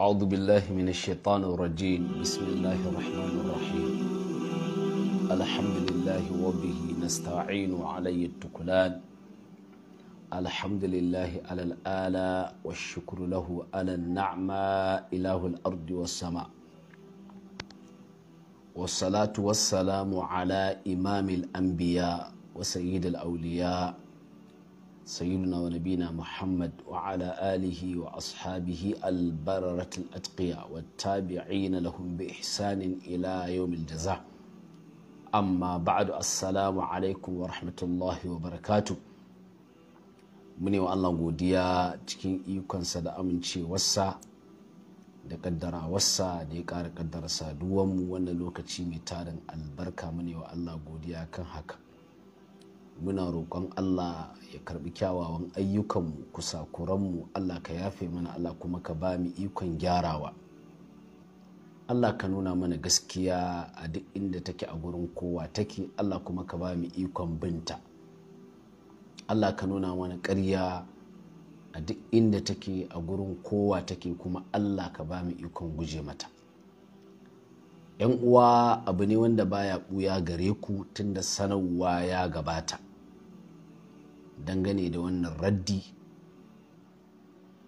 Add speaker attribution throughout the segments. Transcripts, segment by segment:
Speaker 1: أعوذ بالله من الشيطان الرجيم بسم الله الرحمن الرحيم الحمد لله وبه نستعين علي التكلان الحمد لله على الآلاء والشكر له على النعمة إله الأرض والسماء والصلاة والسلام على إمام الأنبياء وسيد الأولياء سيدنا ونبينا محمد وعلى آله وأصحابه البررة الأتقياء والتابعين لهم بإحسان إلى يوم الجزاء أما بعد السلام عليكم ورحمة الله وبركاته mune wa Allah godiya cikin ikonsa da amincewarsa da wasa da ya ƙara kaddara saduwanmu wannan lokaci mai tarin albarka muni wa Allah godiya kan haka muna roƙon Allah ya karbi kyawawan ayyukanmu kusakuranmu Allah ka yafe mana Allah kuma ka ba mu ikon gyarawa Allah ka nuna mana gaskiya a duk inda take a gurin kowa take Allah kuma ka ba mu ikon binta Allah ka nuna mana ƙarya a duk inda take a gurin kowa take kuma Allah ka ba mu ikon guje mata 'yan uwa abu ne wanda baya buya gare ku tunda sanarwa ya gabata dangane da wannan raddi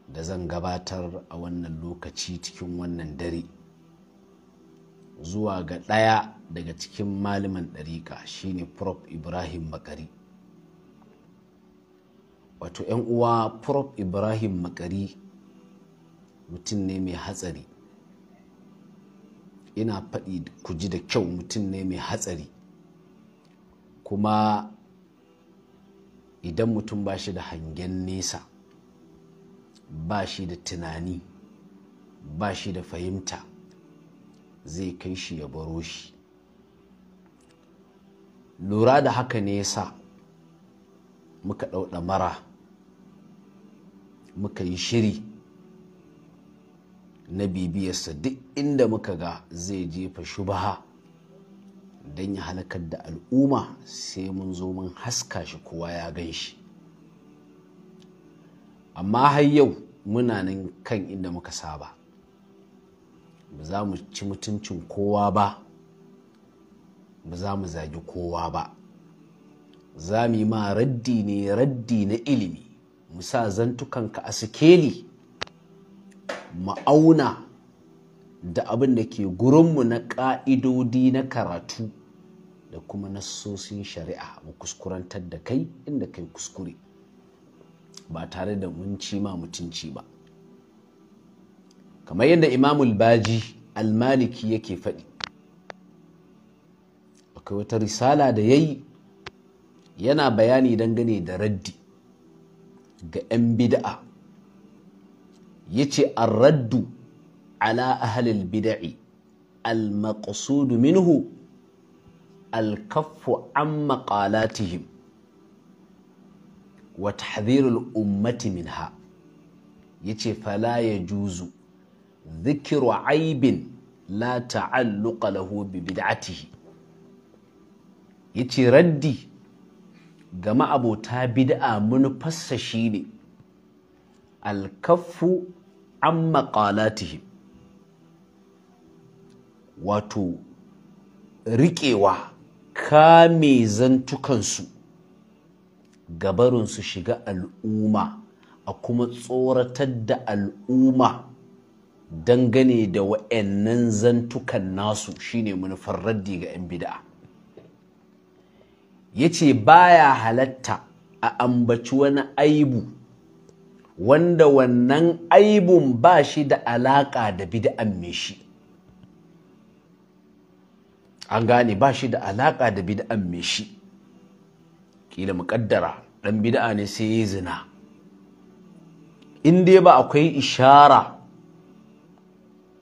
Speaker 1: da zan gabatar a wannan lokaci cikin wannan dare zuwa ga ɗaya daga cikin malaman ɗariƙa shine prof ibrahim makari wato 'yan uwa prof ibrahim makari mutum ne mai hatsari ina faɗi ku ji da kyau mutum ne mai hatsari kuma idan mutum ba shi da hangen nesa ba shi da tunani ba shi da fahimta zai kai shi ya baro shi lura da haka ne yasa muka ɗauɗa mara muka yi shiri na bibiyarsa duk inda muka ga zai jefa shubaha don ya halakar da al'umma sai mun zo mun haska shi kowa ya gan shi amma har yau muna nan kan inda muka saba ba za mu ci mutuncin kowa ba ba za mu zagi kowa ba za mu yi ma raddi ne raddi na ilimi mu sa zantukanka a sikeli mu auna da abin da ke gurinmu na ƙa'idodi na karatu da kuma nassosin shari'a mu kuskurantar da kai inda kai kuskure ba tare da mun ci ma mutunci ba kamar yadda imamul baji almaliki yake faɗi akwai wata risala da ya yi yana bayani dangane da raddi ga 'yan bida'a yace arraddu ala ahalil bida'i bidi minhu alkaffu an maqalatihim wa tahdhirul ummati minha yace fala yajuzu dhikru aibin la ta'alluqa lahu bi bid'atihi yace raddi ga ma'abota bid'a mun shine alkaffu an maƙalatihim wato riƙewa kame zantukansu gabarinsu shiga al'umma a kuma tsoratar da al'umma dangane da wa'annan zantukan nasu shine manufar raddi ga 'yan bida. ya ce baya halatta a ambaci wani aibu wanda wannan aibun ba shi da alaƙa da bid'an me an gane ba shi da alaƙa da bid'an me shi kila muƙaddara ɗan bid'a ne sai ya zina in dai ba akwai ishara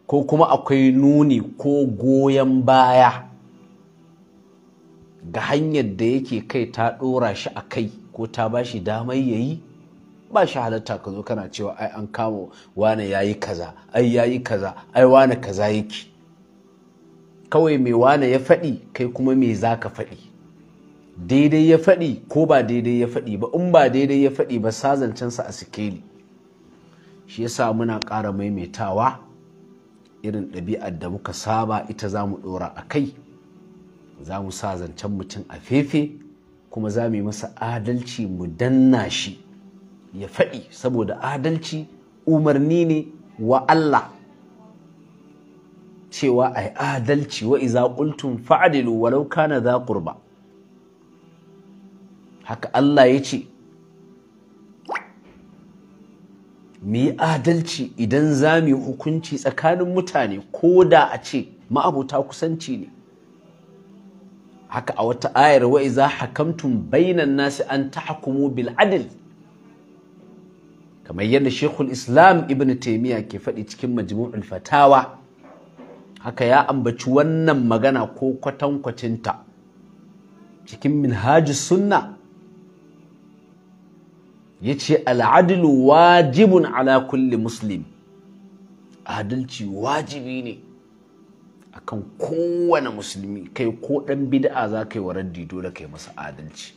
Speaker 1: ko kuma akwai nuni ko goyon baya ga hanyar da yake kai ta ɗora shi a kai ko ta ba shi damar yayi ba shi halatta ka zo kana cewa ai an kama wane ya yi kaza ai ya yi kaza ai wane kaza yake kawai mai wane ya faɗi kai kuma mai za ka faɗi daidai ya faɗi ko ba daidai ya faɗi ba in ba daidai ya faɗi ba sazancensa a sikeli shi yasa muna ƙara maimaitawa irin ɗabi'ar da muka saba ita za mu ɗora a kai za mu sa zancen mutum a fefe kuma za mu yi masa adalci mu danna shi ya faɗi saboda adalci umarni ne wa Allah cewa ai adalci wa iza qultum fa'dilu walau kana za qurba haka Allah ya ce mu yi adalci idan za mu yi hukunci tsakanin mutane ko da a ce ma'abuta kusanci ne haka a wata ayar wa iza hakamtum bainan nasi an ta bil adl kamar yadda shekul islam ibn taimiyya ke faɗi cikin majmu'ul fatawa haka ya ambaci wannan magana ko kwatankwacinta cikin minhajus sunna ya ce al'adilu wajibun ala kulli muslim adalci wajibi ne akan kowane musulmi kai ko ɗan bid'a za ka yi wa raddi dole yi masa adalci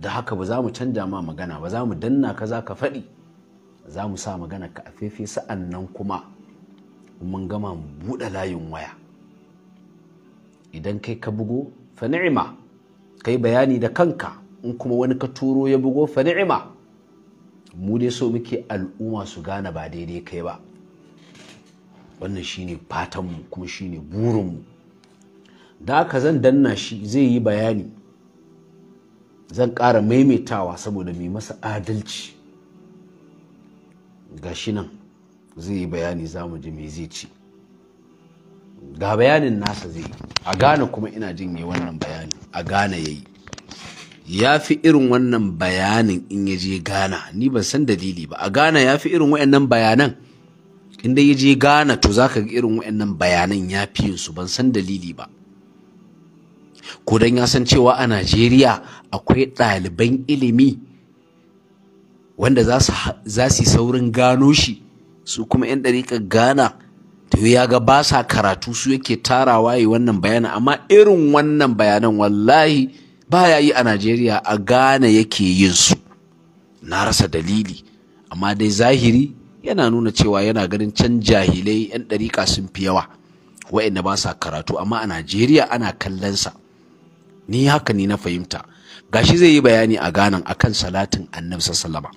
Speaker 1: da haka ba za mu canja ma magana ba za mu danna ka za ka faɗi za mu sa magana ka a fefe sa'an nan kuma mun gama mu buɗe layin waya idan kai ka bugo fa ni'ima kai bayani da kanka in kuma wani ka turo ya bugo fa ni'ima mu dai so muke al'umma su gane ba daidai kai ba wannan shine fatanmu kuma shine burinmu da haka zan danna shi zai yi bayani zan ƙara maimaitawa saboda mai masa adalci ga shi nan zai yi bayani za mu ji me zai ci ga bayanin nasa zai yi a gane kuma ina jin yi wannan bayani a gane ya yi ya fi irin wannan bayanin in ya je gana ni ban san dalili ba a gana ya fi irin wa'annan bayanan in dai ya je gana to zaka ga irin wa'annan bayanan ya fi yin su ban san dalili ba ko dan ya san cewa a Najeriya akwai ɗaliban ilimi wanda za su saurin gano shi su kuma 'yan ɗariƙar Ghana to ya ga ba sa karatu su yake tarawa yi wannan bayanan amma irin wannan bayanan wallahi ba ya yi a Najeriya a Ghana yake yin su na rasa dalili amma dai zahiri yana nuna cewa yana ganin can jahilai 'yan ɗariƙa sun fi yawa wa'inda ba sa karatu amma a Najeriya ana kallon sa ni haka ni na fahimta gashi zai yi bayani a ganan akan salatin annabi sallama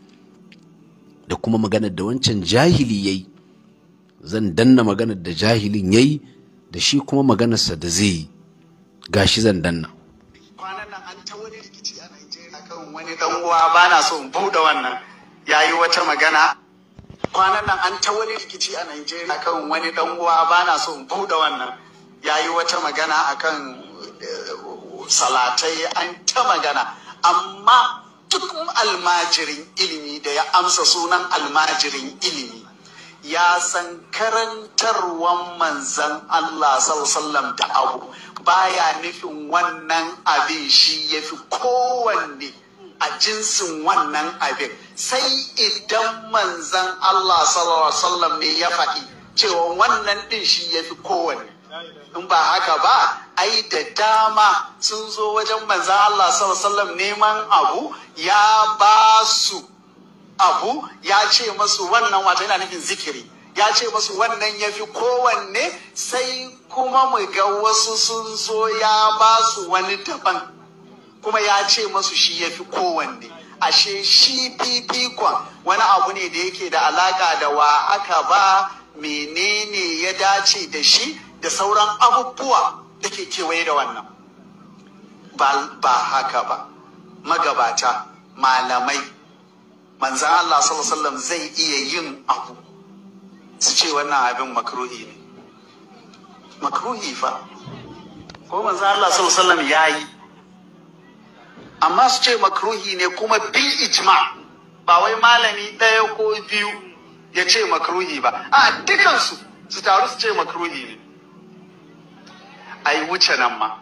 Speaker 1: da kuma maganar da wancan jahili yayi zan danna maganar da jahilin yayi da shi kuma maganarsa da zai yi gashi zan danna kwanan nan an ta
Speaker 2: wani rikici a Najeriya kan wani dan uwa bana so in bude wannan yayi wata magana kwanan nan an ta wani rikici a Najeriya kan wani dan uwa bana so in bude wannan yayi wata magana akan eh, salatai an ta magana amma duk almajirin ilimi da ya amsa sunan almajirin ilimi ya san karantarwan manzan Allah sallallahu da abu baya nufin wannan abin shi ya fi kowanne a jinsin wannan abin sai idan manzan Allah sallallahu ne ya faɗi cewa wannan ɗin shi ya fi kowanne in ba haka ba ai da dama sun zo wajen manzan Allah sallallahu neman abu ya ba su abu ya ce masu wannan wata yana nufin zikiri ya ce masu wannan ya fi kowanne sai kuma mu ga wasu sun zo ya ba su wani daban kuma ya ce masu shi ya fi kowanne ashe shi fifikon wani abu ne da yake da alaka da wa aka ba menene ya dace da shi da sauran abubuwa da ke kewaye da wannan ba haka ba magabata malamai manzan Allah sallallahu zai iya yin abu su ce wannan abin makruhi ne makruhi fa ko manzan Allah sallallahu ya yi amma su ce makruhi ne kuma bin ijma ba wai malami ɗaya ko biyu ya ce makruhi ba a dukansu su taru su ce makruhi ne ai wuce nan ma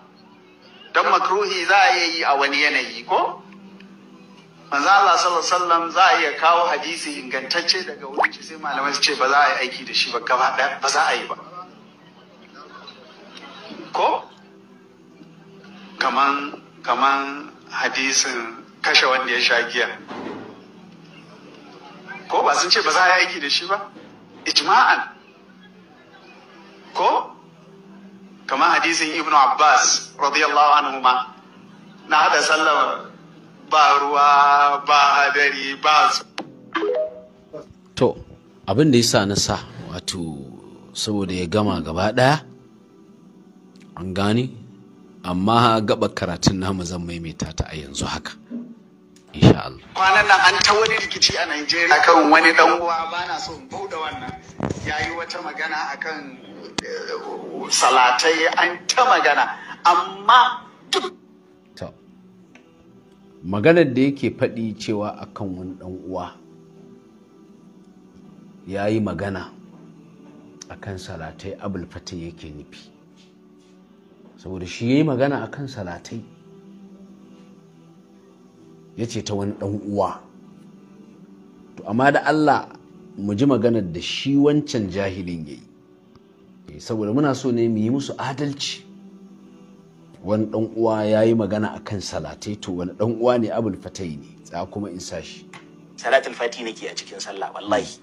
Speaker 2: don makruhi za a iya yi a wani yanayi ko manzo Allah sallallahu alaihi za a iya kawo hadisi ingantacce daga wurin sai malamai su ce ba za a yi aiki da shi ba gaba ɗaya ba za a yi ba ko kaman kaman hadisin kashe wanda ya sha giya ko ba sun ce ba za a yi aiki da shi ba ijma'an ko kamar hadisin ibnu abbas radiyallahu anhu ma na hada sallah ba ruwa ba hadari ba su.
Speaker 1: to abin da yasa na sa wato saboda ya gama gaba daya an gane amma gaba karatun namu zan maimaita ta a yanzu haka
Speaker 2: insha Allah kwanan nan an ta wani rikici a Najeriya akan wani dan uwa bana so in bauda wannan yayi wata magana akan salatai an ta magana amma duk
Speaker 1: maganar da yake faɗi cewa a kan wani ɗan uwa ya yi magana a kan salatai abulfata yake nufi saboda shi ya yi magana a kan salatai ya ce ta wani ɗan uwa to amma da allah mu ji maganar da shi wancan jahilin ya yi Eh, saboda muna so ne mu yi musu adalci wani dan uwa ya yi magana a kan salatai to wani dan uwa ne abul fatai ne za kuma in sa shi.
Speaker 3: salatul fati nake a cikin sallah wallahi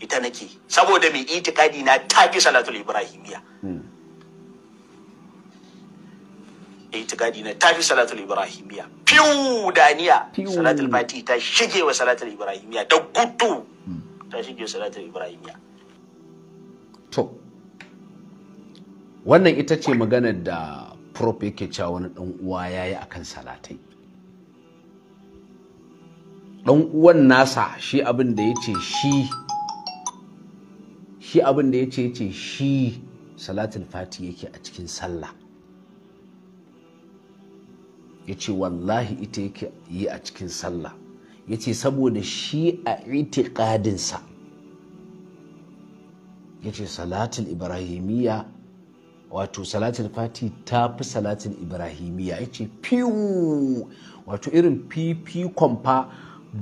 Speaker 3: ita nake saboda mai itikadi na ta fi salatul ibrahimiya hmm. itikadi na ta fi salatul ibrahimiya fiu daniya salatul fati ta shige wa salatul ibrahimiya da gudu hmm. ta shige wa salatul ibrahimiya
Speaker 1: to wannan ita ce maganar da prof yake cewa wani ɗan uwa ya yi akan salatai ɗan uwan nasa shi abin da ya ce shi shi abin da ya ce ce shi salatul fati yake a cikin sallah ya ce wallahi ita yake yi a cikin sallah ya ce saboda shi a itiƙadinsa ya ce salatul ibrahimiyya wato salatul fati ta fi Salatin ibrahimiya ya ce wato irin fifikon fa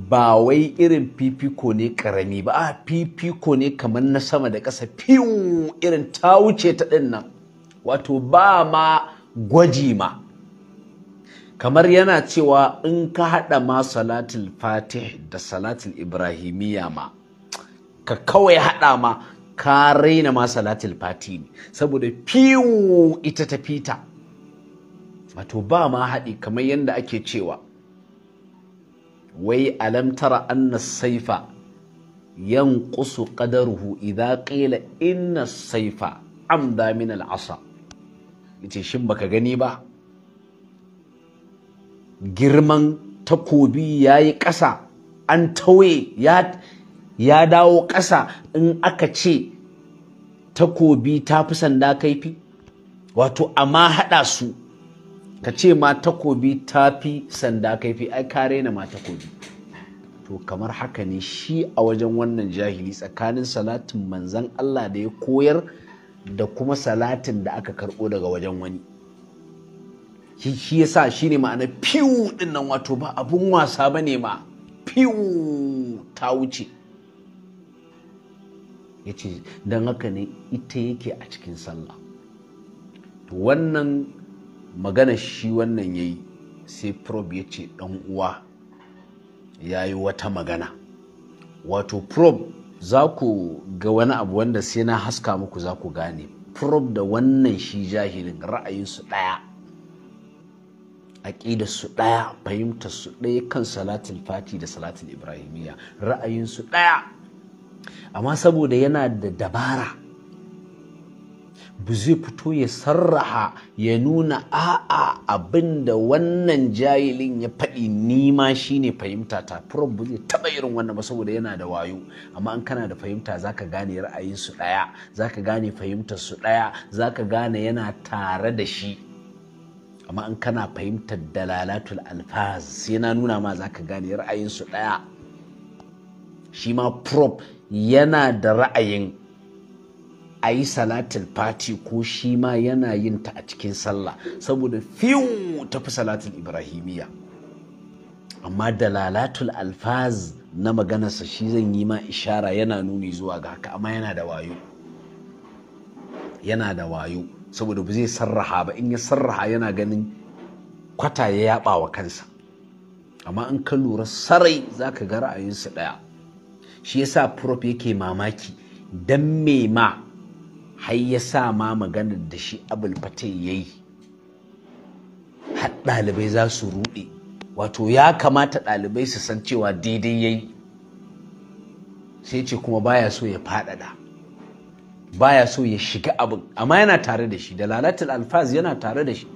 Speaker 1: ba wai irin fifiko ne karami ba a fifiko ne kamar na sama da ƙasa fiwu irin ta wuce ta ɗin nan wato ba ma gwaji ma kamar yana cewa in ka haɗa ma salatul fatih da Salatin Ibrahimiyya ma ka kawai haɗa ma ka raina ma salatul fati ne saboda fiwu ita ta fita wato ba ma haɗi kamar yadda ake cewa wai alamtara anna saifa yan ƙusu ƙadaruhu idan ƙila inna saifa amda min al'asa yace shin baka gani ba girman takobi ya yi ƙasa an tauye ya dawo ƙasa in aka ce takobi ta fi sanda kaifi wato amma haɗa su ka ce ma takobi ta fi sanda kaifi ai ka raina ma takobi to kamar haka ne shi a wajen wannan jahili tsakanin salatin manzan Allah da ya koyar da kuma salatin da aka karɓo daga wajen wani shi ya sa shi ne ma'ana fiwu ɗin wato ba abun wasa ba ne ma fiwu ta wuce ya ce don haka ne ita yake a cikin sallah wannan magana shi wannan ya yi sai prob ya ce uwa ya yi wata magana wato prob za ku ga wani abu wanda sai na haska muku za ku gane prob da wannan shi jahilin ra'ayinsu ɗaya su ɗaya su ɗaya kan salatul fati da salatin ibrahimiyya ra'ayinsu ɗaya amma saboda yana da dabara ba zai fito ya sarraha ya nuna a'a abin da wannan jahilin ya faɗi nima shi ne fahimta ta furan ba zai taɓa irin wannan ba saboda yana da wayo amma in kana da fahimta za ka gane su ɗaya za ka gane su ɗaya za ka gane yana tare da shi amma in kana fahimtar dalalatul alfaz sai na nuna ma za ka gane su ɗaya shi ma prop yana da ra'ayin a yi salatul fati ko shi ma yana yin ta a cikin sallah saboda fiw fi salatul ibrahimiyya amma da lalatul alfaz na maganarsa shi zan yi ma ishara yana nuni zuwa ga haka amma yana da wayo yana da wayo saboda ba zai sarraha ba in ya sarraha yana ganin kwata ya yaba wa kansa amma in ka lura sarai za ka ga ra'ayinsu ɗaya shi yasa prof yake mamaki dan me ma har ya sa ma maganar da shi abul fatai yayi har ɗalibai za su ruɗe wato ya kamata ɗalibai su san cewa daidai yayi sai ce kuma baya so ya faɗaɗa baya so ya shiga abin amma yana tare da shi da lalatul alfaz yana tare da shi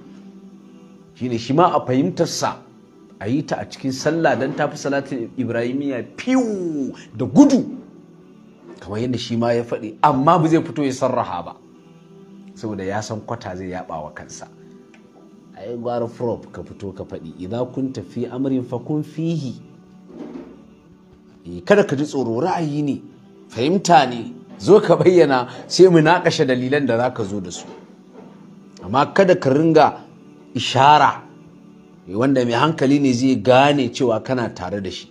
Speaker 1: shine shi ma a fahimtarsa a yi ta a cikin sallah don ta fi salatin ibrahimiya fiwu da gudu kamar yadda shi ma ya faɗi amma ba zai fito ya sarraha ba saboda ya san kwata zai yaɓa wa kansa a yi gwara prop ka fito ka faɗi idan kun tafi amurin fa kun fihi eh, kada ka ji tsoro ra'ayi ne fahimta ne zo ka bayyana sai mu naƙashe dalilan da za ka zo da su amma kada ka ringa ishara wanda mai hankali ne zai gane cewa kana tare da shi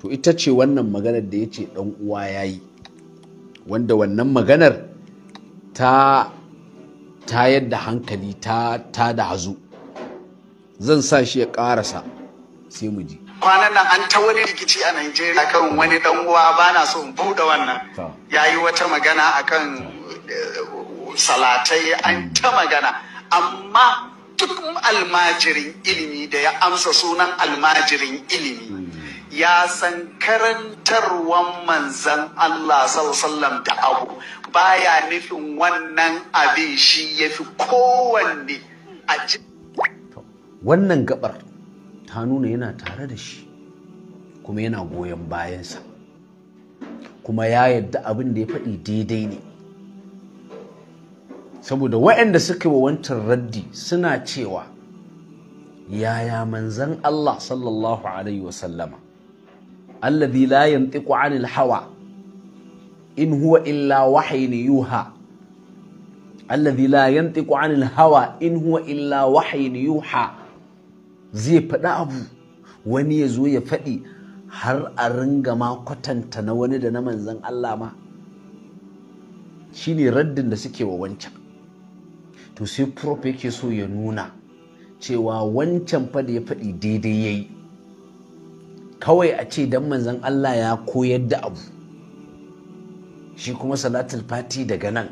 Speaker 1: to ita ce wannan maganar da ya ce ɗan uwa ya yi wanda wannan maganar ta ta yadda hankali ta ta da hazo zan sa shi ya karasa sai mu ji
Speaker 2: kwanan nan an ta wani rikici a Najeriya kan wani dan uwa bana so in buɗe wannan yayi wata magana akan eh, salatai an hmm. ta magana amma duk almajirin ilimi da ya amsa sunan almajirin ilimi ya san karantarwan manzan Allah sallallahu da abu baya nufin wannan
Speaker 1: abin shi ya fi kowanne a wannan gabar ta nuna yana tare da shi kuma yana goyon bayansa kuma ya yadda abin da ya faɗi daidai ne saboda waɗanda suka yi wa wancan raddi suna cewa yaya manzan Allah sallallahu alaihi wasallama alladhi la yantiqu anil hawa in huwa illa wahyin yuha alladhi la yantiqu anil hawa in huwa illa wahyin yuha zai faɗi abu wani ya zo ya faɗi har a ringa ma kwatanta na wani da na manzan Allah ma shine raddin da suke wa wancan to sai prof yake so ya nuna cewa wancan fa da ya faɗi daidai ya yi kawai a ce don manzan Allah ya koyar da abu shi kuma salatul fati daga nan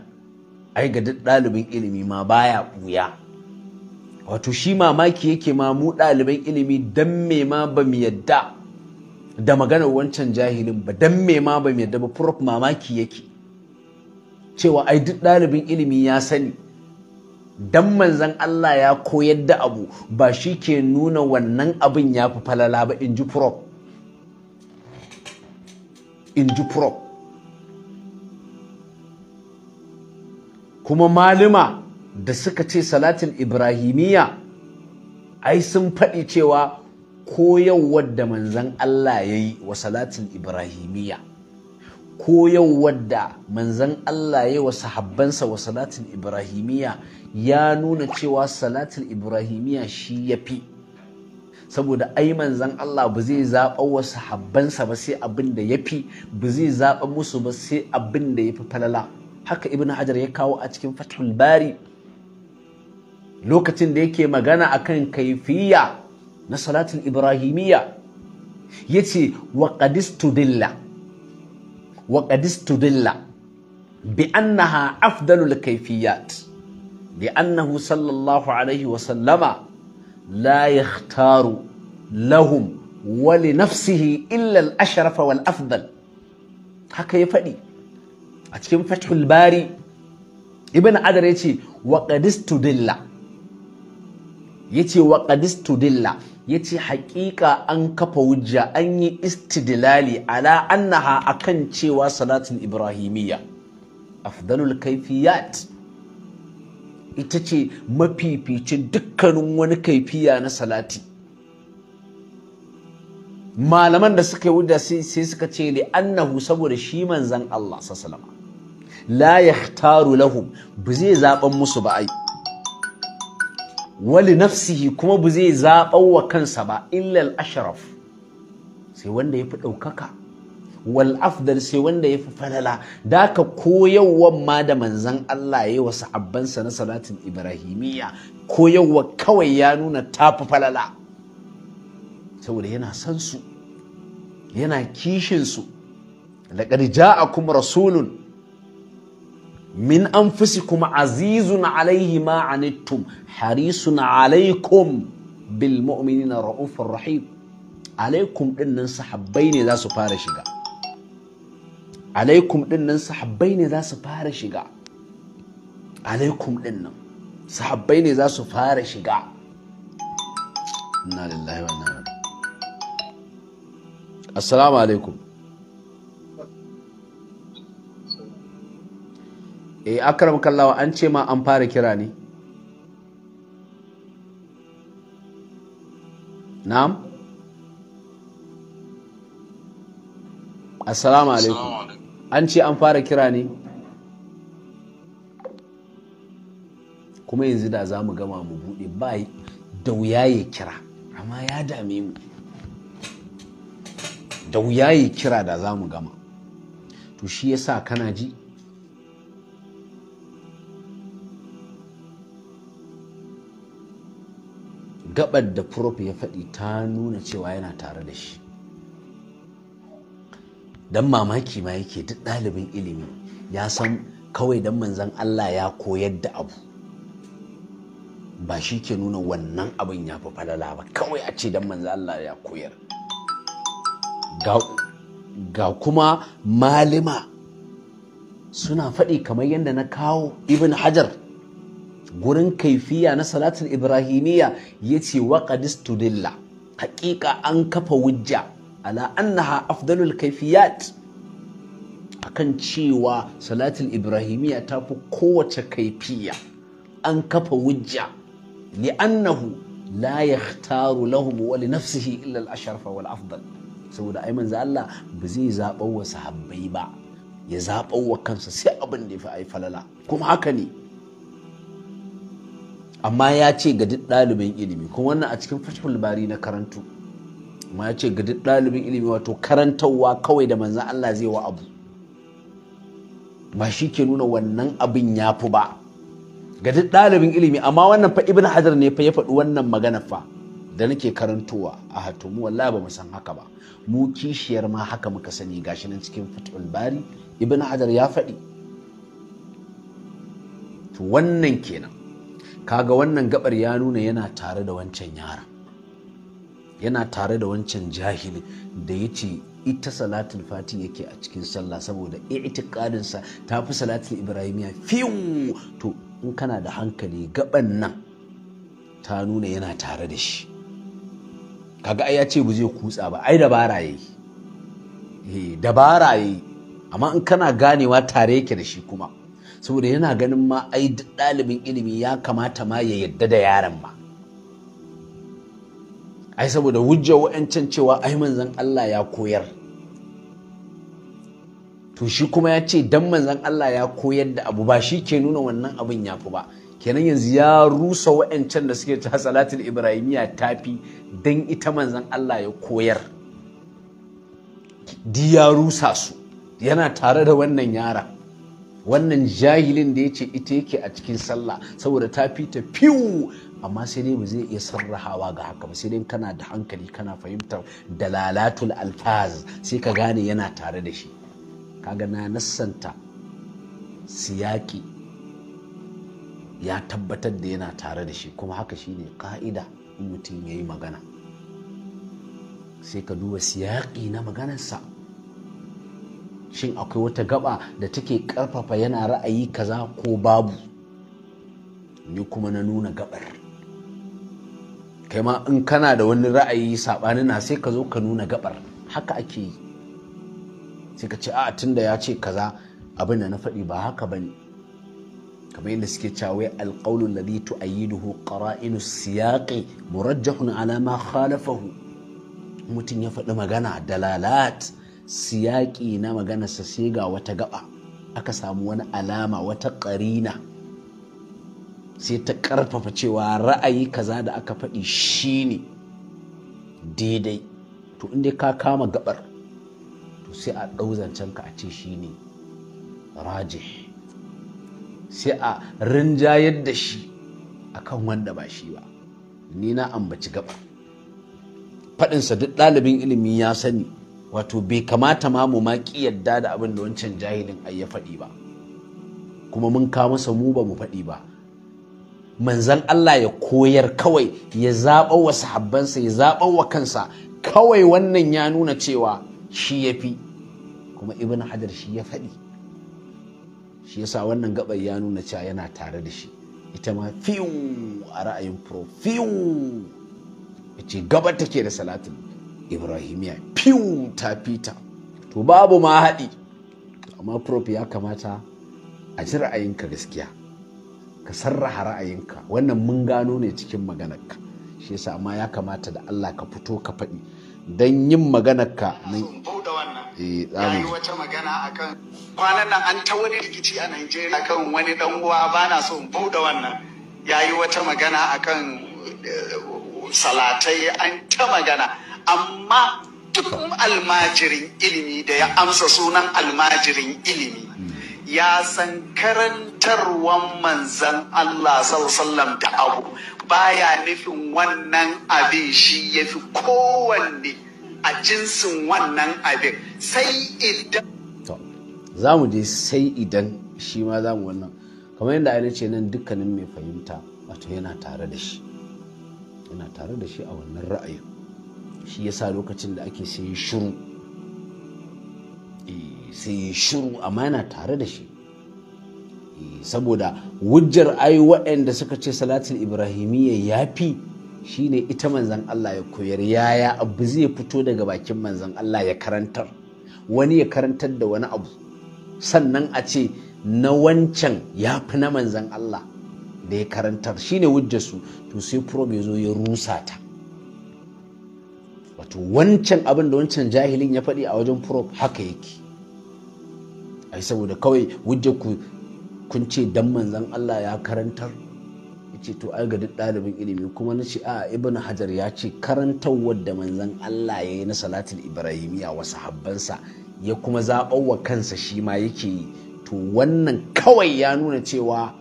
Speaker 1: ai ga duk ɗalibin ilimi ma baya ɓuya wato shi mamaki yake ma mu ɗaliban ilimi don me ma ba mu yadda da maganar wancan jahilin ba don me ma ba mu yadda ba prof mamaki yake cewa ai duk ɗalibin ilimi ya sani dan manzan Allah ya koyar da abu ba shi ke nuna wannan abin ya fi falala ba in ji prop in ji prop kuma malima da suka ce salatin ibrahimiyya ai sun faɗi cewa koyarwar da manzan Allah ya yi wa salatin ibrahimiyya koyarwar da manzan Allah ya yi wa sahabbansa wa salatin ibrahimiyya ya nuna cewa salatul ibrahimiya shi ya fi saboda ai manzan Allah ba zai zaɓa wasu sahabbansa ba sai abin da ya fi ba zai zaɓa musu ba sai abin da ya fi falala haka ibn hajar ya kawo a cikin fatul bari lokacin da yake magana akan kaifiya na salatul ibrahimiyya ya ce wa Dilla, wa Dilla. bi annaha afdalul kaifiyat لأنه صلى الله عليه وسلم لا يختار لهم ولنفسه إلا الأشرف والأفضل haka ya faɗi a cikin fathul bari ibn adar yace ce wa tudilla ya haƙiƙa an kafa wujja anyi yi istidilali ala annaha akan cewa salatin ibrahimiyya afdalul kaifiyat ita ce mafificin dukkanin wani kaifiya na salati malaman da suka yi wuda sai suka ce li annahu saboda shi manzan Allah sasalama la yahtaru lahum bu zai zaɓen musu ba ai wali nafsihi kuma bu zai zaɓen wa kansa ba illal ashraf sai wanda ya fi ɗaukaka wal afdal sai wanda ya fi falala da ka koyarwan ma da manzan Allah ya yi wa sahabbansa na salatin ibrahimiyya koyarwa kawai ya nuna ta falala saboda yana san su yana kishin su laqad ja'akum rasulun min anfusikum azizun alaihi ma anittum harisun alaikum bil mu'minina ra'ufur rahim alaikum ɗinnan sahabbai ne za su fara shiga alaikum din nan sahabbai ne za su fara shiga alaikum din nan sahabbai ne za su fara shiga inna lillahi wa inna assalamu alaikum eh akram kallawa an ce ma an fara kira ne na'am assalamu alaikum an ce an fara kira ne kuma yanzu da za mu gama mu buɗe ba da wuya ya kira amma ya dame mu da wuya ya kira da za mu gama to shi ya yasa kana ji gabar da prof ya faɗi ta nuna cewa yana tare da shi dan mamaki ma yake duk ɗalibin ilimi ya san kawai dan manzan Allah ya koyar da abu ba shi ke nuna wannan abin ya fi falala ba kawai a ce dan manzan Allah ya koyar ga kuma malima suna faɗi kamar yadda na kawo ibn hajar gurin kaifiya na salatul ibrahimiyya ya ce waƙadis tudilla haƙiƙa an kafa wujja ala annaha afdalul kaifiyat akan cewa salatul ibrahimiyya ta fi kowace kaifiya an kafa wujja li'annahu la yahtaru lahum wa li nafsihi illa al-asharfa wal afdal saboda ai manzo Allah ba zai zaɓa wa sahabbai ba ya zaɓo wa kansa sai abin da ya fi ai falala kuma haka ne amma ya ce ga duk ɗalibin ilimi kuma wannan a cikin fathul bari na karantu ma ya ce ga duk ɗalibin ilimi wato karantarwa kawai da manzan Allah zai wa abu ba shi ke nuna wannan abin ya fi ba ga duk ɗalibin ilimi amma wannan fa ibn hajar ne fa ya faɗi wannan magana fa da nake karantowa a hatu mu wallahi ba mu san haka ba mu kishiyar ma haka muka sani gashi nan cikin fatul bari ibn hajar ya faɗi to wannan kenan kaga wannan gabar ya nuna yana tare da wancan yaran yana tare da wancan jahili da ya ce ita salatul fati yake a cikin sallah saboda i'tiqadinsa ta fi salatul ibrahimiya fiw to in kana da hankali gaban nan ta nuna yana tare da shi kaga ai ya ce ba zai kutsa ba ai dabara yayi eh, dabara yayi amma in kana ganewa tare yake da shi kuma saboda yana ganin ma ai dalibin ilimi ya kamata ma ya yadda da yaron ma ai saboda hujja wa'ancan cewa ai manzan Allah ya koyar to shi kuma ya ce dan manzan Allah ya koyar da abu ba shi ke nuna wannan abin ya fi ba kenan yanzu ya rusa wa'ancan da suke ta salatul ibrahimiya tafi dan ita manzan Allah ya koyar di ya rusa su yana tare da wannan yara wannan jahilin da ya ce ita yake a cikin sallah saboda ta fi ta fiwu amma sai dai ba zai iya sarrahawa ga haka ba sai dai kana da hankali kana fahimtar dalalatul alfaz sai ka gane yana tare da shi kaga na nassanta siyaki ya tabbatar da yana tare da shi kuma haka shine ka'ida in mutum ya yi magana sai ka duba siyaki na maganarsa shin akwai wata gaba da take ƙarfafa yana ra'ayi kaza ko babu ni kuma na nuna gabar kai ma in kana da wani ra'ayi saɓanin na sai ka zo ka nuna gabar haka ake yi sai ka ce a tunda ya ce kaza abin da na faɗi ba haka bane kamar yadda suke cewa alƙawlu alladhi tu'ayyiduhu qara'inu siyaqi murajjahun alama ma khalafahu mutum ya faɗi magana dalalat siyaƙi na maganarsa sai ga wata gaba aka samu wani alama wata ƙarina sai ta karfafa cewa ra'ayi kaza da aka faɗi shine daidai to inda ka kama gabar to sai a ɗau ka a ce shine raje sai a rinjayar da shi akan wanda ba shi ba ni na ambaci gaba faɗinsa duk ɗalibin ilimi ya sani wato bai kamata ma mu ma ƙi yadda da abin da wancan jahilin ai ya faɗi ba kuma mun kawo masa mu ba mu faɗi ba manzan Allah ya koyar kawai ya zaɓa wa sahabbansa ya zaɓa wa kansa kawai wannan ya nuna cewa shi ya fi kuma ibn hajar shi ya faɗi shi ya sa wannan gabar ya nuna cewa yana tare da shi ita ma fiyu a ra'ayin pro fiyu ce gabar take da salatin ibrahimiya fiyu ta fita to babu ma haɗi amma prof ya kamata a ji ra'ayinka gaskiya ka sarraha ra'ayinka wannan mun gano ne cikin maganarka shi yasa amma ya kamata da Allah ka fito ka faɗi don yin maganarka ne nan yayi eh, wata
Speaker 2: magana akan kwanan nan an ta wani rikici a Najeriya kan wani dan uwa bana so in buɗe wannan yayi wata magana akan eh, salatai an ta magana amma duk almajirin ilimi da ya amsa sunan almajirin ilimi ya san karantarwan manzan Allah sallallahu da abu baya nufin wannan abin shi ya fi kowanne a jinsin wannan abin sai idan
Speaker 1: za mu je sai idan shi ma za mu wannan kamar yadda aina ce nan dukkanin mai fahimta wato yana tare da shi yana tare da shi a wannan ra'ayin shi ya sa lokacin da ake sai shiru sai shiru amma yana tare da shi e, saboda wujjar ayi waɗanda suka ce Salatin ibrahimiyya ya fi shi ne ita manzan Allah ya koyar yaya abu zai fito daga bakin manzan Allah ya karantar wani ya karantar da wani abu sannan a ce na wancan ya fi na manzan Allah da ya karantar Shi ne wujjarsu to sai probe ya zo ya rusa ta wato wancan abin da wancan jahilin ya faɗi a wajen probe haka yake ai saboda kawai wujjar ku kun ce dan manzan Allah ya karantar ce to ai ga duk ɗalibin ilimi kuma na ce a ibn hajar ya ce karantarwar da manzan Allah ya yi na salatul ibrahimiya wa sahabbansa ya kuma zaɓar wa kansa shi ma yake yi to wannan kawai ya nuna cewa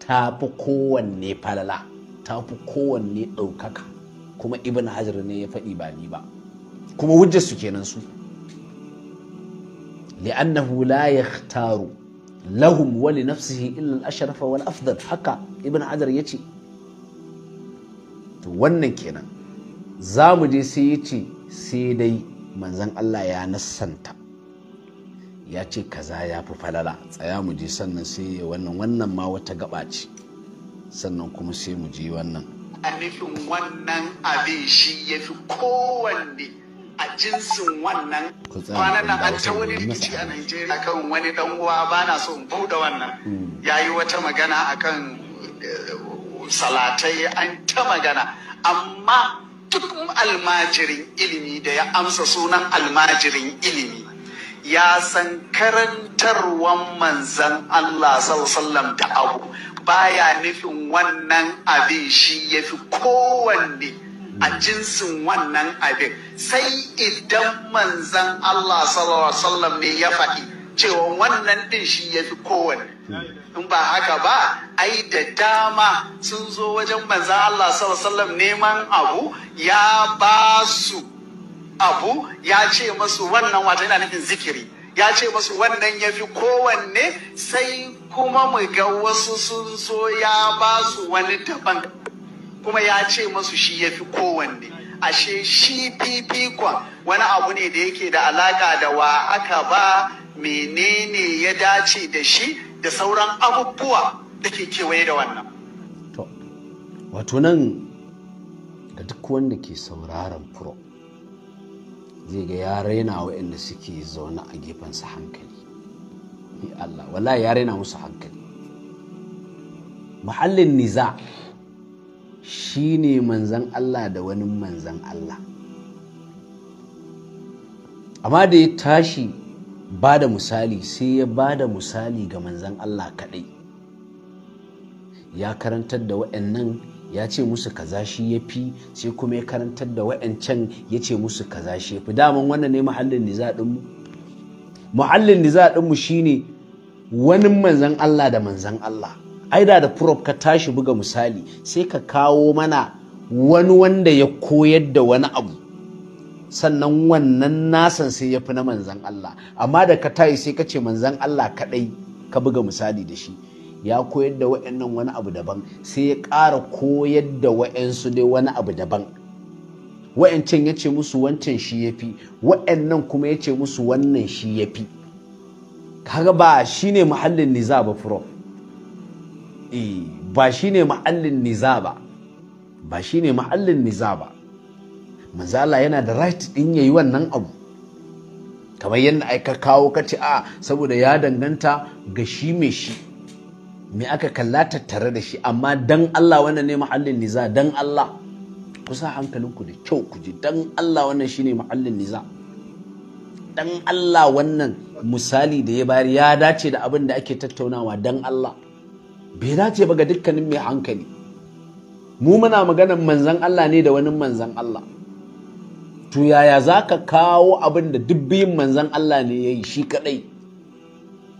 Speaker 1: ta fi kowanne falala ta fi kowanne ɗaukaka kuma ibn hajar ne ya faɗi ba ni ba kuma hujjar su kenan su li'annahu la yakhtaru lahum wa li nafsihi illa al-ashrafa wal afdal haka ibn hajar yace to wannan kenan za mu je sai yace sai dai manzan Allah ya nassanta ya ce kaza ya fi falala tsaya mu je sannan sai wannan wannan ma wata gaba ce sannan kuma sai mu je wannan
Speaker 2: a nufin wannan abin shi ya fi kowanne a jinsin wannan kwanan nan an ta wani rikici a Najeriya kan wani dan uwa ba na so in bude wannan mm. ya yi wata magana akan eh, salatai an ta magana amma duk almajirin ilimi da ya amsa sunan almajirin ilimi ya san karantarwan manzan Allah sallallahu da abu baya nufin wannan abin shi ya fi kowanne a hmm. jinsin wannan abin sai idan manzan Allah sallallahu alaihi wasallam ne ya faɗi cewa wannan din shi ya fi kowane in ba haka ba ai da dama sun zo wajen manzan Allah sallallahu alaihi wasallam neman abu ya ba su abu ya ce masu wannan wata yana nufin zikiri ya ce masu wannan ya fi kowanne sai kuma mu ga wasu sun zo ya ba su wani daban kuma ya ce masu shi ya fi kowanne ashe shi fifikon wani abu ne da yake da alaka da wa aka ba menene ya dace da shi da sauran abubuwa da ke kewaye da wannan to
Speaker 1: wato nan da duk wanda ke sauraron furo zai ga ya raina waɗanda suke zaune a gefensa hankali Allah wallahi ya raina musu hankali mahallin niza' shi ne manzan Allah da wani manzan Allah amma da ya tashi ba da misali sai ya ba da misali ga manzan Allah kaɗai ya karantar da waɗannan ya ce musu kaza shi ya fi sai kuma ya karantar da waɗancan ya ce musu kaza shi ya fi daman wannan ne muhallin nizaɗinmu muhallin shi shine wani manzan Allah da manzan Allah aida da prop ka tashi buga misali sai ka kawo mana wani wanda ya koyar da wani abu sannan wannan nasan sai ya fi na manzan Allah amma da ka tayi sai ka ce manzan Allah kaɗai ka buga misali da shi ya koyar da wa'annan wani abu daban sai ya ƙara koyar da wa'ansu dai wani abu daban wa'ancan ya ce musu wancan shi ya fi wa'annan kuma ya ce musu wannan shi ya fi kaga ba shine muhallin za ba furof Eh, ba shi ne ma'allin niza ba ba shi ne ma'allin niza ba manzala yana da right ɗin yayi wannan abu kamar yadda aka kawo kaci'a a ah, saboda ya danganta ga shi mai shi me aka kalla tattare da shi amma dan Allah wannan ne ma'allin niza dan Allah kusa hankalinku da kyau ku ji dan Allah wannan shine ma'allin niza dan Allah wannan misali da ya bayar ya dace da abin da ake tattaunawa dan Allah bai dace ba ga dukkanin mai hankali mu muna magana manzan Allah ne da wani manzan Allah to yaya za ka kawo abin da dubbin manzan Allah ne ya yi shi kaɗai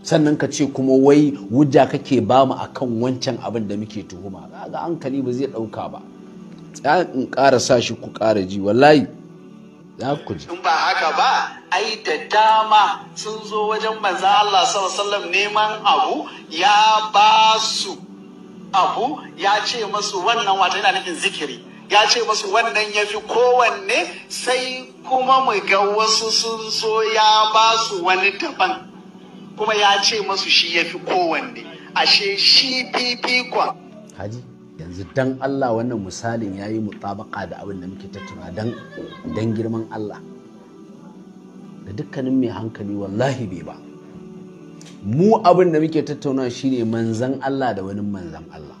Speaker 1: sannan ka ce kuma wai wujja kake ba mu akan wancan abin da muke tuhuma ga hankali ba zai ɗauka ba in ƙara sa shi ku ƙara ji wallahi za ku ji in ba haka ba
Speaker 2: ai da dama sun zo wajen manzan Allah sallallahu neman abu ya ba su abu ya ce masu wannan wata yana nufin zikiri ya ce masu wannan ya fi kowanne sai kuma mu ga wasu sun zo ya ba su wani daban kuma ya ce masu shi ya fi kowanne ashe shi kwa.
Speaker 1: haji yanzu dan Allah wannan misalin ya yi mutabaka da abin da muke tattuna don girman Allah da dukkanin mai hankali wallahi bai ba mu abin da muke tattauna shine manzan Allah da wani manzan Allah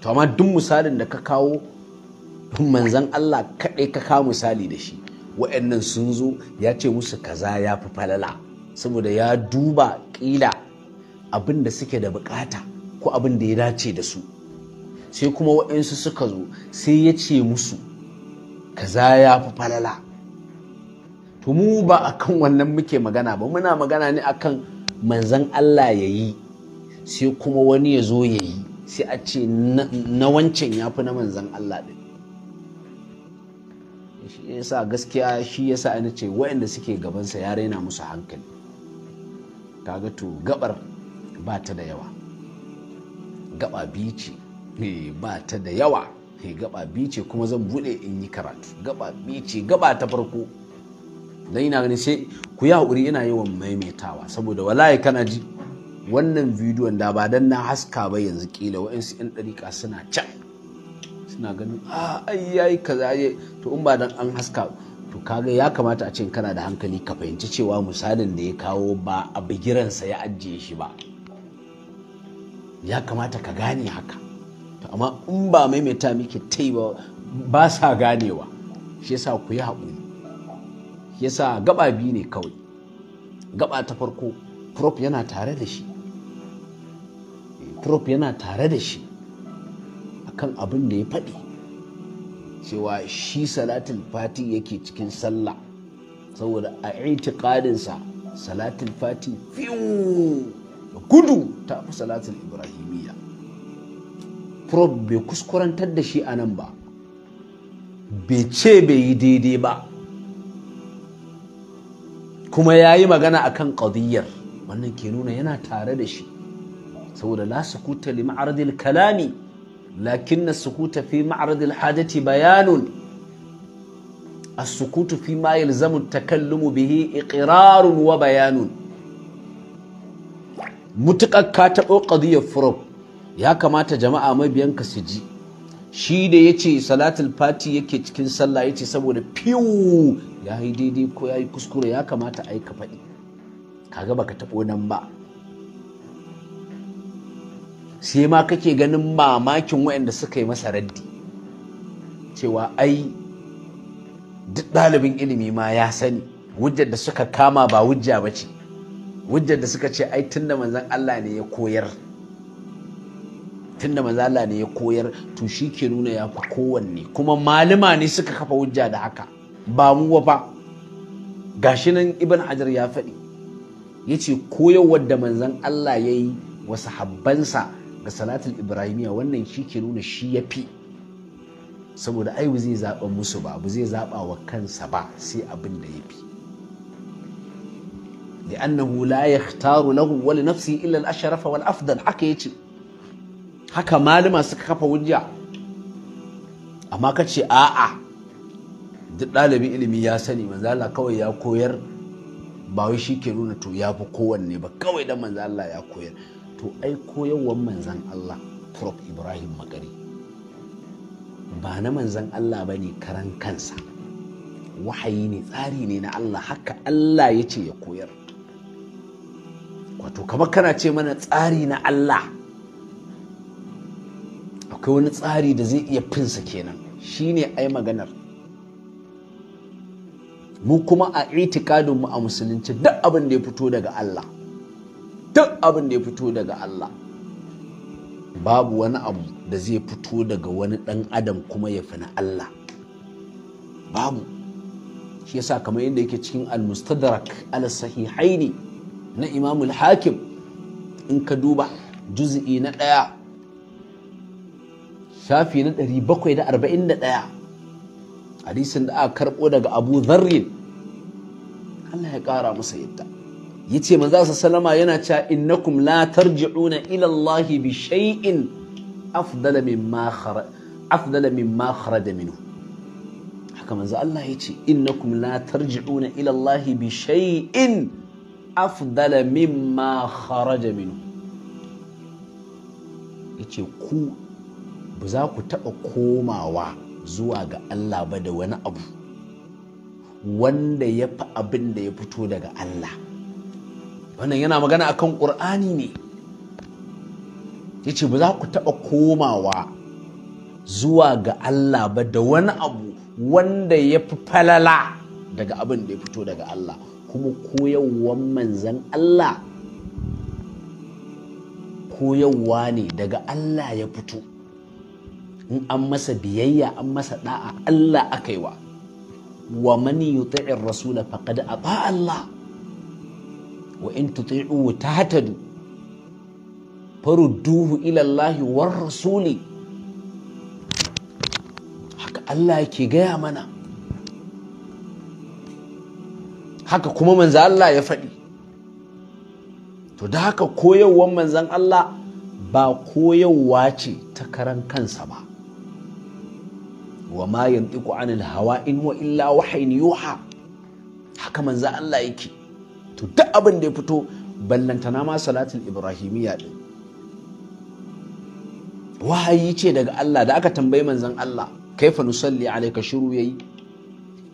Speaker 1: to amma duk misalin da ka kawo manzan Allah kaɗai ka kawo misali da shi wa'annan sun zo ya ce musu kaza ya fi falala saboda ya duba ƙila abin da suke da bukata ko abin da ya dace da su sai kuma wa'ansu suka zo sai ya ce musu kaza ya fi falala mu ba a kan wannan muke magana ba muna magana ne akan manzan Allah ya yi sai kuma wani ya zo ya yi sai a ce na wancan ya fi na manzan Allah ɗin shi yasa gaskiya shi yasa ana ce waɗanda suke gabansa ya raina musu hankali kaga to gabar ba ta da yawa gaba bici eh, ba ta da yawa eh, gaba bici kuma zan buɗe in yi karatu gaba bici gaba ta farko da ina gani sai ku yi haƙuri ina yawan maimaitawa saboda wallahi kana ji wannan bidiyon da ba dan na haska ba yanzu kila wa'ansu 'yan ɗarika suna can suna ganin a ai yayi kaza to in ba dan an haska to kaga ya kamata a ce kana da hankali ka fahimci cewa misalin da ya kawo ba a bigiransa ya ajiye shi ba ya kamata ka gane haka to amma in ba maimaita miki tai ba ba sa ganewa shi yasa ku yi haƙuri yasa gaba biyu ne kawai gaba ta farko prop yana tare da shi eh, prop yana tare da shi akan abin da ya faɗi cewa shi salatin fati yake cikin sallah saboda a itiqadinsa salatin fati fiyu gudu ta fi salatin ibrahimiyya prop bai kuskurantar da shi a nan ba bai ce bai yi daidai ba kuma ya yi magana a kan ƙadiyyar wannan ke nuna yana tare da shi saboda la sukuta li ma'aradil kalami lakin na sukuta fi ma'aradil hajati bayanun as-sukutu fi ma yalzamu takallumu bihi iqrarun wa bayanun mutuƙar ka taɓo ƙadiyyar furof ya kamata jama'a mabiyanka su ji shi da ya ce salatul fati yake cikin sallah ya ce saboda fiwu ya yi daidai ko ya yi kuskure ya kamata a yi ka faɗi kaga baka taɓo nan ba sai ma kake ganin mamakin waɗanda suka yi masa raddi cewa ai duk ɗalibin ilimi ma ya sani hujjar da suka kama ba hujja ba ce hujjar da suka ce ai da manzan Allah ne ya koyar tun da manzan Allah ne ya koyar to shi ke nuna ya fi kowanne kuma malama ne suka kafa hujja da haka ba mu ba shi nan ibn hajar ya faɗi ya ce koyarwar da manzan Allah ya yi wa sahabbansa ga salatul ibrahimiya wannan shi ke nuna shi ya fi saboda ai ba zai zaɓa musu ba ba zai zaɓa wa kansa ba sai abin da ya fi لأنه لا يختار له ولنفسه إلا الأشرف والأفضل haka yace haka malama suka kafa hujja amma kace a'a duk ɗalibin ilimi ya sani manzo Allah kawai ya koyar ba wai shi ke nuna to ya fi kowanne ba kawai dan manzo Allah ya koyar to ai koyarwar manzan Allah Prof Ibrahim Magari ba na manzan Allah ba ne karan kansa wahayi ne tsari ne na Allah haka Allah ya ce ya koyar wato kamar kana ce mana tsari na Allah akwai wani tsari da zai iya finsa kenan shine ai maganar mu kuma a itikadin mu a musulunci duk abin da ya fito daga Allah duk abin da ya fito daga Allah babu wani abu da zai fito daga wani ɗan adam kuma ya fi na Allah babu shi yasa kamar yadda yake cikin al-mustadrak al-sahihaini na imamul hakim in ka duba juz'i na ɗaya shafi na 741 hadisin da aka karbo daga abu zarrin Allah ya ƙara masa yadda ya ce manzo sallama yana cewa innakum la tarji'una ila Allah bi shay'in afdala mimma khara afdala mimma kharaja minhu haka manzo Allah ya ce innakum la tarji'una ila Allah bi shay'in afdala mimma kharaja minhu yace ku ba za ku taɓa komawa zuwa ga Allah ba da wani abu wanda ya fi abin da ya fito daga Allah wannan yana magana akan ƙur'ani ne ya ce ba za ku taɓa komawa zuwa ga Allah ba da wani abu wanda ya fi falala daga abin da ya fito daga Allah kuma koyarwan manzan Allah koyarwa ne daga Allah ya fito in an masa biyayya an masa da'a Allah aka yi wa wa man yuti'ir rasula faqad ata Allah wa in tuti'u tahtadu farudduhu ila Allah war rasuli haka Allah yake gaya mana haka kuma manzo Allah ya faɗi to da haka koyarwar manzon Allah ba koyarwa ce ta karan kansa ba wa ma yantiqu anil hawa in wa illa wahyin yuha haka manzo Allah yake to duk abin da ya fito ballantana ma salatul ibrahimiyya din wahayi ce daga Allah da aka tambayi manzon Allah kaifa nusalli alayka shiru yayi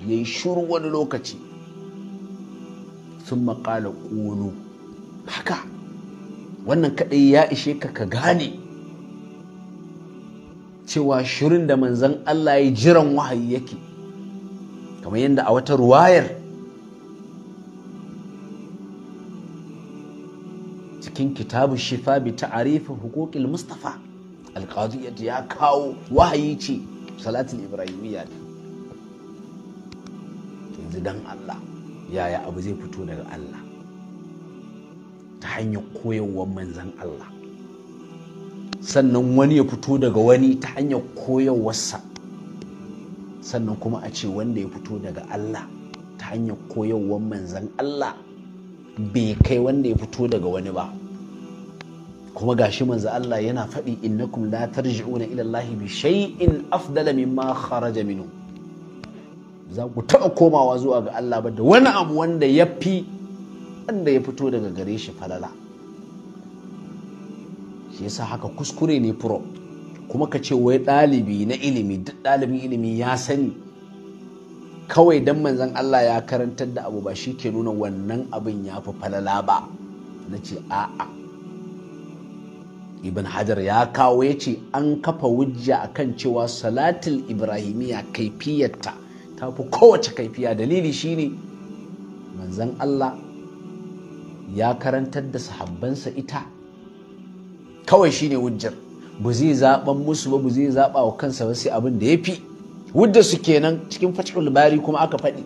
Speaker 1: yayi shiru wani lokaci sun qala qulu haka wannan kadai ya ishe ka ka gane cewa shirin da manzan Allah ya jiran wahayi yake kamar yadda a wata ruwayar cikin kitabu shifa bi ta'arifin hukukil mustafa alqadiyat ya kawo wahayi ce salatul ibrahimiyya yanzu don Allah yaya abu zai fito daga Allah ta hanyar koyarwar manzan Allah sannan wani ya fito daga wani ta hanyar koyarwarsa sannan kuma a ce wanda ya fito daga Allah ta hanyar koyarwar manzan Allah bai kai wanda ya fito daga wani ba kuma gashi manzo Allah yana faɗi innakum la tarji'una ila Allahi bi shay'in afdala mimma kharaja minhu za ku taɓa komawa zuwa ga Allah ba da wani abu wanda ya fi wanda ya fito daga gare shi falala ke yasa haka kuskure ne pro kuma ka ce wai ɗalibi na ilimi duk ɗalibin ilimi ya sani kawai dan manzan Allah ya karantar da abu ba shi ke nuna wannan abin ya fi falala ba na ce a'a ibn hajar ya kawo ya ce an kafa wujja akan cewa salatul ibrahimiya kaifiyarta ta fi kowace kaifiya dalili shine Manzan Allah ya karantar da sahabbansa ita kawai shine wujjar ba zai zaɓan musu ba ba zai zaɓa wa kansa ba sai abin da ya fi wujjar su kenan cikin fatihul bari kuma aka faɗi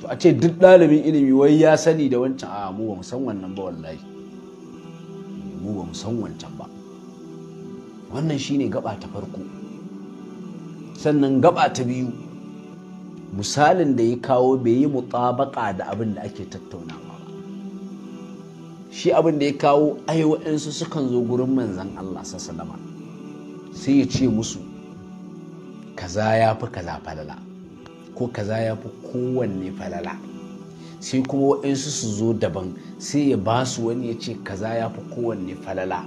Speaker 1: to a ce duk ɗalibin ilimi wai ya sani da wancan a mu ba mu san wannan ba wallahi mu ba mu san wancan ba wannan shine gaba ta farko sannan gaba ta biyu misalin da ya kawo bai yi mutabaka da abin da ake tattaunawa shi abin da ya kawo ai sukan zo gurin manzan Allah sallama sai ya ce musu kaza ya fi kaza falala ko kaza ya fi kowanne falala sai kuma wa'insu su zo daban sai ya ba su wani ya ce kaza ya fi kowanne falala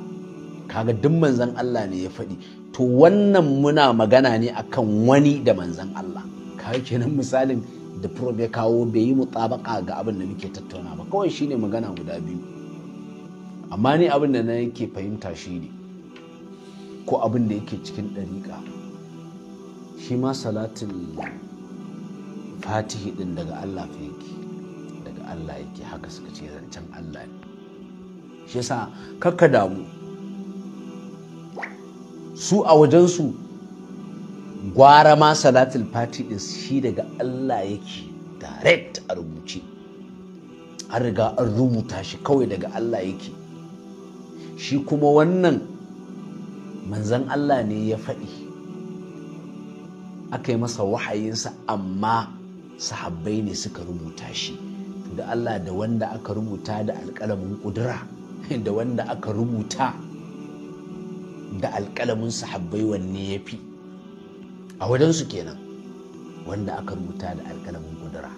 Speaker 1: kaga duk manzan Allah ne ya faɗi to wannan muna magana ne akan wani da manzan Allah kaga kenan misalin da ya kawo bai yi mutabaka ga abin da muke tattauna ba kawai shine magana guda biyu amma ni abin da na yake fahimta shi ne ko abin da yake cikin ɗariƙa shi ma salatin fatihi ɗin daga allah fi yake daga allah yake haka suka ce zancen allah ne shi yasa kakka damu su a wajensu gwara ma salatul fati ɗin shi daga allah yake direct a rubuce an riga an rubuta shi kawai daga allah yake shi kuma wannan manzan Allah ne ya faɗi aka yi masa wahayinsa amma sahabbai ne suka rubuta shi to da Allah da wanda aka rubuta da alƙalamin ƙudura da wanda aka rubuta da alƙalamin sahabbai wanne ya fi a wajensu kenan wanda aka rubuta da alƙalamin ƙudura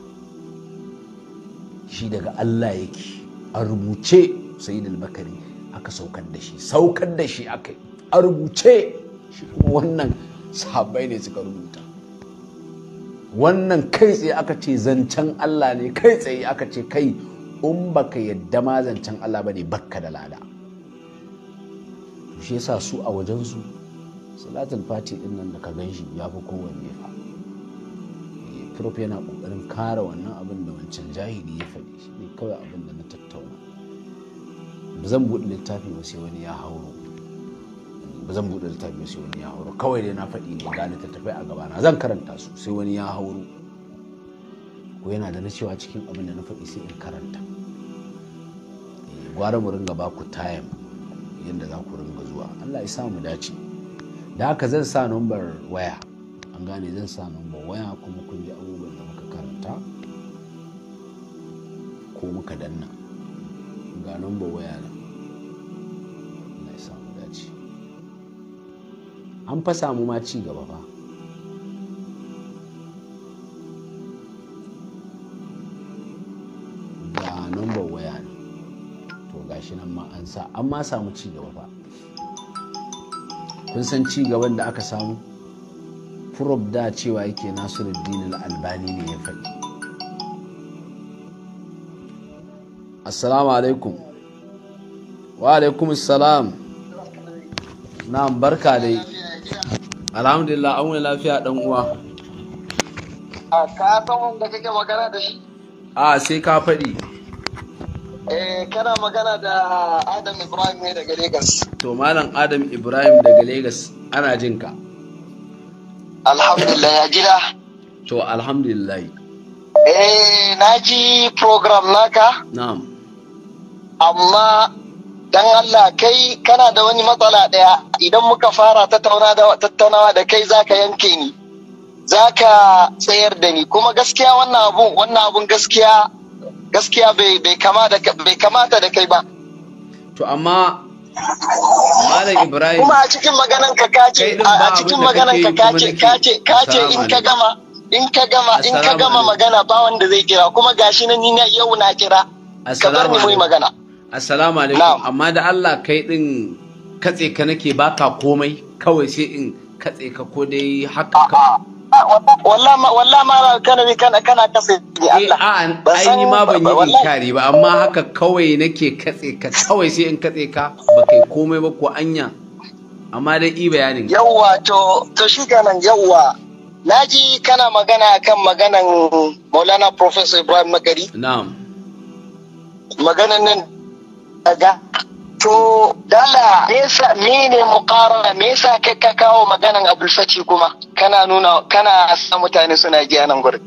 Speaker 1: shi daga Allah yake a rubuce Sayyidul bakari aka saukar da shi saukar da shi aka yi a rubuce shi wannan sabai ne suka rubuta wannan kai tsaye aka ce zancen Allah ne kai tsaye aka ce kai in baka yadda ma zancen Allah ba ne bakka da lada shi yasa su a wajensu salatul fati din nan da ka gan shi ya fi kowanne fa eh, prof yana kokarin kare wannan abin da wancan jahili ya faɗi shi ne kawai abin da na tattauna ba zan buɗe littafi ba sai wani ya hauro ba zan buɗe littafi ba sai wani ya hauro kawai dai na faɗi ne ga littattafai a gabana zan karanta su sai wani ya hauro ko yana da na cewa cikin abin da na faɗi sai in karanta eh, gwara mu ringa baku time yadda za ku ringa zuwa Allah ya sa mu dace da haka zan sa number waya an gane zan sa number waya kuma kun ji abubuwan da muka karanta ko muka danna ga namba waya nan na samu dace an fa samu ma ci gaba fa ga number waya ne to gashi nan ma an sa an ma samu ci gaba fa kun san ci gaban da aka samu furob da cewa yake nasiruddin al-albani ne ya faɗi assalamu alaikum wa alaikum salam. na barka dai alhamdulillah an wani lafiya dan uwa
Speaker 4: a ka san wanda kake magana da shi
Speaker 1: a sai ka faɗi
Speaker 4: eh kana magana da adam ibrahim ne daga lagos
Speaker 1: to malam adam ibrahim daga lagos ana jin ka
Speaker 4: alhamdulillah ya gida
Speaker 1: to alhamdulillah
Speaker 4: eh na ji program naka na'am amma dan Allah kai kana da wani matsala ɗaya idan muka fara tattaunawa da kai zaka yanke ni zaka tsayar da ni kuma gaskiya wannan abun wannan abun gaskiya gaskiya bai kamata da kai ba
Speaker 1: to amma Malam Ibrahim kuma a cikin maganan ka kace a cikin maganan ka kace kace kace in ka gama
Speaker 4: in ka gama in ka gama magana ba wanda zai kira kuma gashi na ni yau na kira ka bar ni mu magana
Speaker 1: assalamu alaikum amma da Allah kai din katse ka nake baka komai kawai sai in
Speaker 4: katse ka ko dai haka ka wallah ma kana kana kana katse ni eh, Allah a'a ai ni ma ban yi inkari
Speaker 1: ba amma haka kawai nake katse ka kawai sai in katse ka ba kai komai ba ko anya amma dai i bayanin yawwa
Speaker 4: to to shi ganan yawwa naji kana magana kan maganan Maulana Professor Ibrahim Magari na'am maganan nan daga to dala nesa mene muqarana me yasa kai ka kawo maganan Abdul Fati kuma kana nuna kana sa mutane suna ji nan gurin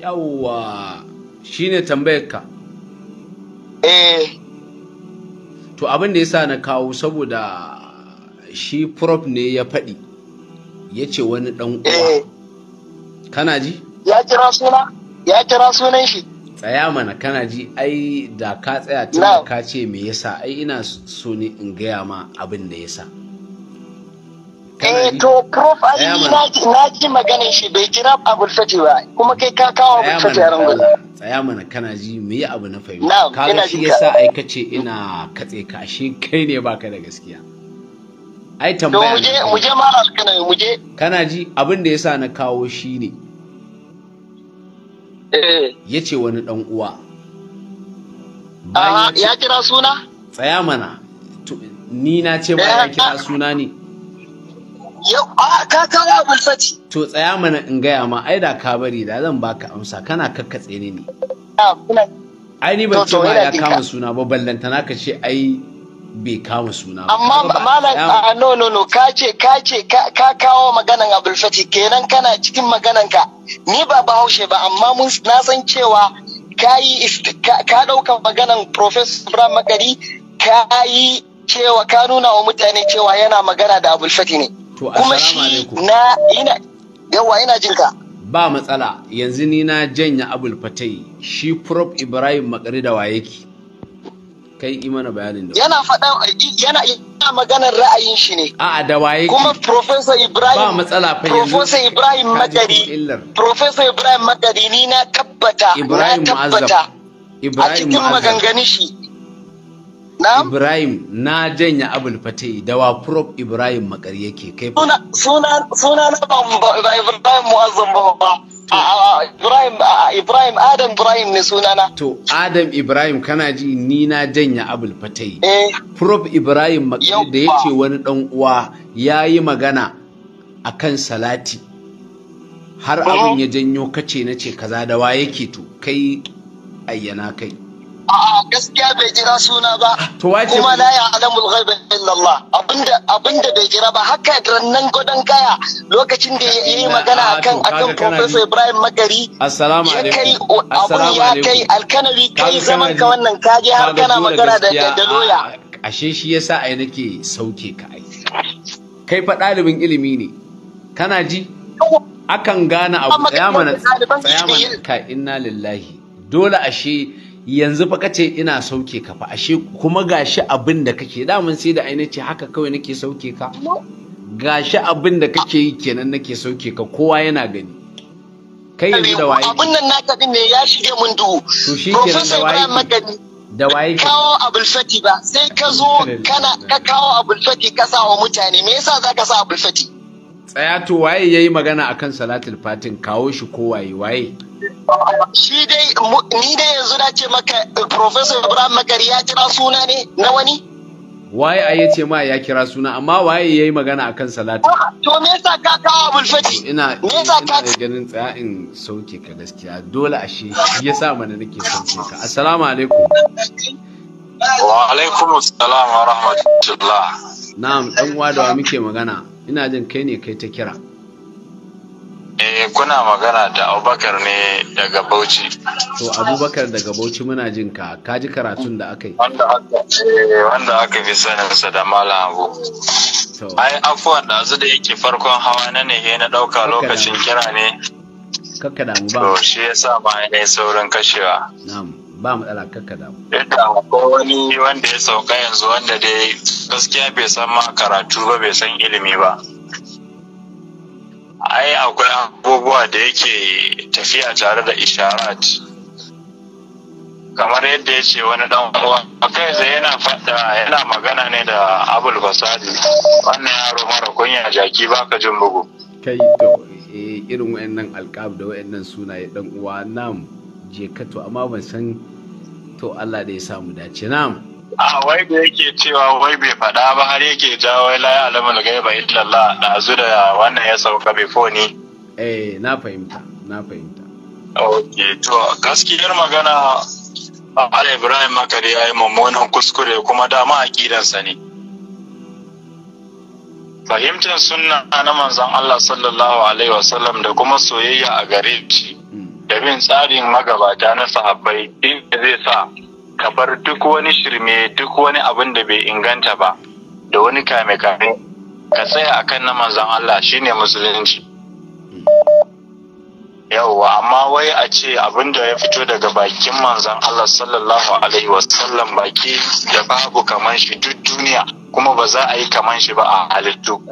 Speaker 1: yawwa shine tambayar ka eh to abin da yasa na kawo saboda shi prop ne ya faɗi ya ce wani ɗan uwa eh. kana ji
Speaker 4: ya kira suna
Speaker 1: ya kira sunan shi tsaya mana kana ji ai da ka tsaya tun ka ce me yasa ai ina so ne in gaya ma abin da yasa
Speaker 4: eh, to prof ali na ji na ji shi bai kira abul fati ba kuma kai ka kawo abul fati a rangon
Speaker 1: tsaya mana kana ji me yi abu na fahimta ga shi yasa ai kace ina katse ka shi kai ne baka da gaskiya ai tambaya muje muje mara kana muje kana ji abin da yasa na kawo shi ne Eh. ya ce wani dan uwa
Speaker 4: ya kira suna
Speaker 1: tsaya mana ni na ce ba ya kira suna ne
Speaker 4: ah, ka kawo abin sati
Speaker 1: to tsaya mana in gaya ma ai da ka bari da zan baka amsa kana kakkatse ni ne ah, ai ni ban ce ba ya kama suna ba ballantana ka ce ai bai kawo suna
Speaker 4: ba. Amma malam ah, no no no ka ce ka ce ka kawo maganan Abdul Fati kenan kana cikin maganan ka ni ba Bahaushe ba amma mun na san cewa ka yi ka ɗauka maganan Professor Ibrahim Makari ka yi cewa ka nuna wa mutane cewa yana magana da Abdul Fati ne. To Kuma shi na ina yawa ina jin ka. Ba matsala
Speaker 1: yanzu ni na janya Abdul Fatai shi Prof Ibrahim Makari da wa yake. kai yi mana bayanin da
Speaker 4: yana faɗa yana yana maganar ra'ayin shi ne
Speaker 1: a da waye kuma professor
Speaker 4: Ibrahim ba matsala fa yanzu professor Ibrahim Magari professor Ibrahim Magari ni na tabbata Ibrahim Mu'azzab Ibrahim a cikin maganganun shi
Speaker 1: Na'am? Ibrahim na janya abul fatai da wa prof Ibrahim makari yake kai
Speaker 4: suna suna suna na ba Ibrahim Mu'azzam ba Ibrahim Ibrahim Adam Ibrahim ne sunana.
Speaker 1: To Adam Ibrahim kana ji ni na janya Abul Fatai. Eh. Prof Ibrahim da ya ce wani dan uwa ya yi magana a kan salati. Har abin ya janyo kace na ce kaza da wa yake to kai ayyana kai.
Speaker 4: a'a gaskiya bai jira suna ba kuma na ya'lamul alamul ghaibi illallah abinda abinda bai jira ba haka rannan godon kaya lokacin da ya yi magana akan akan Professor Ibrahim Magari assalamu alaikum abun ya kai alkanari kai zaman ka wannan kaje har kana magana da da loya
Speaker 1: ashe shi yasa ai nake sauke ka ai kai fa ɗalibin ilimi ne kana ji akan gane abu tsaya mana tsaya mana ka inna lillahi dole ashe yanzu fa kace ina sauke ka fa ashe kuma gashi abin da kake mun sai da aina ce haka kawai nake sauke ka gashi abin da kake yi kenan nake sauke ka kowa yana gani kai yanzu da waye abin nan
Speaker 4: naka din ne ya shige mun duhu to shi kenan da waye magani da waye kawo abul fati ba sai ka zo kana ka kawo abul fati ka sa wa mutane me yasa zaka sa abul fati
Speaker 1: tsaya to waye yayi magana akan salatul fatin kawo shi ko waye waye
Speaker 4: shi dai ni dai yanzu na ce maka eh, professor Ibrahim Magari ya kira suna ne na wani
Speaker 1: waye a yace ma ya kira suna amma waye ya yi magana akan salatu? Ah,
Speaker 4: to me yasa ka kawo Abul Fati
Speaker 1: ina da ganin tsaya in sauke ka gaskiya dole ashe shi yasa mana nake sauke ka assalamu alaikum wa
Speaker 5: alaikum assalam wa rahmatullah
Speaker 1: na'am dan uwa da muke magana ina jin kai ne kai ta kira
Speaker 6: Eh kuna magana da Abubakar ne daga Bauchi.
Speaker 1: To Abubakar daga Bauchi muna jin ka, ka ji karatun da aka yi.
Speaker 6: Wanda aka eh, fi saninsa da Malam Abu. Ai afuwan da azu da yake farkon hawa na ne na ɗauka lokacin kira ne.
Speaker 1: Kakka mu ba. To shi
Speaker 6: ya ba ne saurin kashewa.
Speaker 1: Na'am. Ba dala kakka damu.
Speaker 6: Yadda ko wani wanda ya sauka yanzu wanda dai gaskiya bai san ma karatu ba bai san ilimi ba. ai akwai abubuwa da yake tafiya tare da isharat kamar yadda ya ce wani dan uwa kai zai yana fada yana magana ne da abul fasadi wannan yaro mara kunya jaki
Speaker 1: baka jin bugu kai to eh irin wayannan alƙab da wayannan sunaye dan uwa nam je ka to amma ban san to Allah da ya samu dace nam
Speaker 6: a wai da yake cewa wai bai faɗa ba har yake jawo la ya alamul ba illallah da azu da wannan ya sauka before ni
Speaker 1: eh na fahimta na fahimta
Speaker 6: okay to gaskiyar magana Al Ibrahim Makari ya yi mummunan kuskure kuma dama aƙidansa ne. Fahimtar sunna na manzon Allah sallallahu Alaihi wasallam da kuma soyayya a gare shi hmm. da bin tsarin magabata na sahabbai inda zai sa ka bar duk wani shirme duk wani abin da bai inganta ba da wani kame kame ka tsaya akan na manzan Allah shi ne musulunci yawwa amma wai a ce abin da ya fito daga bakin manzan Allah sallallahu alaihi wasallam baki da babu kaman shi duk duniya kuma ba za a yi kaman shi ba a halittu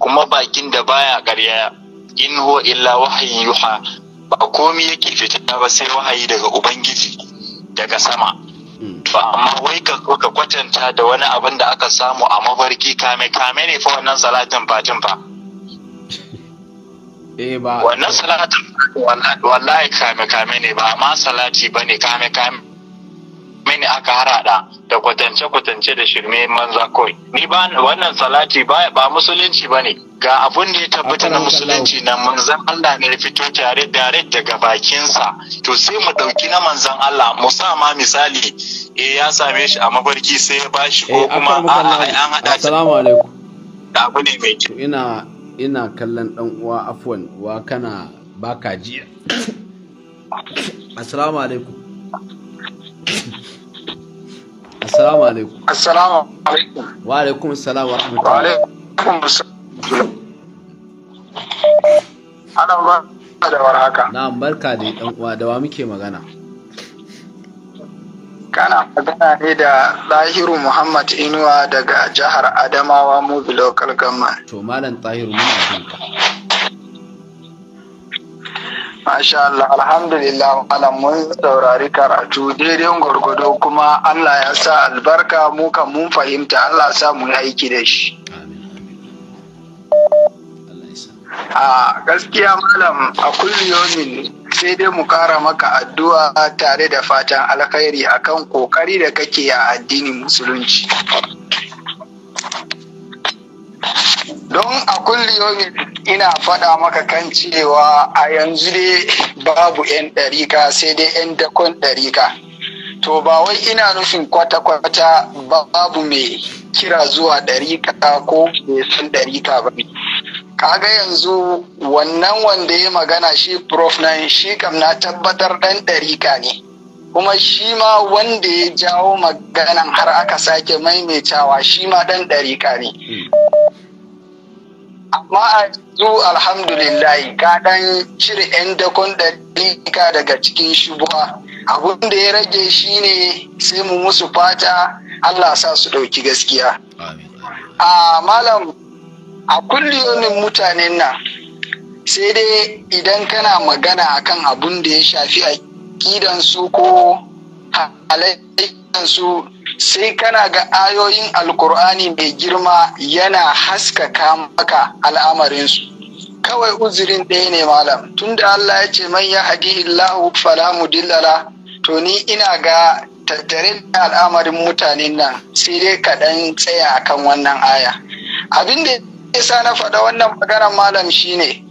Speaker 6: kuma bakin da baya ƙarya in huwa illa wahayi yuha ba komi yake fita ba sai wahayi daga ubangiji daga sama to amma wai ka kuka kwatanta da wani abin da aka samu a mafarki kame kame ne fa wannan salatin fatin
Speaker 1: eh, ba. wannan
Speaker 6: salatin wallahi kame kame ne ba ma salati ba ne kame kame mini aka harada da kwatance kwatance da shirme manza kawai ni ba wannan salati ba musulunci ba ne ga abin da ya tabbata na musulunci na manzan Allah ne fito tare dare daga bakinsa to sai mu ɗauki na manzan Allah mu sa ma misali e ya same shi a mafarki sai ya bashi ko eh, kuma a an shi
Speaker 1: assalamu alaikum
Speaker 6: abu ne mai kyau ina
Speaker 1: ina kallon dan uwa afwan wa kana baka jiya assalamu alaikum assalamu alaikum assalamu
Speaker 7: alaikum
Speaker 1: wa alaikum assalam wa rahmatullahi wa alaikum Ana ba da haka. Na'am barka da ɗan uwa da wa muke magana.
Speaker 8: Kana magana ne da Lahiru Muhammad Inuwa daga jihar Adamawa bi Local Government. To Malam Tahiru muna jinta. Masha Allah, alhamdulillah malam mun saurari karatu daidai gwargwado kuma Allah ya sa albarka mu kan mun fahimta Allah sa mu yi aiki da shi. Amin. a gaskiya malam a kulliyomin sai dai mu kara maka addu'a tare da fatan alkhairi akan kokari da kake a addinin musulunci don a kulliyomin ina faɗa maka kan cewa a yanzu dai babu 'yan ɗarika sai dai 'yan dakon ɗarika to ba wai ina nufin kwata-kwata babu mai kira zuwa ɗarika ko mai san ɗarika ba ne kaga yanzu wannan wanda ya magana shi prof nan shi kam na tabbatar dan ɗarika ne kuma shi ma wanda ya jawo maganan har aka sake maimaitawa shi ma dan ɗarika ne amma a yanzu alhamdulillahi ka dan cire 'yan dakon ɗarika daga cikin shubuwa abun da ya rage shi ne sai mu musu fata allah sa su ɗauki gaskiya a ah, malam a kulliyomin mutanen nan sai dai idan kana magana akan abun da ya shafi a kidansu ko halayyansu sai kana ga ayoyin alkur'ani mai girma yana haskaka maka al'amarinsu kawai uzurin ɗaya ne malam tunda Allah ya ce man ya hadi illahu fala mudillala to ni ina ga tattare da al'amarin mutanen nan sai dai kaɗan tsaya akan wannan aya abin da isa na faɗa wannan maganar malam shine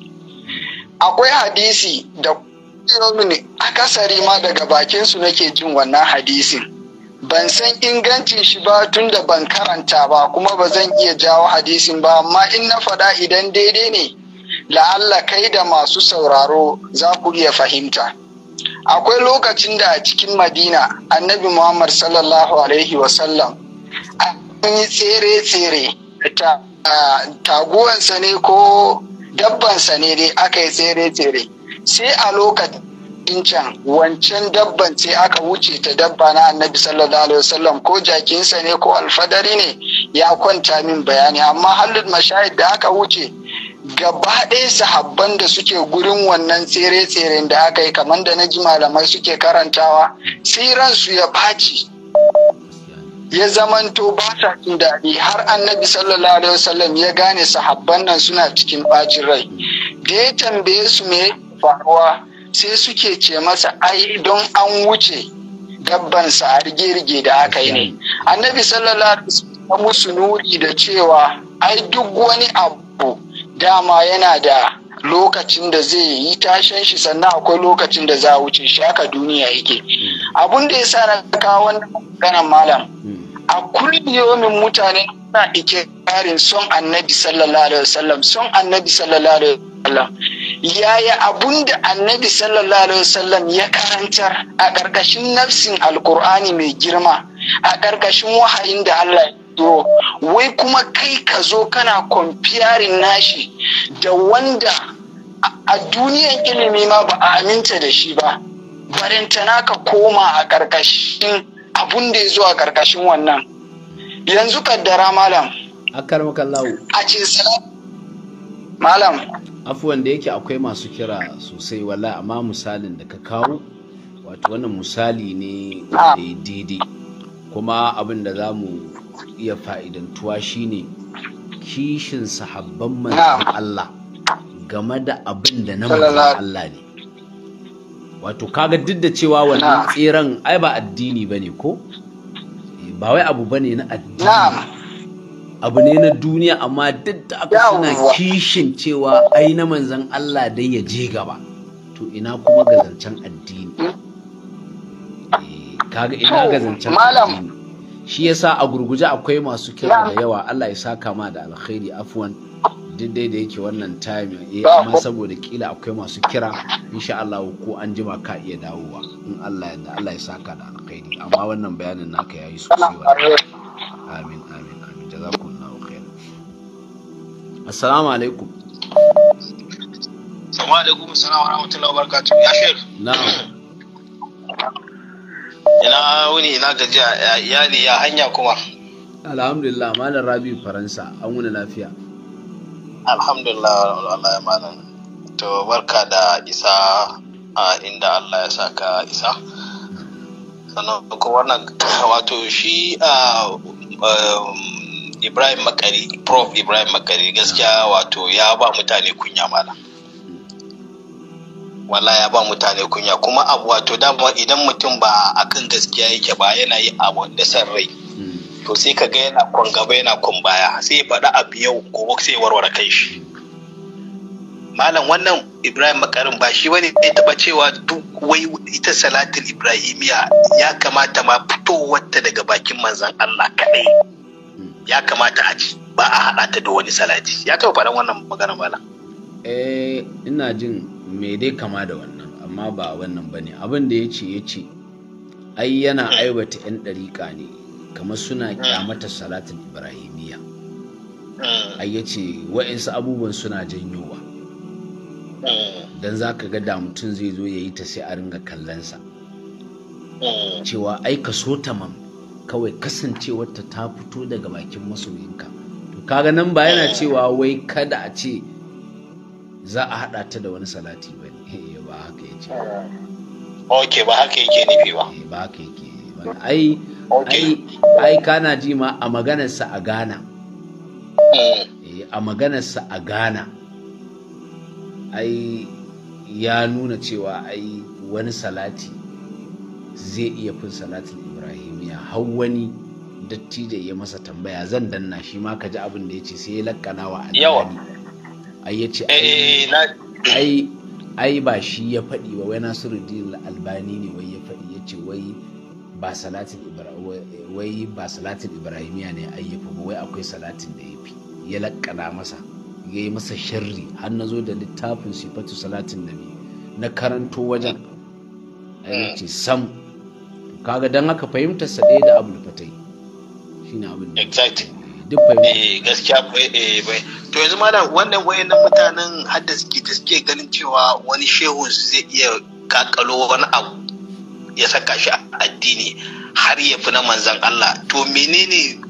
Speaker 8: akwai hadisi da a akasari ma daga bakinsu nake jin wannan hadisin ban san ingancin shi ba tun da ban karanta ba kuma ba zan iya jawo hadisin ba amma in na faɗa idan daidai ne la'alla kai da masu sauraro za ku iya fahimta akwai lokacin da a cikin madina annabi muhammad sallallahu alaihi wasallam an yi tsere-tsere ta a taguwansa ne ko dabbansa ne dai aka yi tsere-tsere sai a lokacin can wancan dabban sai aka wuce ta dabba na annabi sallallahu alaihi wasallam ko jakinsa ne ko alfadari ne ya kwanta min bayani amma halin mashahid da aka wuce gaba ɗaya sahabban da suke gurin wannan tsere-tseren da aka yi kamar da na ji malamai suke karantawa sai ransu ya ɓaci ya zamanto ba sa jin daɗi har annabi sallallahu alaihi wasallam ya gane sahabban nan suna cikin ɓacin rai da ya tambaye su me faruwa sai suke ce masa ai don an wuce sa a rige-rige da aka yi ne annabi sallallahu alaihi wasallam musu nuri da cewa ai duk wani abu dama yana da lokacin da zai yi tashin shi sannan akwai lokacin da za a wuce shi haka duniya yake abun da ya sa na kawo wannan maganan malam a kulliyomin mutane na ikirarin son annabi sallallahu alaihi wasallam son annabi sallallahu alaihi wasallam yaya abun da annabi sallallahu alaihi wasallam ya karantar a ƙarƙashin nafsin alkur'ani mai girma a ƙarƙashin wahayin da Allah tsoro wai kuma kai ka zo kana kwamfiyarin nashi da wanda a duniyan ilimi ma ba a aminta da shi ba barintana ka koma a ƙarƙashin abun da ya zo a ƙarƙashin wannan yanzu kaddara
Speaker 1: malam a ce malam afuwan da yake akwai masu kira sosai wala amma misalin da ka kawo wato wannan misali ne da ah. ya daidai kuma abin da za mu iya fa'idantuwa shine kishin sahabban manzon Allah game da abin da na manzon Allah ne wato kaga duk da cewa wannan tseren ai ba addini bane ko ba wai abu bane na addini abu ne na duniya amma duk da aka suna kishin cewa ai na manzan Allah dai ya je gaba to ina kuma gazancen addini hmm? eh, kaga ina gazancen addini shi yasa a gurguje akwai masu kira da yawa Allah ya saka ma da alkhairi afwan daidai da yake wannan time eh amma saboda kila akwai masu kira insha Allah ko an jima ka iya dawowa in Allah ya Allah ya saka da alkhairi amma wannan bayanin naka yayi sosai amin amin amin jazakumullahu khair assalamu alaikum
Speaker 3: assalamu alaikum assalamu wa rahmatullahi wa barakatuh ya shekh na'am ina wuni ina gajiya Ya iyali ya hanya kuma
Speaker 1: alhamdulillah malam rabi faransa an wuni lafiya
Speaker 3: alhamdulillah Allah ya malam to barka da isa a inda Allah ya saka isa sannan kuma wannan wato shi a um, Ibrahim Makari Prof Ibrahim Makari gaskiya wato ya ba mutane kunya malam wala ya ba mutane kunya kuma abu wato dama idan mutum ba akan gaskiya yake ba yana yi a wanda san rai hmm. to sai ka ga yana kwan gaba yana kwan baya sai ya faɗi abu yau gobe sai ya warware kai shi hmm. malam wannan ibrahim makarin ba shi wani ya taba cewa duk wai ita Salatin ibrahimiya ya kamata ma wata daga bakin manzan allah kaɗai hmm. ya kamata a ci ba a haɗa ta da wani salati ya taba faɗan
Speaker 1: wannan magana malam eh ina jin me dai kama da wannan amma ba wannan ba ne abin da ya ce ya ce ai yana aiwata 'yan ɗariƙa ne kama suna kyamata salatin ibrahimiyya ai ya ce wa'insu abubuwan suna janyowa don za ka ga da mutum zai zo ya yi ta sai a ringa kallonsa cewa ai ka so tamam kawai kasancewarta ta fito daga bakin masoyinka to kaga nan ba yana cewa wai kada a ce za a haɗa ta da wani salati ba ne eh, ba haka ya ce ok ba haka yake nufi ba eh, ba haka yake ai ai kana ji ma a maganarsa a ghana hmm. eh, a maganarsa a gana ai ya nuna cewa ai wani salati zai iya fin salatin ya hau wani dattijo ya masa tambaya zan danna shi ma ka ji abin da ya ce sai ya lakkana wa yawa ai ya ce eh, eh, ai ba shi ya faɗi ba wai nasiruddin albani ne wai ya faɗi ya ce wai ba salatin wai ibrahimiya ne ai ya fi wai akwai salatin da ya fi ya lakkana masa ya yi masa sharri har na zo da littafin sifatu salatin nabi na karanto wajen ai ce sam kaga don haka fahimtar sa ɗaya da abul fatai ne abin da exactly duk bai
Speaker 3: eh gaskiya eh bai to yanzu malam wannan wayannan mutanen hadda suke ta suke ganin cewa wani shehu zai iya kakalo wani abu ya saka shi addini har ya fi na manzan Allah to menene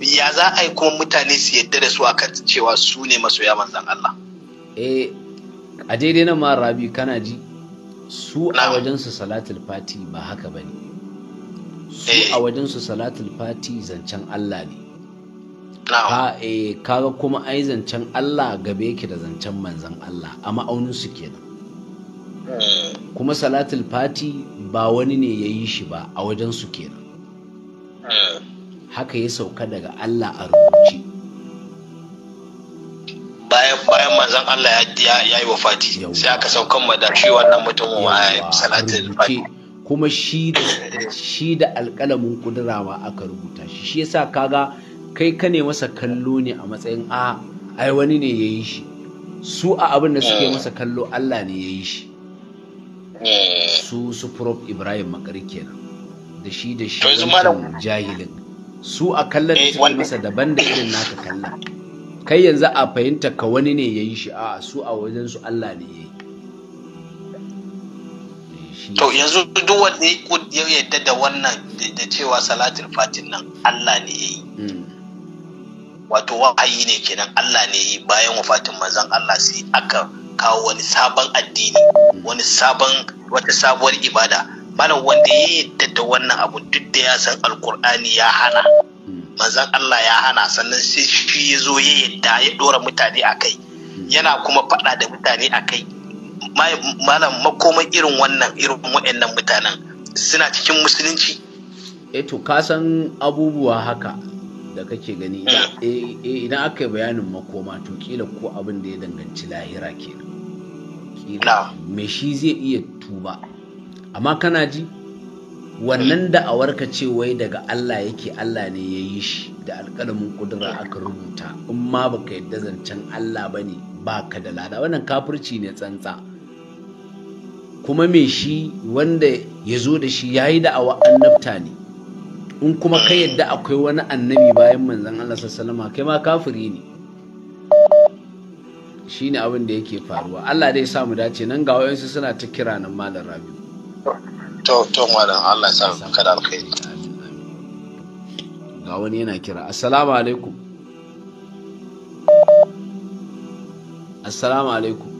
Speaker 3: ya za a yi kuma mutane su yadda da su akan cewa su ne masoya
Speaker 1: manzan Allah eh a daidai nan ma rabi kana ji su a wajen su salatul fati ba haka bane su eh. a wajen su salatul fati zancen Allah ne ka eh, kaga kuma ai zancen Allah gabe yake da zancen manzan Allah a ma'aunin su kenan eh. kuma salatul fati ba wani ne ya yi shi ba a wajen su kenan eh. haka ya sauka daga Allah a rubuce
Speaker 3: bayan manzan manzon Allah ya yi wa fati sai aka saukan ma da shi wannan mutumin wa
Speaker 1: salatul fati kuma shi da alƙalamin kudurawa aka rubuta shi shi yasa kaga kai ka ne masa kallo ne a matsayin a ai wani ne ya yi shi su a abin da suke masa kallo Allah ne ya yi shi su su prof ibrahim makar kenan da shi da shi wancan jahilin su a kallon da eh, suke masa daban da irin naka kalla, kai yanzu a fahimta ka wani ne ya yi shi a su a wajen su Allah ne ya yi
Speaker 3: eh, to yanzu duk wanda ya yadda da wannan da cewa salatul fatin nan Allah ne ya yi hmm. wato wa'ayi ne kenan Allah ne yi bayan wafatin manzon Allah sai aka kawo wani sabon addini wani sabon wata sabuwar ibada malam wanda ya yadda da wannan abu duk da ya san alkur'ani ya hana manzon Allah ya hana sannan sai shi ya zo ya yadda ya dora mutane a kai yana kuma faɗa da mutane a kai malam makoman irin wannan irin wa'annan mutanen suna cikin musulunci
Speaker 1: eh to ka san abubuwa haka da kake gani eh, eh, idan aka yi bayanin makoma to kila ko abin da ya danganci lahira ke kila me shi zai iya tuba amma kana ji wannan da a ka ce wai daga Allah yake Allah ne ya yi shi da alƙalamin ƙudura aka rubuta in ma baka yadda zancen Allah ba ne ba ka da lada wannan kafirci ne tsantsa kuma me shi wanda ya zo da shi ya yi da'awa annabta ne in kuma ka yadda akwai wani annabi bayan manzon Allah sallama kai ma kafiri ne shine abin da yake faruwa Allah dai sa mu dace nan ga wayansu suna ta kira nan malam Rabi
Speaker 9: to to malam Allah ya sa ka da alkhairi
Speaker 1: ga wani yana kira assalamu alaikum assalamu alaikum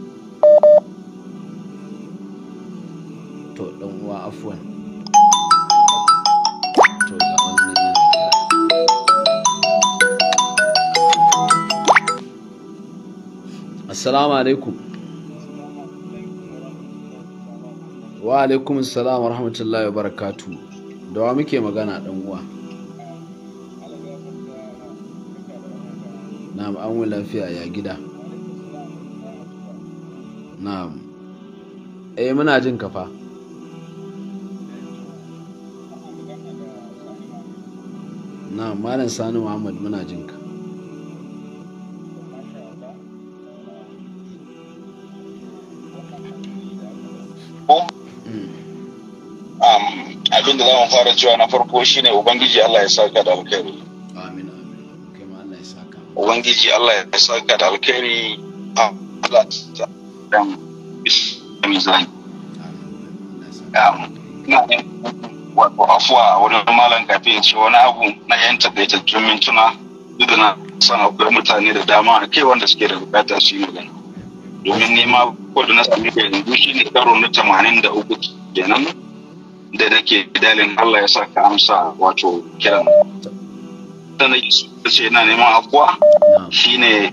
Speaker 1: to dan uwa afwan Assalamu alaikum. Wa alaikum assalamu rahmatullahi wa barakatu. Da wa muke magana dan uwa? Na'am, an wu lafiya ya gida. Na'am. Eh muna jin kafa. Na'am, Malam Sani Muhammad muna jin ka.
Speaker 10: abin da za mu fara cewa na farko shine ubangiji Allah ya saka da alkhairi amin amin Allah ya saka ubangiji Allah ya saka da alkhairi Allah ya dan mizani wato afuwa wani malam kafin ce wani abu na yan takaitattun mintuna duk da na san akwai mutane da dama a kai wanda suke da bukatar su yi magana domin nema ko da na sami da yanzu shi ne karo na tamanin da uku kenan da nake dalin Allah ya sa ka amsa wato kiran da na ce na neman afuwa shi ne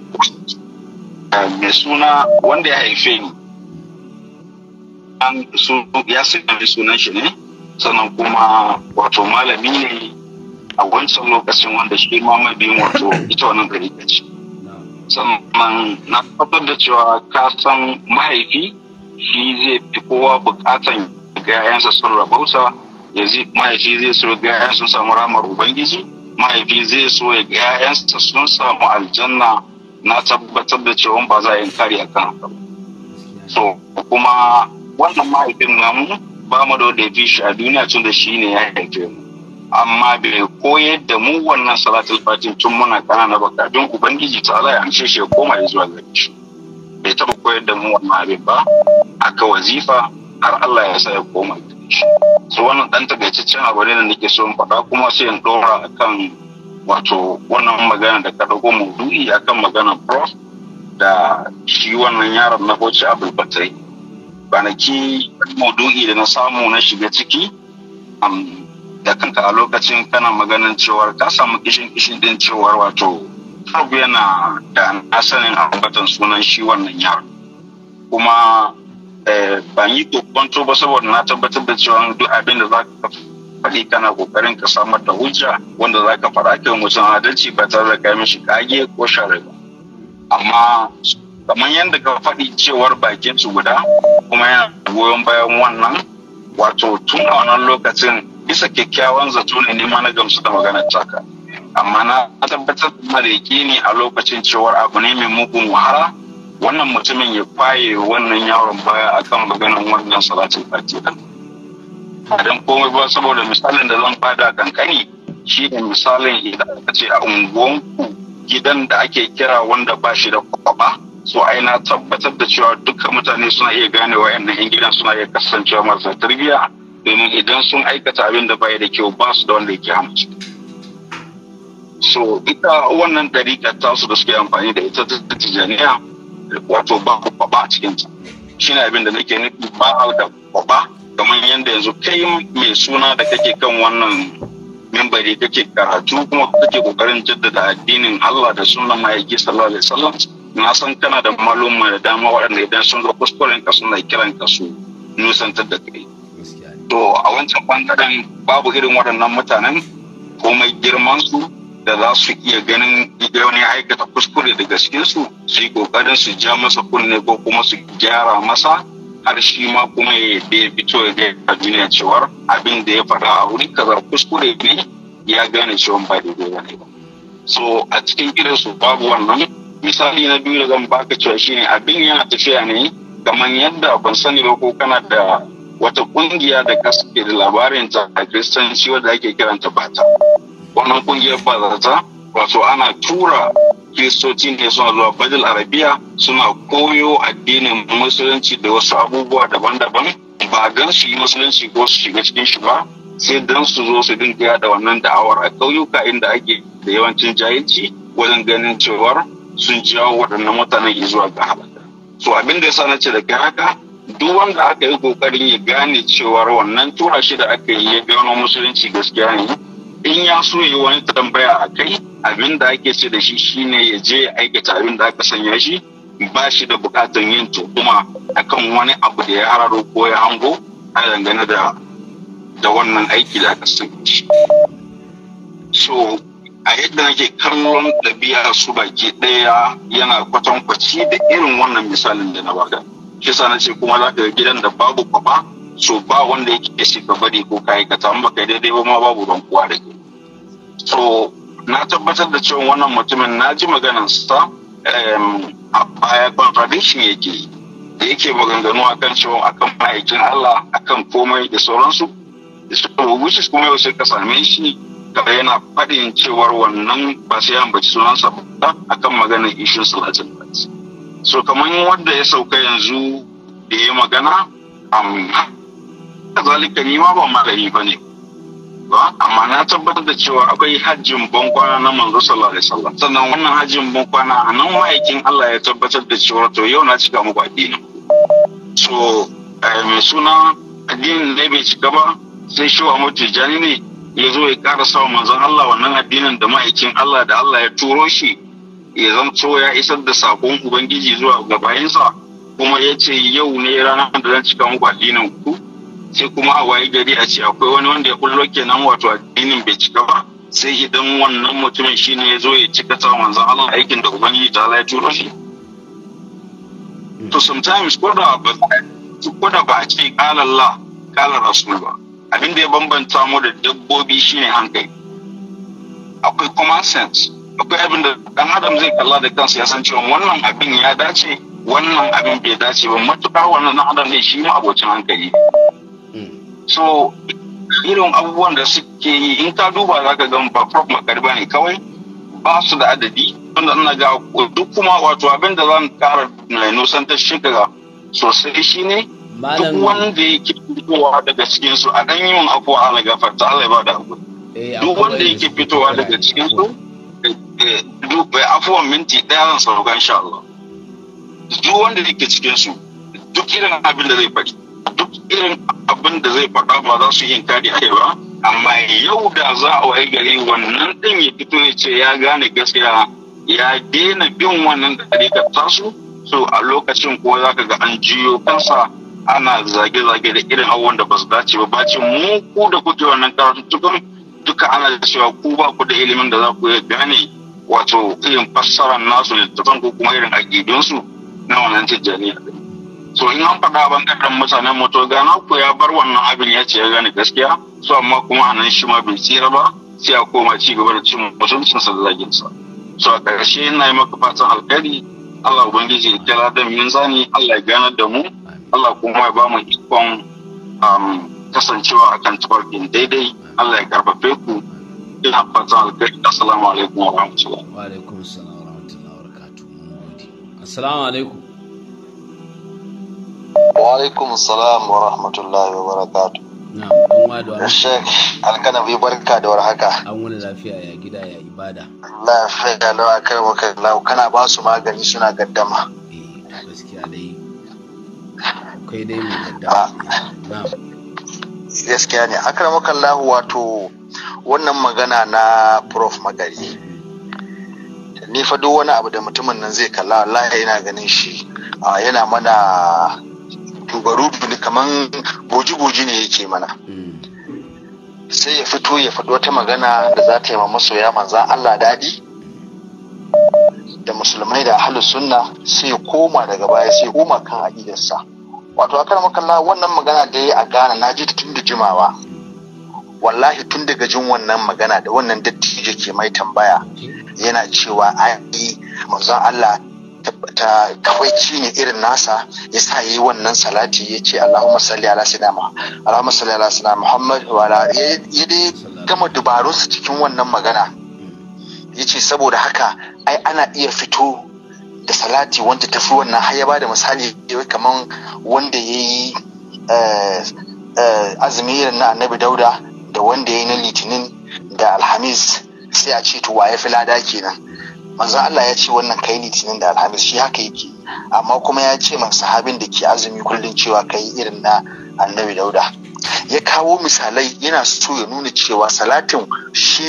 Speaker 10: eh, mai suna wanda ya haife ni ya mai sunan shi ne sannan kuma wato malami ne a wancan lokacin wanda shi ma mabiyin wato ita wannan gari ce sannan na tabbatar da cewa ka san mahaifi shi zai fi kowa bukatan gayansa sun rabauta ya mahaifi zai so gayan sun samu ramar ubangiji mahaifi zai so ya gayansa sun samu aljanna na tabbatar da cewa ba za a yi kari a kan so kuma wannan mahaifin namu ba mu da wanda ya fi shi a duniya tun da shi ne ya haife mu amma bai koyar da mu wannan salatul fatin tun muna kanana ba kafin ubangiji ta Allah ya amshe shi koma zuwa gare shi bai taba koyar da mu wannan abin ba aka wazifa har Allah ya sa ya koma gare shi so wannan dan tagaitaccen abu ne da nake so in faɗa kuma sai in dora akan wato wannan magana da ka dago maudu'i akan magana prof da shi wannan yaron na Bauchi abul Batai banaki maudu'i da na samu na shiga ciki da kanka a lokacin kana maganin cewar ka samu kishin kishin din cewar wato Trump yana da asalin ambatan sunan shi wannan yaro kuma eh, ban yi kokonto ba saboda na tabbatar da cewa duk abin da za ka faɗi kana kokarin ka samar da hujja wanda za ka faɗa kai mutum adalci ba tare da kai mishi kage ko share ba amma kamar yadda ka faɗi cewar bakin su guda kuma yana goyon bayan wannan wato tun a wannan lokacin bisa kyakkyawan zato ne nema na gamsu da maganar taka amma na tabbatar da da ne a lokacin cewar abu ne mai mugun wahala wannan mutumin ya kwaye wannan yaron baya akan maganar wannan salatin fati din don komai ba saboda misalin da zan bada kankani shi ne misalin idan aka ce a unguwanku gidan da ake kira wanda ba shi da kwaba so ai na tabbatar da cewa duka mutane suna iya gane wa yan gidan suna iya kasancewa masu tarbiyya domin idan sun aikata abin da bai da kyau ba su da wanda yake hamsu so ita wannan ɗariƙar tasu da suke amfani da ita ta tijaniya wato ba kwaba a cikin shi shine abin da nake nufi ba da kwaba kamar yadda yanzu kai mai suna da kake kan wannan mimbari kake karatu kuma kake kokarin jaddada addinin Allah da sunan mahaiki sallallahu alaihi wasallam na san kana da maluma da dama waɗanda idan sun zo kuskuren ka suna kiran ka su nusantar da kai to a wancan bangaren babu irin waɗannan mutanen komai girman su da za su iya ganin idan wani aikata kuskure da cikinsu su yi kokarin su ja masa kunne ko kuma su gyara masa har shi ma kuma ya fito ya gaya duniya cewar abin da ya faɗa a wuri kazar kuskure ne ya gane cewa ba da ba so a cikin irin su babu wannan misali na biyu da zan baka cewa shine abin yana tafiya ne kamar yadda ban sani ba ko kana da wata kungiya da kasance da labarin ta a kristanci wadda ake kiranta bata wannan kungiyar bazata wato ana tura kiristoci ne suna zuwa bajil arabiya suna koyo addinin musulunci da wasu abubuwa daban-daban ba don su yi musulunci ko su shiga cikin shi ba sai don su zo su dinga yada wannan da'awar a ƙauyuka inda ake da yawancin jahilci wajen ganin cewar sun jawo waɗannan mutanen zuwa ga halaka so abin da sa na ce daga haka duk wanda aka yi kokarin ya gane cewa wannan tura shi da aka yi ya gano musulunci gaskiya ne in ya so yi wani tambaya a kai abin da ake ce da shi shine ya je ya aikata abin da aka sanya shi ba shi da bukatan yin a akan wani abu da ya hararo ko ya hango a dangane da da wannan aiki da aka sanya shi so a yadda nake kallon ɗabi'a su baki ɗaya yana kwatankwaci da irin wannan misalin da na baka. Kisa na ce kuma za ka ga gidan da babu kwaba so ba wanda yake shi ka bari ko ka ba ka baka daidai ba ma babu ban kuwa da ke so na tabbatar da cewa wannan mutumin na ji maganarsa a baya contradiction yake yi da yake maganganu a kan cewa akan ma'aikin Allah akan komai da sauransu which is kuma yau sai ka same shi ka yana faɗin cewar wannan ba sai an baci sunansa ba akan maganar issues latin rights so kamar wanda ya sauka yanzu da ya magana kazalika ni ma ba malami ba ne ba amma na tabbatar da cewa akwai hajjin bankwana na manzo sallallahu alaihi wasallam sannan wannan hajjin bankwana a nan ma'aikin Allah ya tabbatar da cewa to yau na cika muku addini so eh, mai suna addinin ne bai cika ba sai shi wa mutujani ne ya zo ya ƙara sa manzon Allah wannan addinin da ma'aikin Allah da Allah ya turo shi ya zanto ya isar da sakon ubangiji zuwa ga bayansa kuma ya ce yau ne ranar da zan cika muku addinin ku sai kuma a waye gari a ce akwai wani wanda ya kullo kenan wato addinin bai cika ba sai idan wannan mutumin shine ya zo ya cika ta manzan Allah aikin da ubangiji ta Allah ya turo shi to sometimes ko da ba ko da ba a ce qala Allah qala rasul ba abin da ya bambanta mu da dabbobi shine hankali akwai common sense akwai abin da dan adam zai kalla da kansa ya san cewa wannan abin ya dace wannan abin bai dace ba matuƙa wannan dan adam ne shi ma abocin hankali so irin abubuwan da suke yi in ka duba za ka gan ba prop makarba ne kawai ba su da adadi wanda ina ga duk kuma wato abin da zan kara nusantar shekara sosai shine duk wanda ke fitowa daga cikin su a dan yin afuwa ala gafarta Allah ya ba da eh, duk wanda ke fitowa daga cikin su bai afuwan minti ɗaya zan sauka insha Allah duk wanda yake cikin su duk irin abin da zai faɗi duk irin abin da zai faɗa ba za su yin kari kai ba amma yau da za a waye gari wannan ɗin ya fito ya ce ya gane gaskiya ya daina bin wannan ɗarikar tasu so a lokacin ko za ka ga an jiyo kansa ana zage-zage da irin abubuwan da ba su dace ba bacin mu ku da kuke wannan karatun tukun duka ana cewa ku ba ku da ilimin da za ku iya gane wato irin fassarar nasu littattafan ko kuma irin aƙidunsu na wannan tijjaniya so in an faɗa bangaren mutanen moto gana ku ya bar wannan abin ya ce ya gani gaskiya Su amma kuma a nan shi ma bai tsira ba sai a koma ci gaba da cin mutuncinsa da zaginsa so a ƙarshe ina yi maka fatan alkhairi Allah ubangiji ya kira da zani Allah ya gana da mu Allah kuma ya ba mu ikon um, kasancewa kan tabarkin daidai Allah ya karfafe ku ina fata alkhairi assalamu alaikum wa rahmatullah wa alaikum assalam wa rahmatullah wa barakatuh
Speaker 1: mun assalamu
Speaker 7: alaikum
Speaker 11: wa alaikum assalam wa rahmatullahi wa barakatuh na'am dan wa da shek alkana bi barka da war haka. an wani lafiya ya gida ya ibada lafiya lawa kai maka lawa kana ba su magani suna gaddama eh
Speaker 1: gaskiya dai kai dai mai gaddama ah. na'am
Speaker 11: gaskiya ne akramakallahu wato wannan magana na prof magari ni fa duk wani abu da mutumin nan zai kalla wallahi yana ganin shi yana mana ne kaman boji-boji ne yake mana hmm. sai ya fito ya faɗi wata magana da za ta yi ma masoya manzan Allah daɗi da musulmai da ahlus sunna sai koma daga baya sai koma kan aƙidarsa wato a kan wannan magana da ya a gana na ji tun da jimawa wallahi tun daga jin wannan magana da wannan dattijo ke mai tambaya yana cewa ai manzon Allah ta kawaici ne irin nasa ya sa yi wannan salati ya ce Allahumma salli ala sayyidina Muhammad Allahumma salli ala sayyidina Muhammad wa ala ya dai gama dubarun su cikin wannan magana ya ce saboda haka ai ana iya fito da salati wanda ta fi wannan har ya ba da misali kamar wanda ya yi eh, eh, azumi na annabi dauda da wanda ya yi na litinin da alhamis sai a ce to waye fi lada kenan manzon Allah ya ce wannan kai litinin da alhamis shi haka yake amma kuma ya ce man sahabin da ke azumi kullum cewa kai irin na annabi dauda ya kawo misalai yana so ya nuna cewa salatin su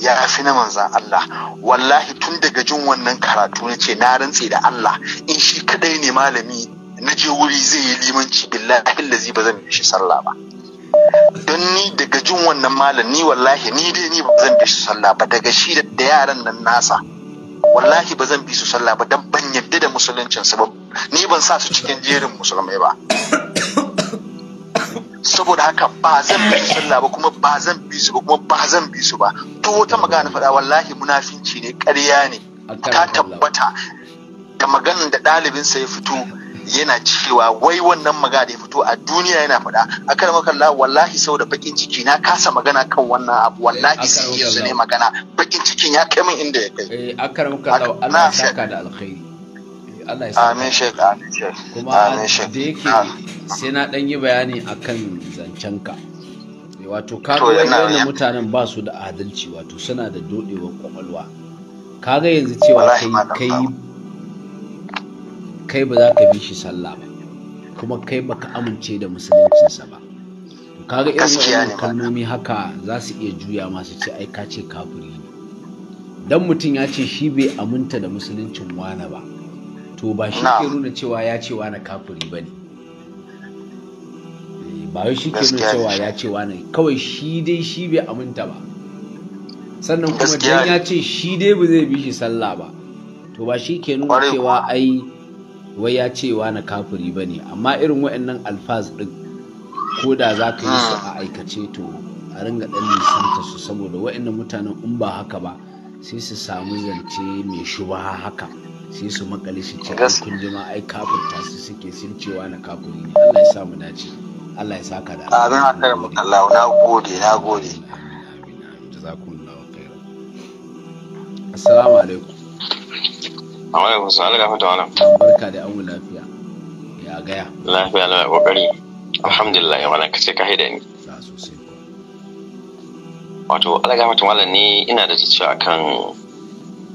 Speaker 11: ya fi na manzan Allah wallahi tun daga jin wannan karatu na ce na rantse da Allah in shi kadai ne malami na je wuri zai yi limanci billahi lazi ba zan shi sallah ba don ni daga jin wannan malam ni wallahi ni dai ni ba zan bi su sallah ba daga shi da yaran nan nasa wallahi ba zan bi su sallah ba dan ban yadda da musuluncin su ba ni ban sa su cikin jerin musulmai ba saboda haka ba zan bi su sallah ba kuma ba zan bi su ba kuma ba zan bi su ba to wata magana faɗa wallahi munafinci ne ƙarya ne ta tabbata da maganar da ɗalibinsa ya fito yana cewa wai wannan magana da ya fito a duniya yana faɗa A makalla wallahi sau da bakin ciki na kasa magana kan wannan abu wallahi eh, sai yanzu ne magana
Speaker 1: bakin cikin ya kai min inda ya kai eh akan Allah ya saka da alkhairi eh, Allah ya saka amin shek amin shek kuma amin shek da yake ah. sai na dan yi bayani akan zancenka eh, wato ga wannan mutanen ba su da adalci wato suna da dodewar kwakwalwa ga yanzu cewa kai kai kai ba za ka bi shi sallah ba kuma kai ba ka amince da musuluncinsa ba kaga irin wannan kalmomi haka za su iya juya masu ce ai ka ce kafiri ne dan mutum ya ce shi bai aminta da musuluncin wani ba to ba shi ke nuna cewa ya ce wani kafiri ba ne eh, ba wai shi ke nuna cewa ya ce wani kawai shi dai shi bai aminta ba sannan kuma dan ya ce shi dai ba zai bi shi sallah ba to ba shi ke nuna cewa ai wai ya ce wa na kafiri ba ne amma irin wa'annan alfaz ɗin ko da za ka yi su a aikace to a ringa ɗan nisanta su saboda wa'annan mutanen in ba haka ba sai su samu zance mai shuba haka sai su makale shi ce kun ji ma ai kafirta su suke sun cewa na kafiri ne Allah ya sa mu dace Allah ya saka da Amin Allah na gode na gode Assalamu alaikum
Speaker 12: Alaikum salam ga fata wala.
Speaker 1: Barka da amu lafiya. Ya gaya.
Speaker 12: Lafiya lafiya kokari. Alhamdulillah ya kace ka haida ni. Wato Allah ga fata ni ina da zuciya akan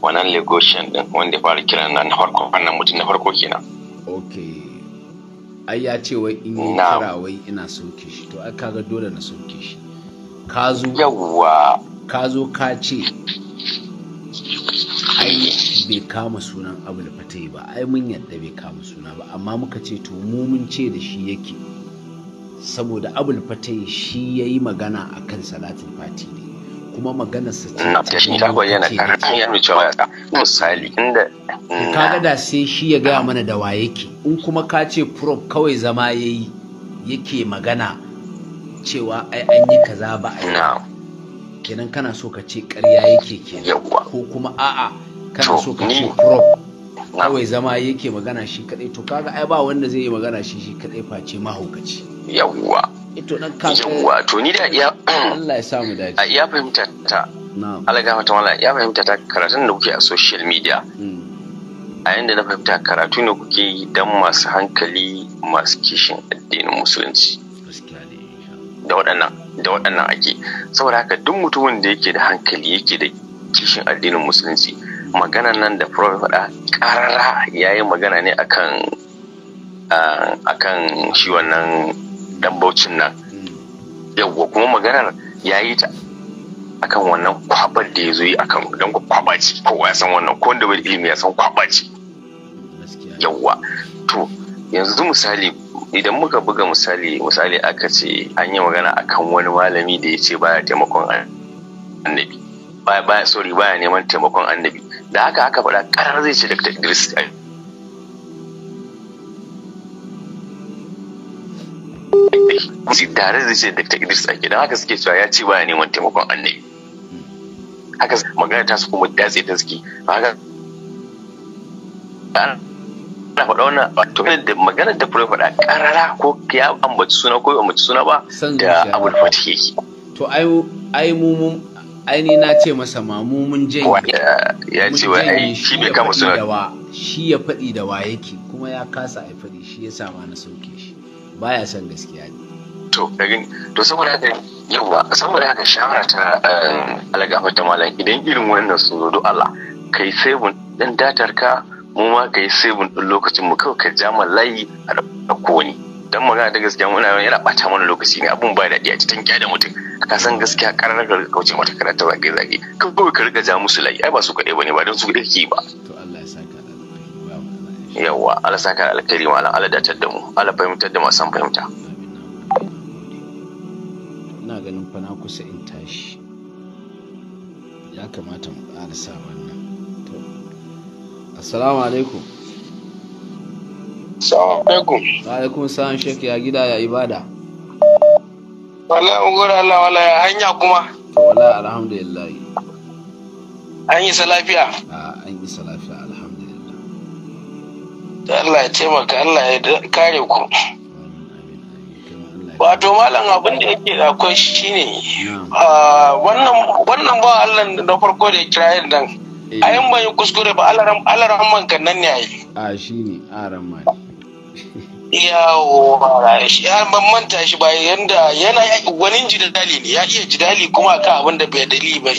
Speaker 12: wannan legoshin din wanda ya fara kiran nan farko wannan mutum na
Speaker 1: farko kenan. Okay. Ai ya ce wai in yi kira wai ina sauke shi to ai kaga dole na sauke shi. Ka zo. Yawwa. Ka zo ka ce ai bai kama sunan abul fatai ba ai mun yadda bai kama suna ba amma muka ce to mu mun ce da shi yake saboda abul fatai shi yayi magana akan Salatin fati ne kuma magana sa ce
Speaker 12: ta shi ta bayyana karatun ya nuna misali inda
Speaker 1: kaga da sai shi ya gaya mana da wa yake in kuma ka ce Prof. kawai zama yayi yake magana cewa ai an yi kaza ba a yi kenan kana so ka ce ƙarya yake kenan ko kuma a'a kana so ka ce prop kawai zama yake magana shi kadai to kaga ai ba wanda zai yi magana shi shi kadai face mahaukaci yawwa ito dan kaga yawwa to ni da iya Allah ya samu dace
Speaker 12: iya fahimta ta Allah ga mata wallahi ya fahimta ta karatun da kuke a social media hmm. a yanda na fahimta karatu ne kuke yi dan masu hankali masu kishin addinin musulunci da waɗannan da waɗannan ake saboda haka duk mutumin da yake da hankali yake da kishin addinin musulunci maganan nan da prof faɗa ƙarara ya yi magana ne akan akan shi wannan dambaucin nan yawwa kuma maganar ya yi ta akan wannan kwabar da ya zo yi akan don kwaba ce kowa ya san wannan ko wanda bai ilimi ya san kwaba ce yawwa to yanzu misali idan muka buga misali misali aka ce an yi magana akan wani malami da ya ce baya taimakon annabi baya sorry baya neman taimakon annabi da haka aka faɗa karar zai ce dr idris tare da ce dr idris ake don haka suke cewa ya ce baya neman taimakon annabi haka magana ta su kuma datse ta suke haka na faɗa wannan wato da maganar da fure faɗa ƙarara ko ya ambaci suna ko ya ambaci suna
Speaker 1: ba da abul fatih yake to ai ai mu ai ni na ce masa ma mu mun je ya ce wa ai shi bai kama suna shi ya faɗi da wa yake kuma ya kasa a faɗi shi ya sama na sauke shi baya son gaskiya ne to
Speaker 12: gani to saboda haka yawa saboda haka shawara ta eh, alagafa ta malam idan irin wannan sun zo Allah kai sai mun dan datar ka mu ma ka yi sai mun lokacin mu kawai ka ja ma layi a ɗauko wani dan magana da gaskiya muna yana ɓata mana lokaci ne abun ba daɗi a cikin da mutum ka san gaskiya karar ka kauce mata karanta zage zage kawai ka riga ja musu layi ai ba su kaɗai bane ba don su kaɗai ke ba yawwa Allah saka alkhairi malam Allah datar da mu Allah fahimtar da masu fahimta
Speaker 1: ina ganin fa na kusa in tashi ya kamata mu ƙarasa wannan assalamu alaikum assalamu alaikum wa alaikum salam shek ya gida ya ibada
Speaker 13: wallahi ungura Allah wala ya hanya kuma to
Speaker 1: wallahi alhamdulillah
Speaker 13: an yi salafiya
Speaker 1: Ah an yi salafiya alhamdulillah
Speaker 13: Allah ya taimaka Allah ya kare ku wato malam abin da yake da akwai shine ah, wannan ba Allah na farko da ya kira yin nan a yan ban yi kuskure ba alaran man kan nan ya yi
Speaker 1: a shi ne aran man
Speaker 13: yawo shi ya ban manta shi ba yanda yana wani jidali ne ya iya jidali kuma ka abin da bai dali ba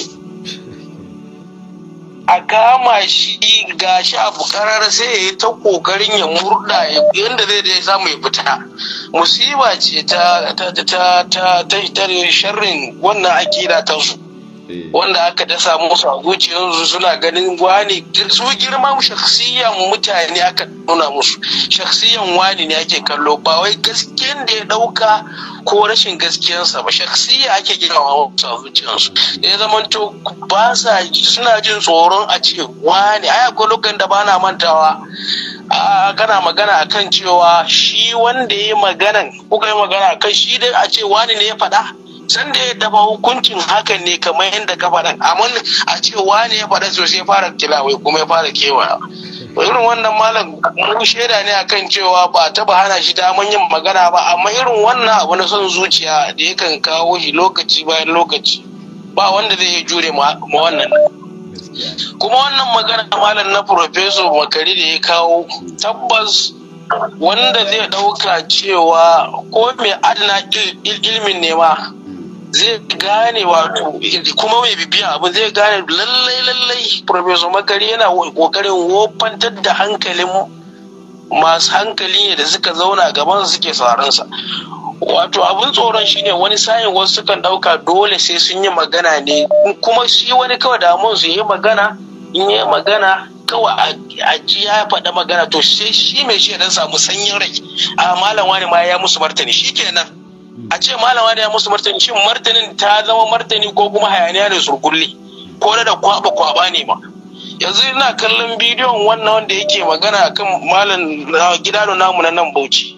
Speaker 13: a kama shi ga shi a bukarar sai ya yi ta kokarin ya murda yadda zai da ya samu ya fita musiba ce ta ta ta ta ta sharrin wannan akida ta su Eh. wanda aka dasa musu a zuciyarsu suna ganin wani su girma shaksiyan mutane aka nuna musu shaksiyan wani ne ake kallo ba wai gaskiyan da ya dauka ko rashin gaskiyansa ba shaksiya ake ginawa musu a zuciyarsu ya zama to ba sa suna jin tsoron a ce wani ai akwai lokacin da bana mantawa a kana magana akan cewa shi wanda ya yi maganan kuka yi magana akan shi dai a ce wani ne ya faɗa san da ya daba hukuncin hakan ne kamar yadda ka faɗa amma a ce wane ya faɗa sosai ya fara kilawai kuma ya fara kewa irin wannan malam mu shaida ne akan cewa ba ba hana shi daman yin magana ba amma irin wannan abu na son zuciya da yakan kawo shi lokaci bayan lokaci ba wanda zai iya jure ma wannan kuma wannan magana malam na professor makari da ya kawo tabbas wanda zai ɗauka cewa ko mai adana ilimin ne ma zai gane wato kuma mai bibiya abin zai gane lallai lallai profesor makari yana kokarin wofantar da hankalin masu hankali ne da suka zauna gaban suke sa wato abin tsoron shine wani sayin wasu sukan dauka dole sai sun yi magana ne kuma shi wani kawai damuwar su yi magana in yi magana kawai a ji ya faɗa magana to sai shi mai shi dan samu sanyin rai a malam wani ma ya musu martani shi kenan. a ce malama da ya musu martani shin martanin ta zama martani ko kuma hayaniya da surkulli ko da kwaba kwaba ne ma. yanzu ina kallon bidiyon wannan wanda yake magana akan malam gida da namu na nan bauchi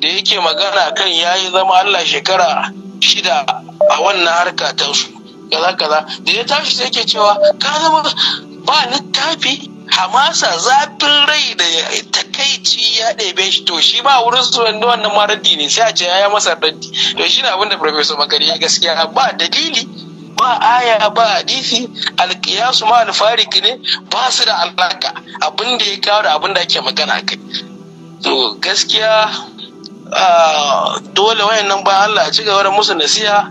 Speaker 13: da yake magana akan yayi zama Allah shekara shida a wannan harka ta su kaza kaza da ya tashi sai yake cewa ka zama ba littafi hamasa zafin rai da takaici ya ɗebe shi to shi ba wurin su wanda wannan maradi ne sai a ce ya masa raddi to shi na abin da professor makari ya gaskiya ba dalili ba aya ba hadisi alkiyasu ma alfariki ne ba su da alaka abin da ya kawo da abin da ake magana kai to gaskiya ah, dole wayannan ba Allah ya ci gaba da musu nasiha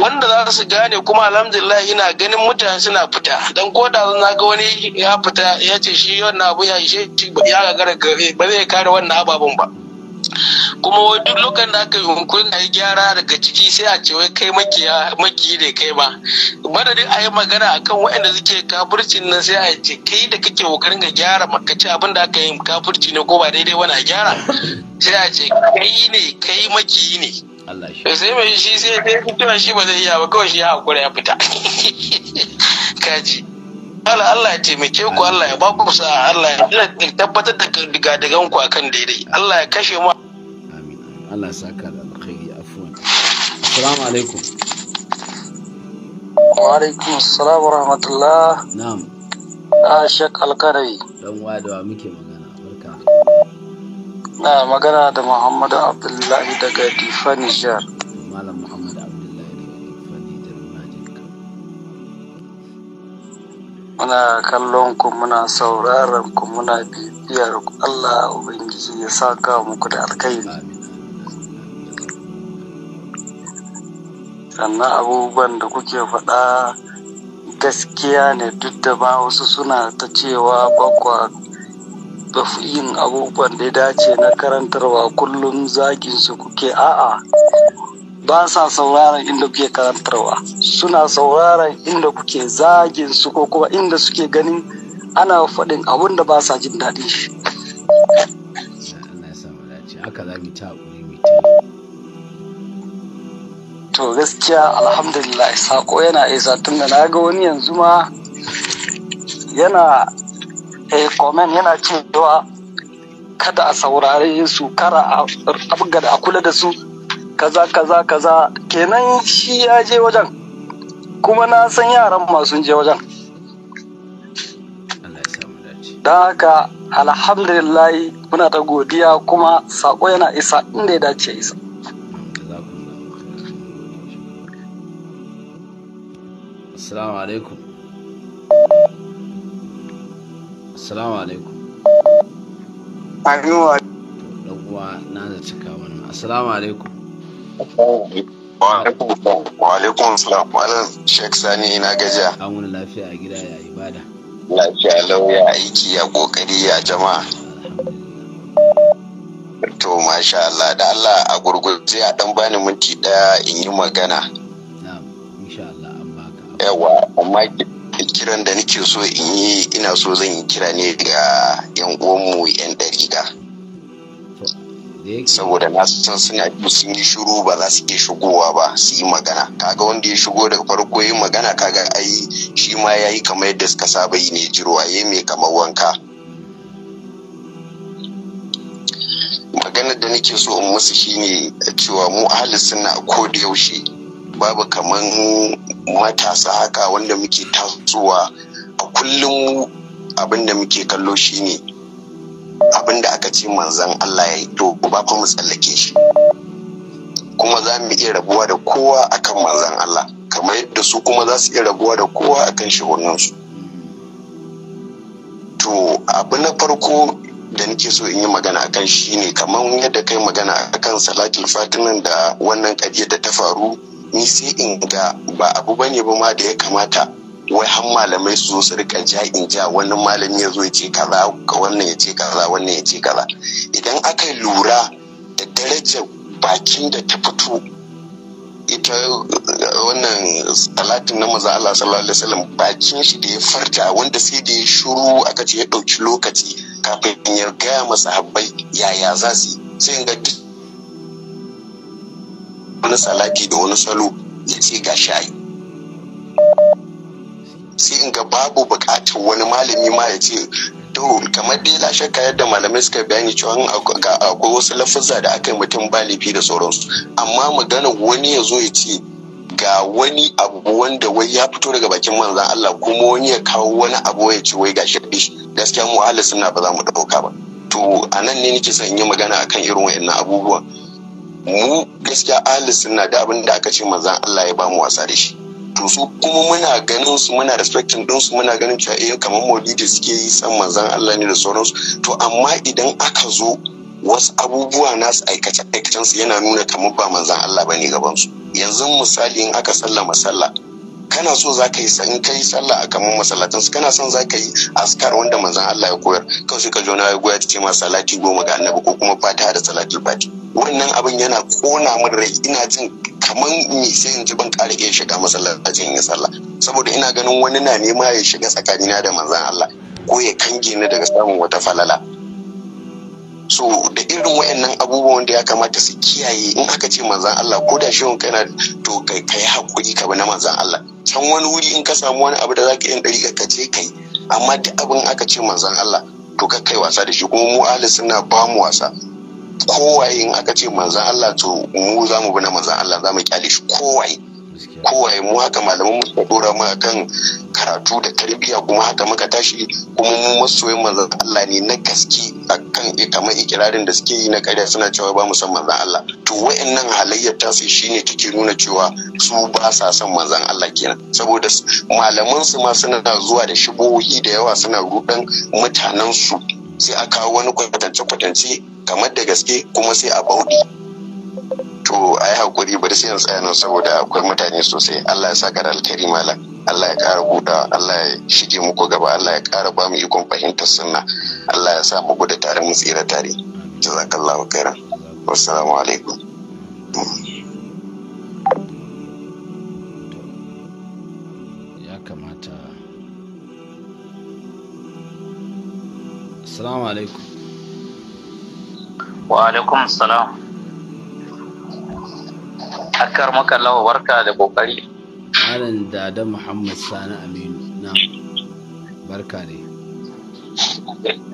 Speaker 13: wanda za su gane kuma alhamdulillah ina ganin mutane suna fita dan ko da na ga wani ya fita ya ce shi wannan abu ya ishe shi ya gagara ba zai kare wannan ababen ba kuma duk lokacin da aka yi hunkurin a yi gyara daga ciki sai a ce wai kai makiya makiyi ne kai ba madadin a yi magana akan waɗanda suke kafircin nan sai a ce kai da kake kokarin ga gyara makaci abin da aka yi kafirci ne ko ba daidai wani a gyara sai a ce kai ne kai makiyi ne Allah shi sai mai shi sai dai kuma shi ba zai iya ba kawai shi ya hakura ya fita kaji Allah Allah ya taimake ku Allah ya ba ku sa Allah ya tabbatar da digadigan ku akan daidai Allah ya kashe mu amin
Speaker 1: Allah ya saka da alkhairi afwan assalamu alaikum
Speaker 13: wa alaikum assalam wa rahmatullah
Speaker 1: na'am
Speaker 14: a ah, shek alkarawi dan wa muke ma na magana da muhammadu abdullahi daga difa muna kallon ku muna sauraron ku muna bibiyar ku allah ubangiji ya sa saka muku da alkhairi sannan abubuwan da kuke faɗa gaskiya ne duk da ba wasu suna ta cewa bakwa da yin abubuwan da ya dace na karantarwa kullum zagin su kuke a'a ba sa sauraron inda kuke karantarwa suna sauraron inda kuke zagin su ko kuma inda suke ganin ana faɗin abun da ba sa jin daɗin shi to gaskiya alhamdulillah sako yana isa tun da na ga wani yanzu ma yana komen yana cewa kada a saurare su kara a kula da su kaza kaza kaza kenan shi ya je wajen kuma na san yaran masu je wajen da haka alhamdulillah muna ta godiya kuma sako yana isa inda ya dace isa
Speaker 1: Assalamu alaikum. assalamu alaikum Anuwa. Ɗan'uwa na da cika wani. Assalamu alaikum. Wa alaikum salam. Malam Sheikh Sani na gajiya. An wani lafiya a gida ya ibada.
Speaker 9: Lafiya lauya aiki ya kokari ya jama'a. To masha Allah da Allah a gurgurje a dan bani minti daya in yi magana. Na'am, insha Allah an baka. Yawa, amma kiran da nake so in yi ina so zan yi kira ne ga yan uwanmu yan dariga saboda na san suna biyu sun yi shiru ba za su ke shigowa ba su yi magana kaga wanda ya shigo da farko yi magana kaga ai shi ma ya yi kamar yadda suka saba yi ne jirwa ya mai kamar wanka maganar da nake so in musu shine cewa mu ahalin suna ko da yaushe babu kaman matasa haka wanda muke tasowa a kullum abin da muke kallo shine abin da aka ce manzan Allah ya yi to ba ku mu tsallake shi kuma za mu iya rabuwa da kowa akan manzan Allah kamar yadda su kuma za su iya rabuwa da kowa akan shehunansu to abu na farko da nake so in yi magana akan shi ne kamar yadda kai magana akan salatul fatinan da wannan kadiyar da ta faru ni sai in ga ba abu bane ba ma da ya kamata wai har malamai su zo su rika ja in ja wannan malami ya zo ya ce kaza ka wannan ya ce kaza wannan ya ce kaza idan aka lura da darajar bakin da ta fito ita eh, wannan talatin na maza Allah sallallahu alaihi wasallam bakin shi da ya farta wanda sai da ya shuru aka ce ya ɗauki lokaci kafin ya gaya masa habbai yaya za su sai ga duk wani salati da wani salo ya ce ga shayi sai in ga babu bukatar wani malami ma ya ce to kamar dai la shakka yadda malamai suka bayani cewa akwai wasu lafuzza da aka yi mutum ba laifi da sauransu amma magana wani ya zo ya ce ga wani abu wanda wai ya fito daga bakin manzan Allah kuma wani ya kawo wani abu ya ce wai ga shi gaskiya mu suna ba za mu ɗauka ba to anan ne nake son in yi magana akan irin wayannan abubuwan mu gaskiya ahli sunna da abin da aka ce manzan Allah ya ba mu wasa da shi to su kuma muna ganin su muna respectin din su muna ganin cewa eh kamar maulidi suke yi san manzan Allah ne da sauransu to amma idan aka zo wasu abubuwa nasu aikace aikacen su yana nuna kamar ba manzan Allah bane gaban su yanzu misali in aka sallama sallah kana so za ka yi in kai sallah a kamar masallatan su kana son za ka yi askar wanda manzan Allah ya koyar kawai sai ka zo na goya ta ce ma salati goma ga annabi ko kuma fata da salatul fati wannan abin yana kona min rai ina jin kamar me sai in ji ban ƙara iya shiga masallacin yin sallah saboda ina ganin wani na nema ya shiga tsakanina da manzan Allah ko ya kange ni daga samun wata falala so da irin wayannan abubuwan da ya kamata su kiyaye in aka ce manzan Allah ko da shi kana na to kai kai hakuri ka bi na manzan Allah can wani wuri in ka samu wani abu da za ka yin ɗari ka je kai amma duk abin aka ce manzon Allah to ka kai wasa da shi kuma mu ahli suna ba mu wasa kowaye in aka ce maza Allah to mu za mu bi na manzan Allah za mu kyale shi kowaye kowaye mu haka malaman mu dora mu akan karatu da tarbiyya kuma haka muka tashi kuma mu masoyin manzon Allah ne na gaske akan ita mai ikirarin da suke yi na ƙarya suna cewa ba mu san manzon Allah to wayannan halayyar su shine take nuna cewa su ba sa son manzon Allah kenan saboda malaman su ma suna zuwa da shibohi da yawa suna rudan mutanen su sai a kawo wani kwatance kwatance kamar da gaske kuma sai a bauɗi to a yi haƙuri bari sai tsaya nan saboda akwai mutane sosai Allah ya saka da alkhairi malam Allah ya ƙara buɗa Allah ya shige muku gaba Allah ya ƙara ba mu ikon fahimtar sunna Allah ya sa mu gudu tare mu tsira tare jazakallahu khairan wassalamu alaikum
Speaker 1: ya kamata assalamu alaikum
Speaker 3: wa alaikum salaam. akar maka lawa barka da kokari
Speaker 1: malam Dada muhammad sani aminu na barka ne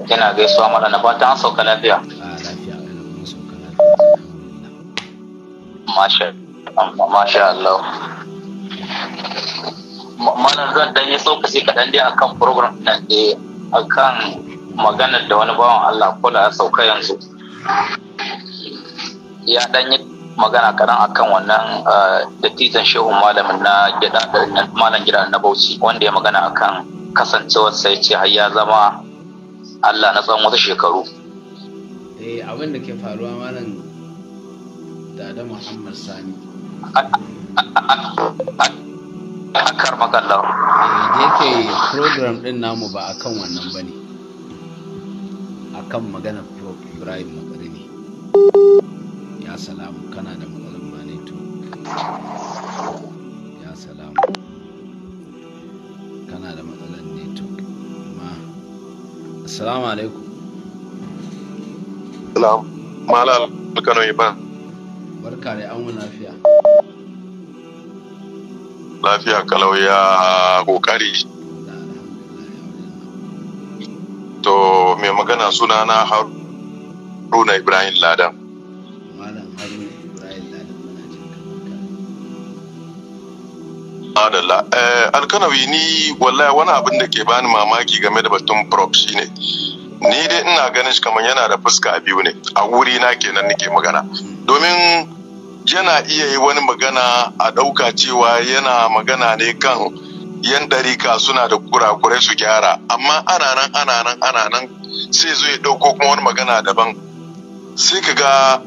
Speaker 3: ina gaisuwa mala na fata an sauka lafiya a lafiya yana kuma sauka lafiya masha Allah malam zan dan yi tsokaci kaɗan dai akan program ɗin da akan maganar da wani bawan Allah ko da sauka yanzu ya dan yi magana kaɗan akan wannan eh, dattijan shehun malamin na malam gida na bauchi wanda ya magana akan kasancewar sai ce har ya zama Allah na tsawon wasu shekaru.
Speaker 1: Eh abin da ke faruwa malam Dada Muhammad Sani. Akar makallar. Eh, da yake program din namu ba akan wannan ba ne. Akan maganar Ibrahim makarini ya salamu kana da matsalar to. ya salamu kana da matsalar neto ma assalamu alaikum
Speaker 15: salam malal kano ba barka da an lafiya lafiya kalau ya kokari to mai magana suna na haruna ibrahim ladan Adalla, eh, alkanawi ni wallahi wani abin da ke bani mamaki game da batun prop shine ni dai ina ganin shi kamar yana da fuska biyu ne a wuri na kenan nake magana domin yana iya yi wani magana a ɗauka cewa yana magana ne kan yan ɗarika suna da kurakurai su gyara amma ana nan ana nan ana nan sai zo ya ɗauko kuma wani magana daban sai ka ga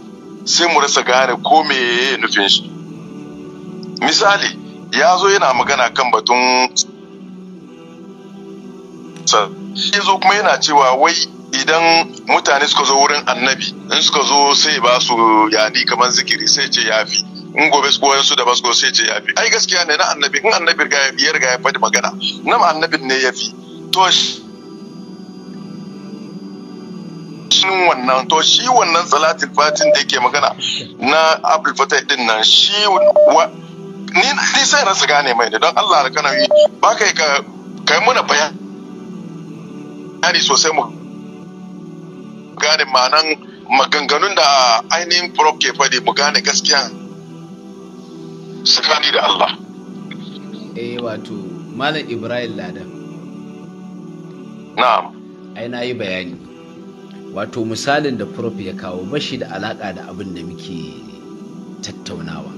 Speaker 15: sai mu rasa gane ko me nufin shi misali ya zo yana magana kan batun ya zo kuma yana cewa wai idan mutane suka zo wurin annabi in suka zo sai ba su yadi kamar zikiri sai ce yafi in gobe su goyon su da basko sai ce yafi ai gaskiya ne na annabi in annabi ya riga ya faɗi magana nan annabin ne yafi to shi wannan to shi wannan salatul fatin da yake magana na abul fatah din nan shi ni sai rasa gane mai da don Allah da kanawi ba yi ka kai muna bayan hari sosai mu gane ma'anan maganganun da ainihin prof ke faɗi mu gane gaskiya tsakani da Allah
Speaker 1: eh wato malam Ibrahim Ladan na'am ai na yi bayani wato misalin da prof ya kawo bashi da alaka da abin da muke tattaunawa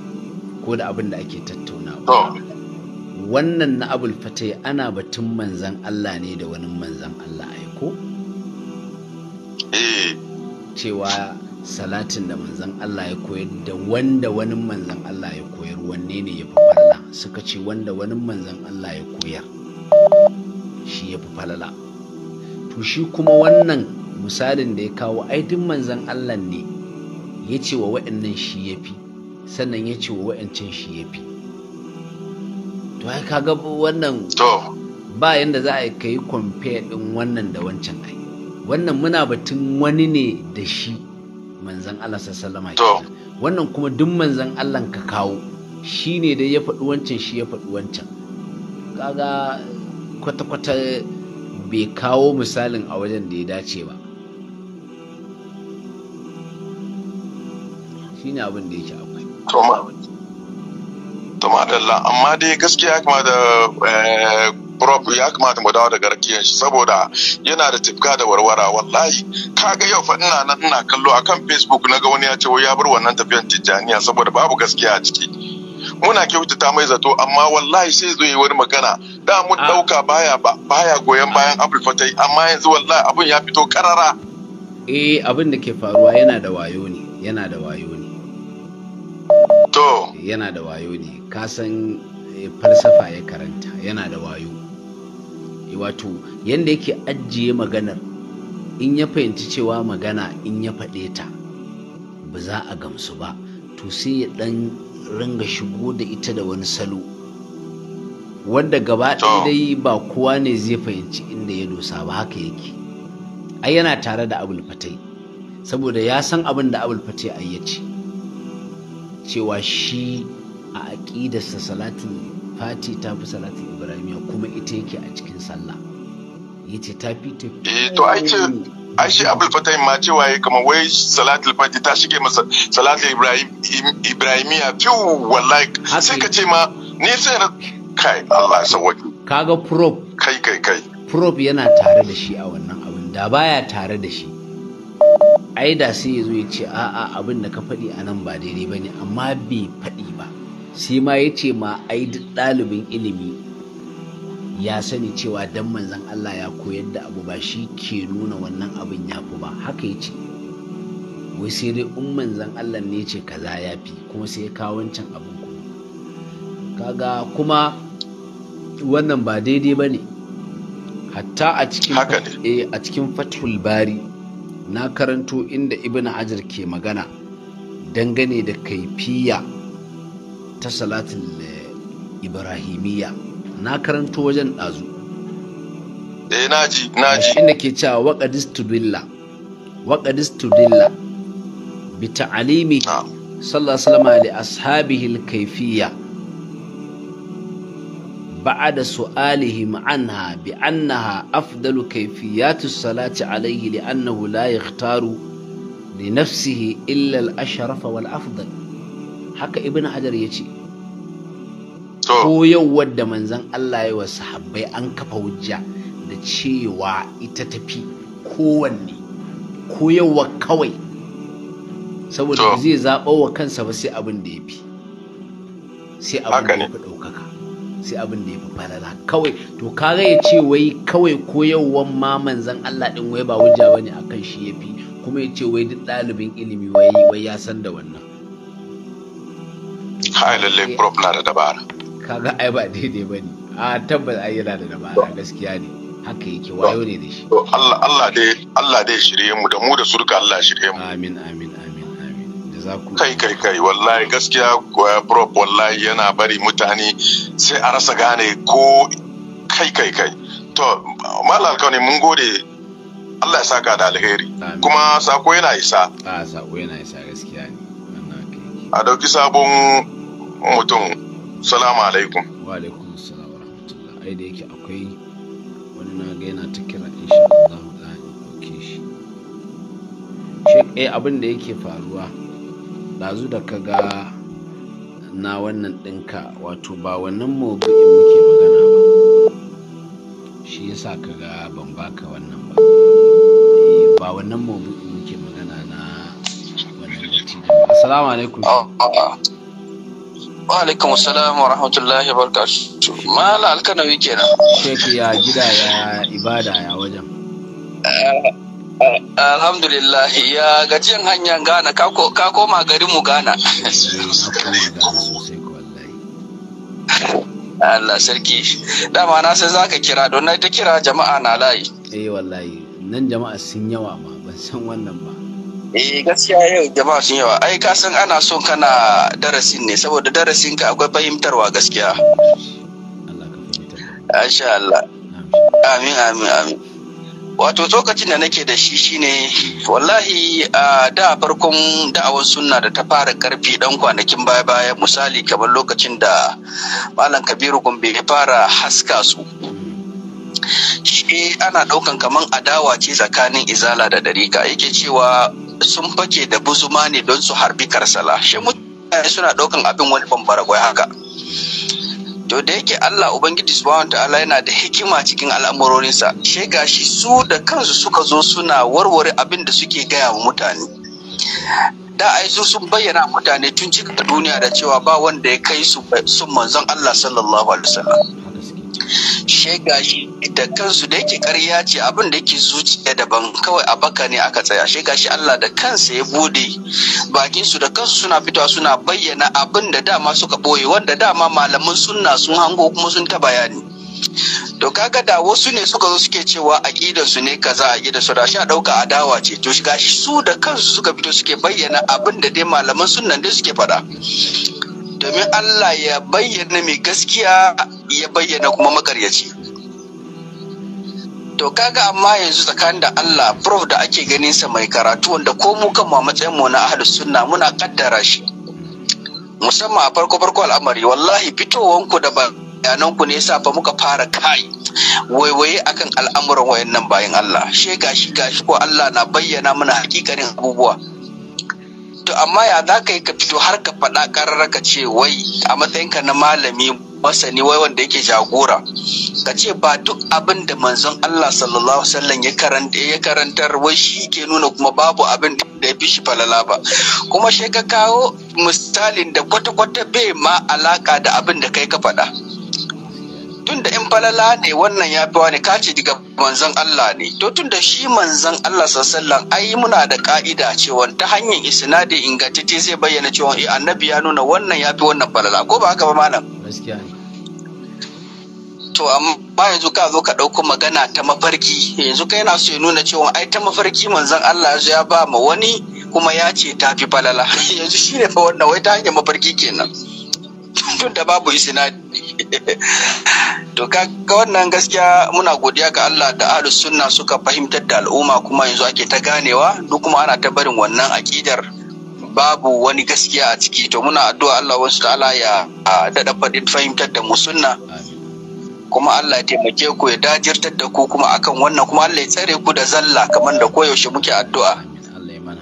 Speaker 1: ko da abin da ake tattaunawa wannan na abul fatai ana batun manzan Allah ne da wani manzan Allah aiko eh. cewa salatin da manzan Allah ya koyar da wanda wani manzan Allah ya koyar wanne ne ya fi falala suka ce wanda wani manzan Allah ya koyar shi ya fi falala to shi kuma wannan misalin da ya kawo aidin manzan Allah ne ya ce wa waɗannan shi ya fi sannan ya ce wa wa'ancan shi ya fi to ai kaga wannan ba yanda za a kai compare din wannan da wancan ai wannan muna batun wani ne da shi manzan Allah sallama wannan kuma duk manzan Allah ka kawo shi ne da ya faɗi wancan shi ya faɗi wancan kaga kwata-kwata bai kawo misalin a wajen da ya dace ba shi ne abin da yake abu. to
Speaker 15: madalla amma dai gaskiya ya kamata eh, prop ya kamata mu dawo daga garkiyar shi saboda yana da tifka da warwara wallahi kaga yau fa ina nan ina kallo akan facebook na ga wani ya ce ya bar wannan tafiyar tijjaniya saboda babu gaskiya a ciki muna kyautata mai zato amma wallahi sai zo yi wani magana da mun dauka ah. baya baya goyon bayan abul fatai amma yanzu wallahi abun ya fito karara
Speaker 1: eh abin da ke faruwa yana da wayo ne yana da wayo ne to yana da wayo ne kasan eh, falsafa ya karanta yana da wayo eh, wato yadda yake ajiye maganar in ya fahimci cewa magana in ya faɗe ta ba za a gamsu ba to sai ya ɗan ringa shigo da ita da wani salo wanda gaba dai ba kowa ne zai fahimci inda ya dosa ba haka yake ai yana tare da abul fatai saboda ya san abin da abul fatai ai ya ce cewa shi a aƙidarsa salatin fati ta fi salatin ibrahimiyya kuma ita yake a cikin sallah ya eh, ce ta fi ta
Speaker 15: fi to a ce a shi abul fatahin ma cewa ya kama wai salatin fati ta shige masa Ibrahim ibrahimiyya fi wallahi sai ka ce ma ni sai na kai Allah ya sauwaki kaga prop kai kai kai
Speaker 1: prop yana tare da shi a wannan abin da baya tare da shi ai da sai ya zo ya ce a'a abin da ka faɗi a nan ba daidai ba ne amma bai faɗi ba sai ma ya ce ma ai duk ɗalibin ilimi ya sani cewa dan manzan Allah ya koyar da abu ba shi ke nuna wannan abin ya fi ba haka ya ce wai sai dai in manzan Allah ne ce kaza ya fi kuma sai ya wancan abin kuma kaga kuma wannan ba daidai ba ne hatta a cikin eh, fathul bari na karanto inda ibn hajar ke magana dangane da kaifiya ta salatin eh, ibrahimiyya na karanto wajen ɗazu eh naji naji inda ke cewa waqadis tudilla waqadis tudilla bi ta'alimi ah. sallallahu alaihi wasallam li ashabihi al بعد سؤالهم عنها بأنها أفضل كيفيات الصلاة عليه لأنه لا يختار لنفسه إلا الأشرف والأفضل حكى ابن حجر يتي ko yau wadda manzon Allah ya wasu sahabbai an kafa hujja da cewa ita tafi kowanne ko yauwa kawai saboda zai zaɓa wa kansa ba sai abin da ya fi sai abin da ya fi ɗaukaka sai abin da ya fi falala kawai to ga ya ce wai kawai koyarwan ma manzan Allah din wai ba hujja bane akan shi yafi kuma ya ce wai duk ɗalibin ilimi wai wai ya san da wannan
Speaker 15: hai lalle eh, prof na da dabara
Speaker 1: kaga ai ba daidai bane a tabbas ai yana da dabara gaskiya ne
Speaker 15: haka yake wayo ne da shi Allah Allah dai Allah dai shirye mu da mu da surka Allah shirye mu amin amin za ku kai kai kai wallahi gaskiya prof wallahi yana bari mutane sai a rasa gane ko kai kai kai to malal kauni mun gode Allah ya saka da alheri kuma sako yana isa a sako yana isa gaskiya ne a dauki sabon mutum salamu alaikum wa alaikum salam wa rahmatullah ai da yake akwai
Speaker 1: wani na ga yana ta kira insha Allah za mu dauke shi shi eh, abin da yake faruwa Dazu da ka ga na wannan ɗinka wato ba wannan maudu'in muke magana ba shi yasa ka ga ban baka wannan ba eh, ba wannan maudu'in muke magana na wannan ba assalamu alaikum ah, ah. wa alaikum
Speaker 16: assalam wa rahmatullahi wa barakatuh mala alkanawi kenan
Speaker 1: sheki ya gida ya ibada ya wajen
Speaker 16: eh, Alhamdulillah ya gajiyan hanyar Ghana ka koma gari mu Ghana. Allah sarki dama na sai zaka kira don na ta kira jama'a na layi.
Speaker 1: Eh wallahi nan jama'a sun yawa ma ban san wannan ba.
Speaker 16: Eh gaskiya yau jama'a sun yawa ai ka san ana son kana darasin ne saboda darasin ka akwai fahimtarwa gaskiya. Allah ka fahimtar. Masha Allah. Amin amin amin. wato tsokacin da nake da shi shine wallahi a da farkon da'awar sunna da ta fara karfi dan kwanakin baya baya misali kamar lokacin da malam kabiru gombe ya fara haska su shi ana daukan kamar adawa ce tsakanin izala da dariƙa yake cewa sun fake da buzuma ne don su harbi karsala shi mutane suna ɗaukan abin wani bambara haka to da yake Allah Ubangiji subhanahu ta'ala yana da hikima cikin al'amurorinsa she gashi su da kansu suka zo suna warware abin da suke gaya wa mutane da ai su sun bayyana mutane tun cika duniya da cewa ba wanda ya kai su sun manzon Allah sallallahu alaihi wasallam shi da kansu da yake karya ce abin da yake zuciya daban kawai a baka ne aka tsaya shi Allah da kansa ya bude bakin su da kansu suna fitowa suna bayyana abin da dama suka boye wanda dama malaman sunna sun hango kuma sun ta bayani to kaga da wasu ne suka zo suke cewa aqidar su ne kaza aqidan su da sha dauka adawa ce to gashi su da kansu suka fito suke bayyana abin da dai malaman sunnan dai suke faɗa domin Allah ya bayyana mai gaskiya ya bayyana kuma makaryaci to kaga amma yanzu tsakanin da Allah prof da ake ganin sa mai karatu wanda ko mu kan mu matsayin mu na ahlus sunna muna kaddara shi musamman a farko farko al'amari wallahi fitowan ku da bayanan ku ne yasa fa muka fara kai waiwaye akan al'amuran wayannan bayan Allah she gashi gashi ko Allah na bayyana mana hakikanin abubuwa to amma ya za ka yi ka fito har ka faɗa ƙararra ka ce wai a matsayinka na malami masani wai wanda yake jagora ka ce ba duk abin da manzon Allah sallallahu wasallam ya karantar wai shi ke nuna kuma babu abin da ya fi shi falala ba kuma shi ka kawo misalin da kwata-kwata bai ma alaka da abin da kai ka faɗa. tun da in falala ne wannan ya fi wani kace daga manzon Allah ne to tun da shi manzon Allah sallallahu ai muna da ka'ida cewa ta hanyar isnadi ingantacce zai bayyana cewa eh annabi ya nuna wannan ya fi wannan falala ko ba haka ba malam gaskiya ne to amma yanzu ka zo ka ɗauko magana ta mafarki yanzu kai yana so ya nuna cewa ai ta mafarki manzon Allah ya ba ma wani kuma ya ce ta fi falala yanzu shine fa wannan wai ta hanyar mafarki kenan tun da babu isnadi to ka wannan gaskiya muna godiya ga Allah da ahli sunna suka fahimtar da al'umma kuma yanzu ake ta ganewa duk kuma ana ta barin wannan akidar babu wani gaskiya a ciki to muna addu'a Allah wasu ta'ala ya dada fadin fahimtar da mu sunna kuma Allah ya taimake ku ya dajirtar da ku kuma akan wannan kuma Allah ya tsare ku da zalla kamar da koyaushe muke addu'a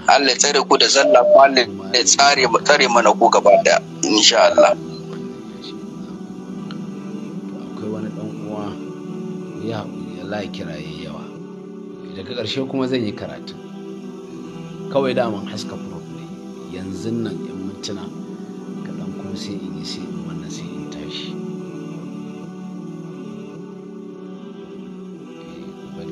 Speaker 16: Allah ya tsare ku da zalla kuma Allah ya tsare tsare mana ku gaba da insha Allah
Speaker 1: ya haƙuri wallahi kira yi yawa daga ƙarshe kuma zan yi karatu kawai daman haska prof ne yanzu nan yan mintuna kaɗan kuma sai in yi sai in wannan sai in tashi eh,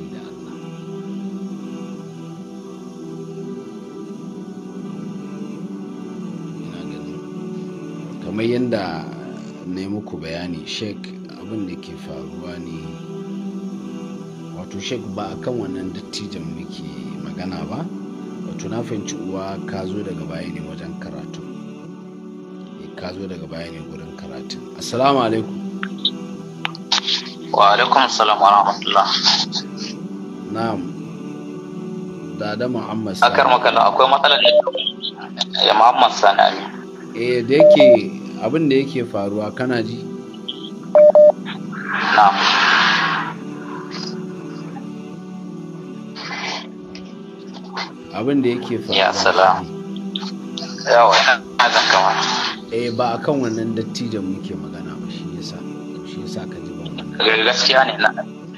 Speaker 1: kamar yadda na yi muku bayani sheik abin da ke faruwa ne wato shek ba a kan wannan dattijan muke magana ba wato na fahimci uwa ka zo daga baya ne wajen karatu eh, ka zo daga baya ne gurin karatu assalamu alaikum wa alaikum salam wa rahmatullah na'am dada muhammad sani akar makala
Speaker 3: akwai matsala ne ya muhammad sani
Speaker 1: eh da yake abin da yake faruwa kana ji na'am abin da yake faru. ya salam ya ina zan kamar eh ba a kan wannan dattijan muke magana ba shi yasa shi yasa ka ji ba
Speaker 3: eh, gaskiya ne na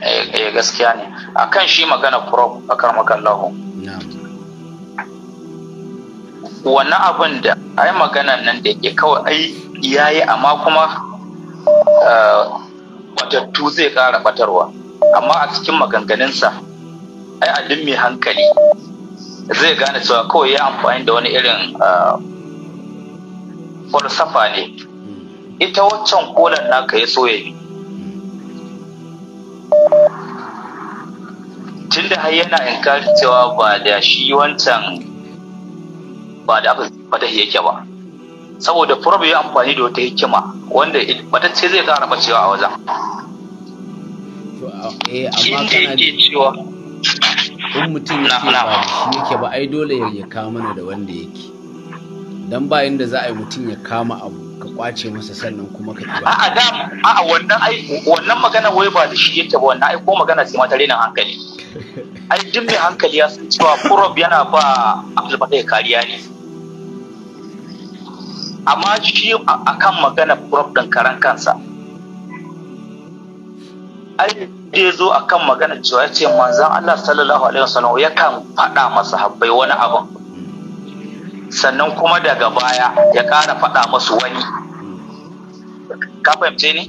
Speaker 3: eh, eh gaskiya ne akan shi magana prof akan makallahu wannan abin da ai maganan nan da yake kawai ai yayi amma kuma eh, batattu zai ƙara batarwa amma a cikin maganganunsa ai a mai hankali zai gane cewa kawai ya amfani da wani irin ah, falsafa ne ita waccan kolan naka ya soya bi tun da har yana inkari cewa ba da shi wancan ba da aka fata yake ba saboda furba ya amfani da wata hikima wanda ce zai kara bacewa a wajen
Speaker 1: inda eh, yake cewa in mutum ya ce ba shi yake ba ai dole ya kawo mana da wanda yake dan ba inda za a yi mutum ya kama abu ka kwace masa sannan kuma ka ba a'a da a wannan ai wannan magana wai ba da shi yake ba wannan ai ko magana sai
Speaker 3: mata rena hankali ai duk mai hankali ya san cewa kurob yana ba abdul fatai kariya ne amma shi akan magana kurob din karan kansa ai da ya zo akan magana cewa ya ce manzan Allah sallallahu alaihi wasallam kan faɗa masa habbai wani abu. sannan kuma daga baya ya ƙara faɗa masu wani ka fahimce ni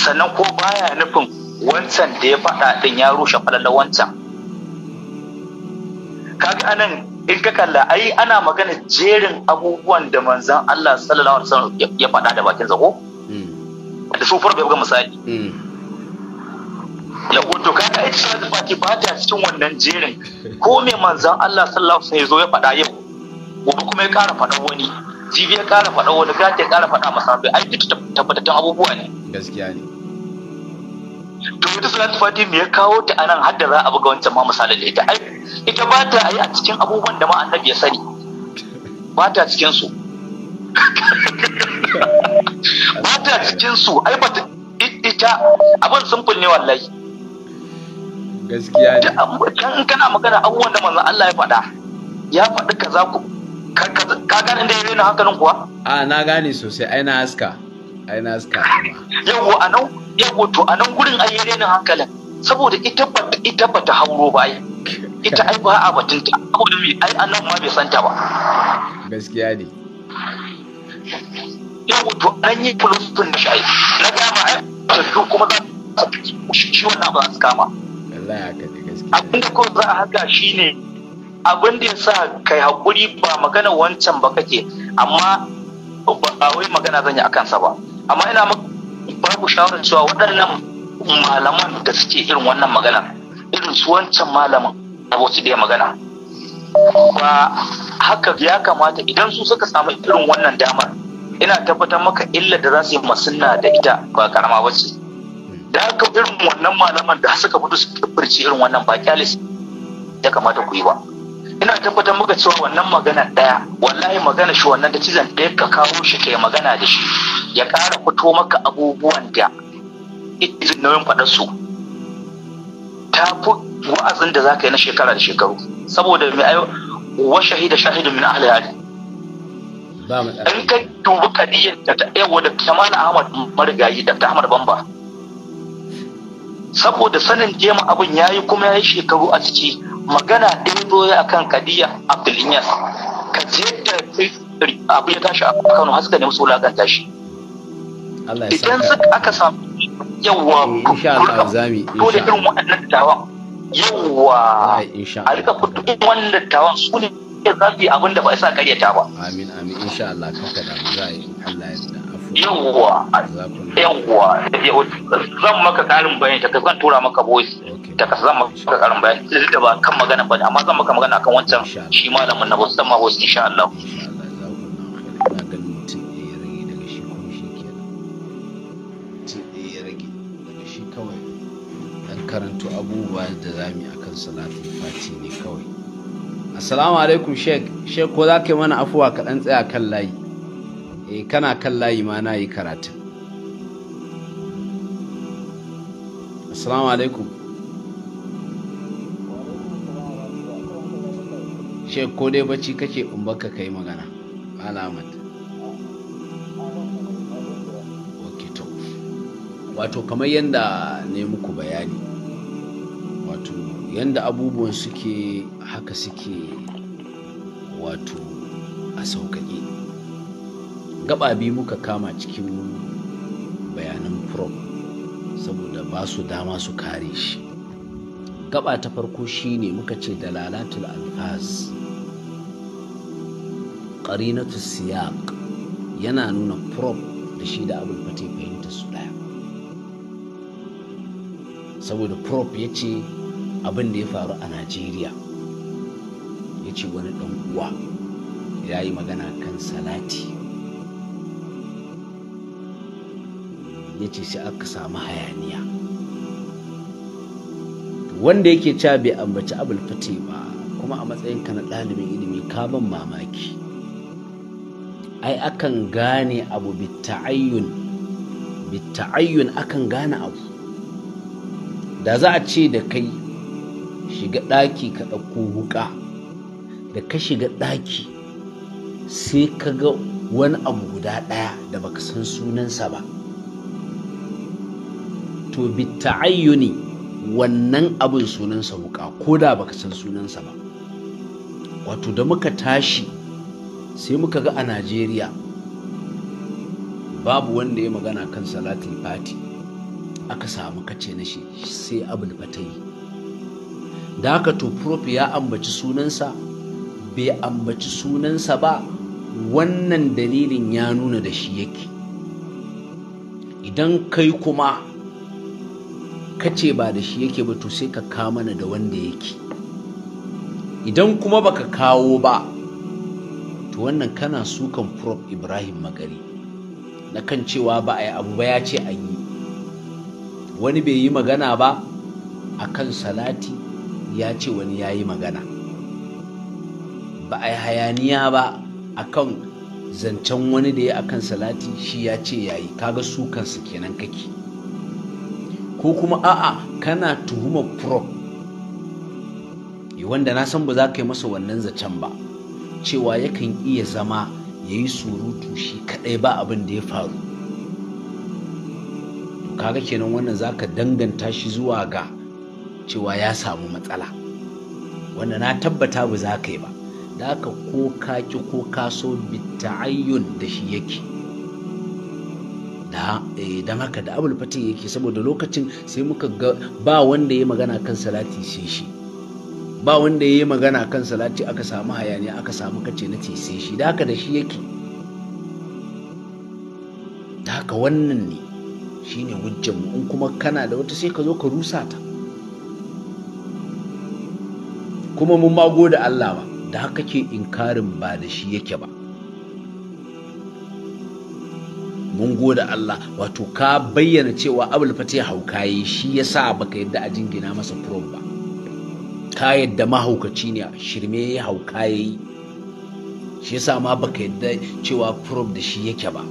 Speaker 3: sannan ko baya nufin wancan da ya faɗa ɗin ya rushe faɗaɗa wancan kaga anan in ka kalla ai ana magana jerin abubuwan da manzan Allah sallallahu alaihi wasallam ya faɗa da bakin zako da sofar bai buga misali hmm. ya wato ka ga ita da baki ba ta cikin wannan jerin ko mai manzan Allah sallallahu alaihi wasallam ya zo ya faɗa yau gobe kuma ya ƙara faɗa wani jibi ya ƙara faɗa wani ka ta ƙara faɗa masa bai ai duk tabbatattun abubuwa ne gaskiya ne to ita salatu fati me ya kawo ta anan har da za a buga wancan ma misalin da ita ai ita ba ta yi a cikin abubuwan da ma annabi ya sani ba ta cikin su ba ta cikin su ai ba ta ita abin simple ne wallahi gaskiya ne kan kana magana abubuwan da manzon
Speaker 1: Allah ya faɗa ya faɗi kaza ku ka gane da ya rena hankalin kuwa a na gane sosai ai na haska ai na haska yawo a nan yawo to a nan
Speaker 3: gurin ai ya rena hankalin saboda ita ba ita ba ta hauro ba ai ita ai ba a batun ta da mai ai anan ma bai santa ba gaskiya ne yawo to an yi fulufin da shi na gama ai eh, su kuma za su fi shi wannan ba su kama abin da kawai za a haka shi ne abin da ya sa kai haƙuri ba magana wancan ba kake amma ba wai magana zan yi a kansa ba amma ina babu shawarar cewa waɗannan malaman da suke irin wannan magana irin su wancan malaman da su da magana ba haka ya kamata idan su suka samu irin wannan damar ina tabbatar maka illa da za su yi masunna da ita ba karama ba ce da haka irin wannan malaman da suka fito su furci irin wannan ba kyalis ya kamata ku yi ba ina tabbatar maka cewa wannan magana daya wallahi magana shi wannan da cizon da ka kawo shi kai magana da shi ya ƙara fito maka abubuwan da izin nauyin faɗar su ta fi wa'azin da za ka yi na shekara da shekaru saboda mai ayo wa shahida shahidun min ahli hadi in ka dubi kadiyar da ta yawa da kamana ahmad marigayi da ahmad bamba saboda sanin jema abin ya yi kuma ya yi shekaru a ciki magana ɗin zoye a kan kadiya abdul inyas ka je da abu ya tashi a kano haska ne musu wulakanta shi idan aka samu yawa kurka dole irin waɗannan dawa yawwa a rika fito wannan tawan su ne za su yi abin da ba isa karyata ba
Speaker 1: amin amin insha Allah kan kada mu za
Speaker 5: a yi Allah
Speaker 3: ya afu yawwa yawwa zan maka karin bayani ta zan tura maka voice ta kasa zan maka karin bayani da ba kan magana ba amma zan maka magana kan wancan shi malamin na wasu ma insha Allah
Speaker 1: karanto abubuwa da zami akan salatin fati ne kawai assalamu alaikum sheikh. Sheikh, ko za ka yi mana afuwa ka tsaya kan layi eh kana kan layi ma na yi karatun assalamu alaikum Sheikh, ko dai bacci kake in baka kai magana alamat wato kamar yadda ne muku bayani yanda abubuwan suke haka suke wato a sauƙaƙe gaba biyu muka kama cikin bayanan prop saboda ba su dama su kare shi gaba ta farko shine muka ce dalalatul alfaz qarinatu siyaq yana nuna prop da shi da abin fate fahimta su ɗaya saboda prop ya ce abin da ya faru a najeriya ya ce wani ɗan uwa ya yi magana kan salati ya ce sai aka samu hayaniya wanda yake ca bai ambaci abul fate ba kuma a matsayinka na ɗalibin ilimi ka ban mamaki ai akan gane abu bitta'ayyun bitta'ayyun akan gane abu da za a ce da kai shiga ɗaki ka ɗauko wuƙa da ka shiga ɗaki sai ka ga wani abu guda ɗaya da baka san sunansa ba to ta'ayyuni wannan abin sunansa wuƙa ko da baka san sunansa ba wato da muka tashi sai muka ga a najeriya babu wanda ya magana kan salatul fati aka samu kace na shi sai abul fatayi da haka to prof ya ambaci sunansa bai ambaci sunansa ba wannan dalilin ya nuna da shi yake idan kai kuma ka ce ba da shi yake ba to sai ka kawo mana da wanda yake idan kuma baka kawo ba to wannan kana sukan prof ibrahim magari na kan cewa ba a yi abu ba ya ce an yi wani bai yi magana ba a kan salati ya ce wani ya yi magana ba a yi hayaniya ba akan zancen wani da ya akan salati shi ya ce ya yi kaga su kansu kenan kake ko kuma a'a kana tuhumar prop wanda na san ba za ka yi masa wannan zancen ba cewa yakan iya zama ya yi surutu shi kadai ba abin da ya faru kaga kenan wannan za ka danganta shi zuwa ga cewa ya samu matsala wanda na tabbata ba za ka yi ba da aka ko ka ki ko ka so bita'ayyun da shi yake Da eh, don haka da abul fatih yake saboda lokacin sai muka ga ba wanda ya magana kan salati sai shi ba wanda ya yi magana kan salati aka samu hayaniya aka samu kace na ce sai shi da haka da shi yake da haka wannan ne shine mu in kuma kana da wata sai ka zo ka rusa ta kuma mun ma da Allah ba da haka ke inkarin ba da shi yake ba mun gode Allah wato ka bayyana cewa abul hauka yi shi yasa baka yadda a jingina masa prom ba ka yadda mahaukaci ne shirme ya yi shi yasa ma baka yadda cewa prom da shi yake ba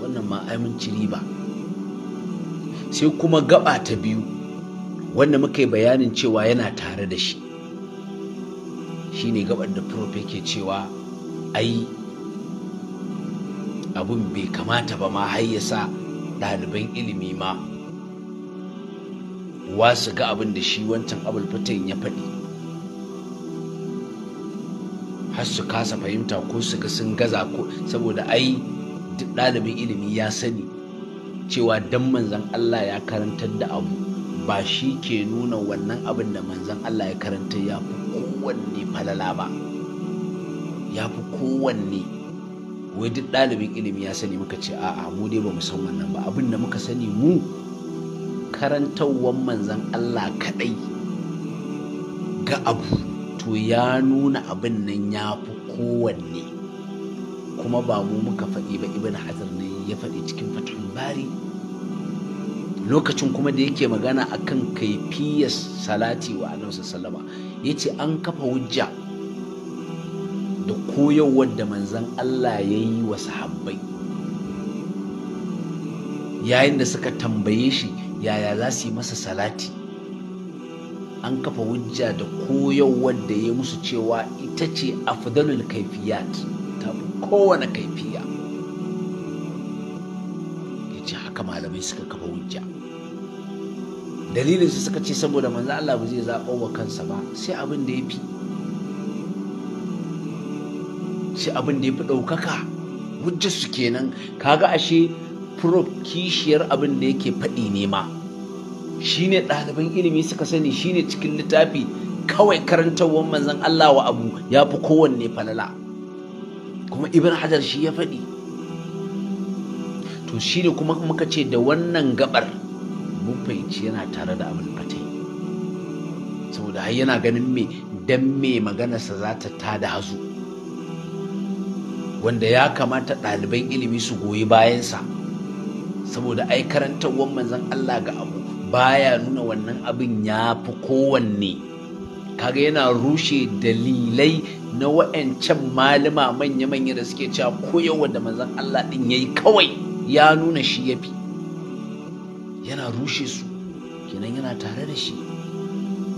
Speaker 1: wannan ma ai riba sai kuma gaba ta biyu wanda muka yi bayanin cewa yana tare da shi shine gabar da prof yake cewa ai abun bai kamata ba ma har ya sa ɗaliban ilimi ma wa su ga abin da shi wancan abul ya faɗi har su kasa fahimta ko su ga sun gaza ko saboda ai duk ɗalibin ilimi ya sani cewa dan manzan Allah ya karantar da abu ba shi ke nuna wannan abin da manzan Allah ya karantar ya fi kowanne falala ba ya fi kowanne wai duk ɗalibin ilimi ya sani muka ce a'a mu dai ba san wannan ba abin da muka sani mu karantawan manzan Allah kaɗai ga abu to ya nuna abin nan ya fi kowanne kuma ba mu muka faɗi ba ibn hazar ne ya faɗi cikin fatan bari lokacin kuma da yake magana akan kaifiyar salati wa annabi salama. ya ce an kafa hujja da koyarwar da manzan Allah ya yi wa sahabbai yayin da suka tambaye shi yaya za su yi masa salati an kafa hujja da koyarwar da ya musu cewa ita ce afdalul kaifiyat ta kowane kaifiya ya ce haka malamai suka kafa hujja dalilin su suka ce saboda manzo Allah ba zai zaɓo wa kansa ba sai abin da ya fi sai abin da ya fi ɗaukaka hujjar su kenan kaga ashe prof kishiyar abin da yake faɗi ne ma shine ɗaliban ilimi suka sani shine cikin littafi kawai karantarwar manzon Allah wa abu ya fi kowanne falala kuma ibn hajar shi ya faɗi to shine kuma muka ce da wannan gabar mun yana tare da abin fatai saboda har yana ganin me dan me maganarsa za ta tada hazu wanda ya kamata ɗaliban ilimi su goyi bayansa saboda ai karantarwar manzon Allah ga abu baya nuna wannan abin ya fi kowanne kaga yana rushe dalilai na wa'ancan malama manya-manya da suke cewa koyarwa da manzon Allah ɗin ya yi kawai ya nuna shi ya fi yana rushe su kenan yana tare da shi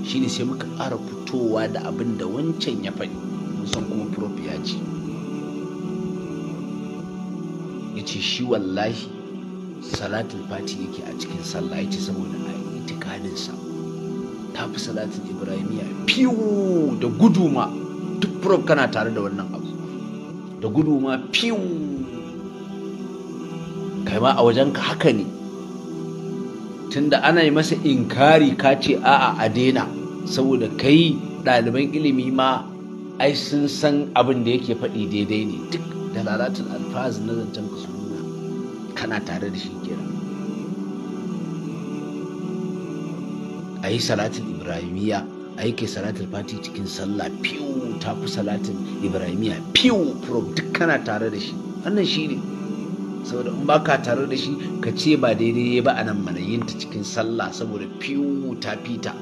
Speaker 1: shine sai muka ƙara fitowa da abin da wancan ya faɗi musan kuma prof ya ce ya ce shi wallahi salatul fati yake a cikin sallah ya ce saboda a itikadinsa ta fi salatul ibrahimiya fiwu da guduma duk prof kana tare da wannan abu da guduma fiwu kai ma a wajenka haka ne tunda ana yi masa inkari ka ce a'a a daina saboda kai ɗaliban ilimi ma ai sun san abin da yake faɗi daidai ne duk da lalatun alfazin na zancen ka nuna kana tare da shi kera. a yi salatin ibrahimiya a yake salatin fati cikin sallah piyu ta fi salatin ibrahimiya piyu from duk kana tare da shi wannan shi ne saboda in baka tare da shi ka ce ba daidai ya ba a nan mana ta cikin sallah saboda fiwu ta fita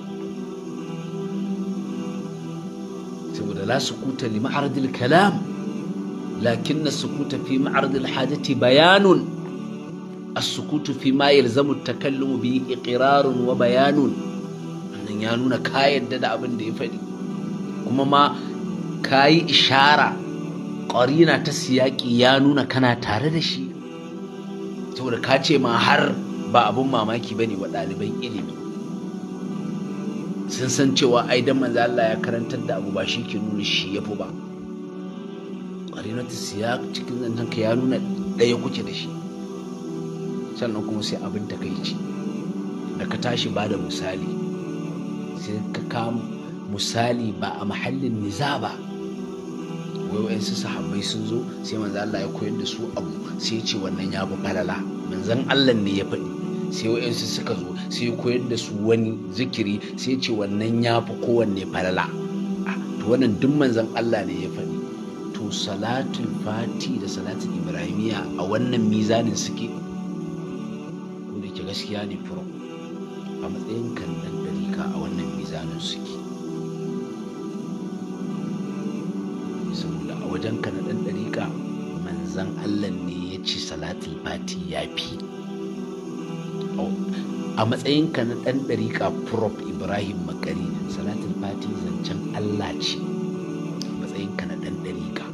Speaker 1: saboda la sukuta li ma'aradil kalam lakin na sukuta fi ma'aradil hajati bayanun as-sukutu fi ta yalzamu takallumu bi iqrarun wa bayanun nan ka yadda da abin da ya faɗi kuma ma ka yi ishara ƙwarina ta siyaƙi ya nuna kana tare da shi saboda ka ce ma har ba abun mamaki ba ne wa ɗaliban ilimi sun san cewa ai dan manzo Allah ya karantar da abu ba shi ke nuna shi yafi ba qarinatu siya cikin zancen ka ya nuna ɗaya kuke da shi sannan kuma sai abin ta takaici da ka tashi ba da misali sai ka kama misali ba a mahallin niza ba akwai wa'insu sahabbai sun zo sai manzo Allah ya koyar da su abu sai ce wannan ya bi falala manzon Allah ne ya faɗi sai wa'insu suka zo sai koyar da su wani zikiri sai ce wannan ya fi kowanne falala ah, to wannan duk manzon Allah ne ya faɗi to salatul fati da salatul ibrahimiya a wannan mizanin suke ko da ke gaskiya ne furo a matsayin kallon dalika a wannan mizanin suke a wajenka na ɗan ɗariƙa manzan Allah ne ya ci salatul fati ya fi a matsayin ka na ɗan ɗariƙa prof ibrahim makari salatul fati zancen Allah ce a matsayin ka na ɗan ɗariƙa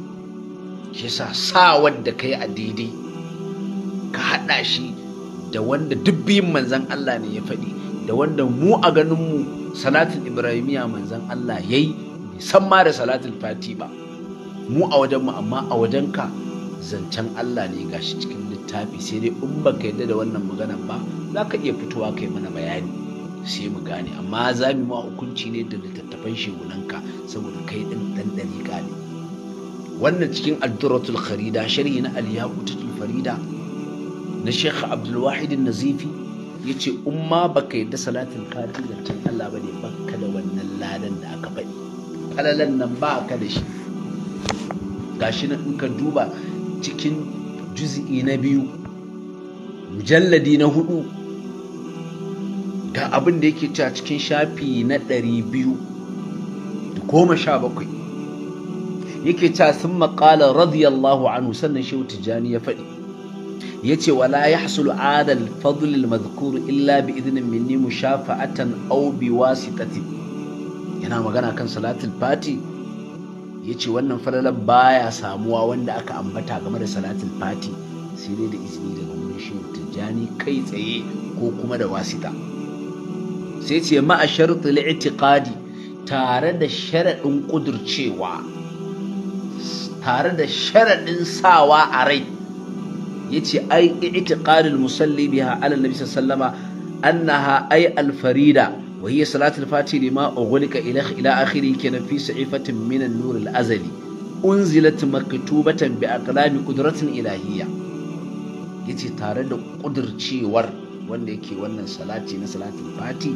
Speaker 1: shi sa sa wanda ka yi a daidai ka haɗa shi da wanda duk manzan Allah ne ya faɗi da wanda mu a ganinmu salatul ibrahimiya manzan Allah ya yi san ma da salatul fati ba mu a wajenmu amma a wajenka zancen Allah ne gashi cikin littafi sai dai in ka yadda da wannan maganar ba za ka iya fitowa kai mana bayani sai mu gane amma za mu ma hukunci ne da littattafan shegunanka saboda kai din dan ne wannan cikin addurratul kharida sharhi na al yaqutul farida na Sheikh Abdul Wahid nazifi yace in ma baka yadda salatin fati zancen Allah bane baka da wannan ladan da aka faɗi Kalalan nan ba ka da shi gashi in ka duba cikin juzi'i na biyu mujalladi na hudu ga abin da yake cewa cikin shafi na ɗari biyu da goma sha bakwai yake cewa sun maƙalar radiyallahu anhu sannan shehu tijjani ya faɗi ya ce wala ya hasulu adal fadlil mazkuru illa bi idinin minni mushafa'atan au bi wasitati yana magana kan salatul fati ya ce wannan falalan baya samuwa wanda aka ambata game da Salatin fati sai dai da izini daga wurin shi tijjani kai tsaye ko kuma da wasita sai ce ma'a sharuɗul itiqadi tare da sharaɗin ƙudurcewa tare da sharaɗin sawa a rai ya ce ai itiqadul musalli biya ala nabi sallama annaha ai alfarida wa hiya salatul fati ma ughliqa ila ila akhiri kenan fi sa'ifatin min an-nur al-azali unzilat maktubatan bi aqlami qudratin ilahiyya yace tare da kudircewar wanda yake wannan salaci na salatul fati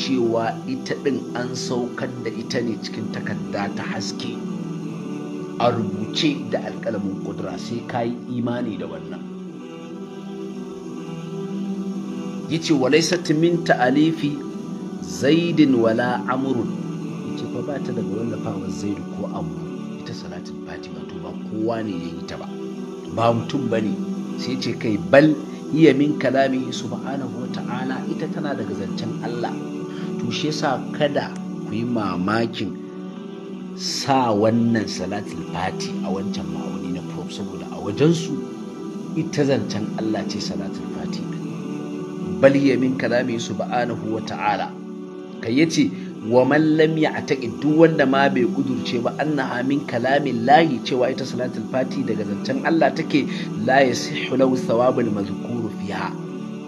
Speaker 1: cewa ita ɗin an saukar da ita ne cikin takarda ta haske a rubuce da alkalamin kudura sai ka yi imani da wannan yace walaysat min ta'alifi zaidin wala amurun ita fa ba ta daga wallafawar zaidu ko amru ita Salatin fatima to ba kowa ne ya yi ta ba ba mutum bane sai ce kai bal iya min kalami subhanahu wa ta'ala ita tana daga zancen Allah to shi yasa kada ku yi mamakin sa wannan Salatin fati a wancan ma'auni na prof saboda a su ita zancen Allah ce salatul fati bal yamin min kalami subhanahu wa ta'ala kai ce, wa mallami a taƙi duk wanda ma bai kudurce ba na amin kalamin layi cewa ita salatul fati daga zancen Allah take la yasihhu lahu thawabul mazkuru fiha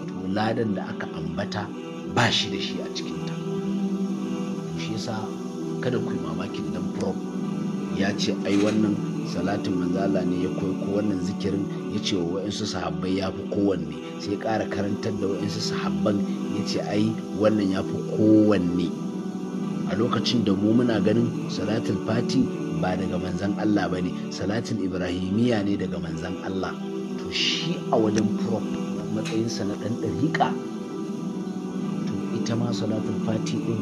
Speaker 1: to ladan da aka ambata ba shi da shi a cikinta. ta shi yasa kada ku yi mamakin dan prop ya ce ai wannan salatin manzala ne ya koyi ko wannan zikirin ya ce wa wa'insu sahabbai ya fi kowanne sai ƙara karantar da wa'insu sahabban ya ce ai wannan ya fi kowanne a lokacin da mu muna ganin salatin fati ba daga manzan Allah ba ne salatul ibrahimiya ne daga manzan Allah to shi a wajen prop matsayinsa na ɗan ɗariƙa to ita ma salatin fati ɗin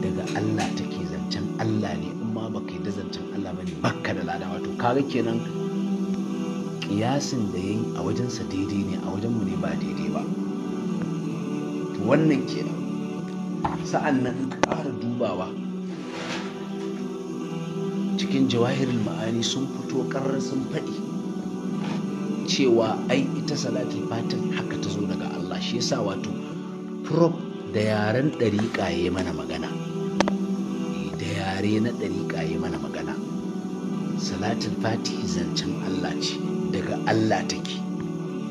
Speaker 1: daga Allah take zancen Allah ne in ma ka yi da zancen Allah ba ne baka da lada wato kaga kenan ƙiyasin da yayi a wajensa daidai ne a wajenmu ne ba daidai ba wannan kenan sa'an nan in ƙara dubawa cikin jawahirul ma'ani sun fito ƙarar sun faɗi cewa ai ita salatul fatin haka ta zo daga Allah shi yasa wato prop da yaren ɗariƙa ya mana magana da yare na ɗariƙa ya mana magana salatul fati zancen Allah ce daga Allah take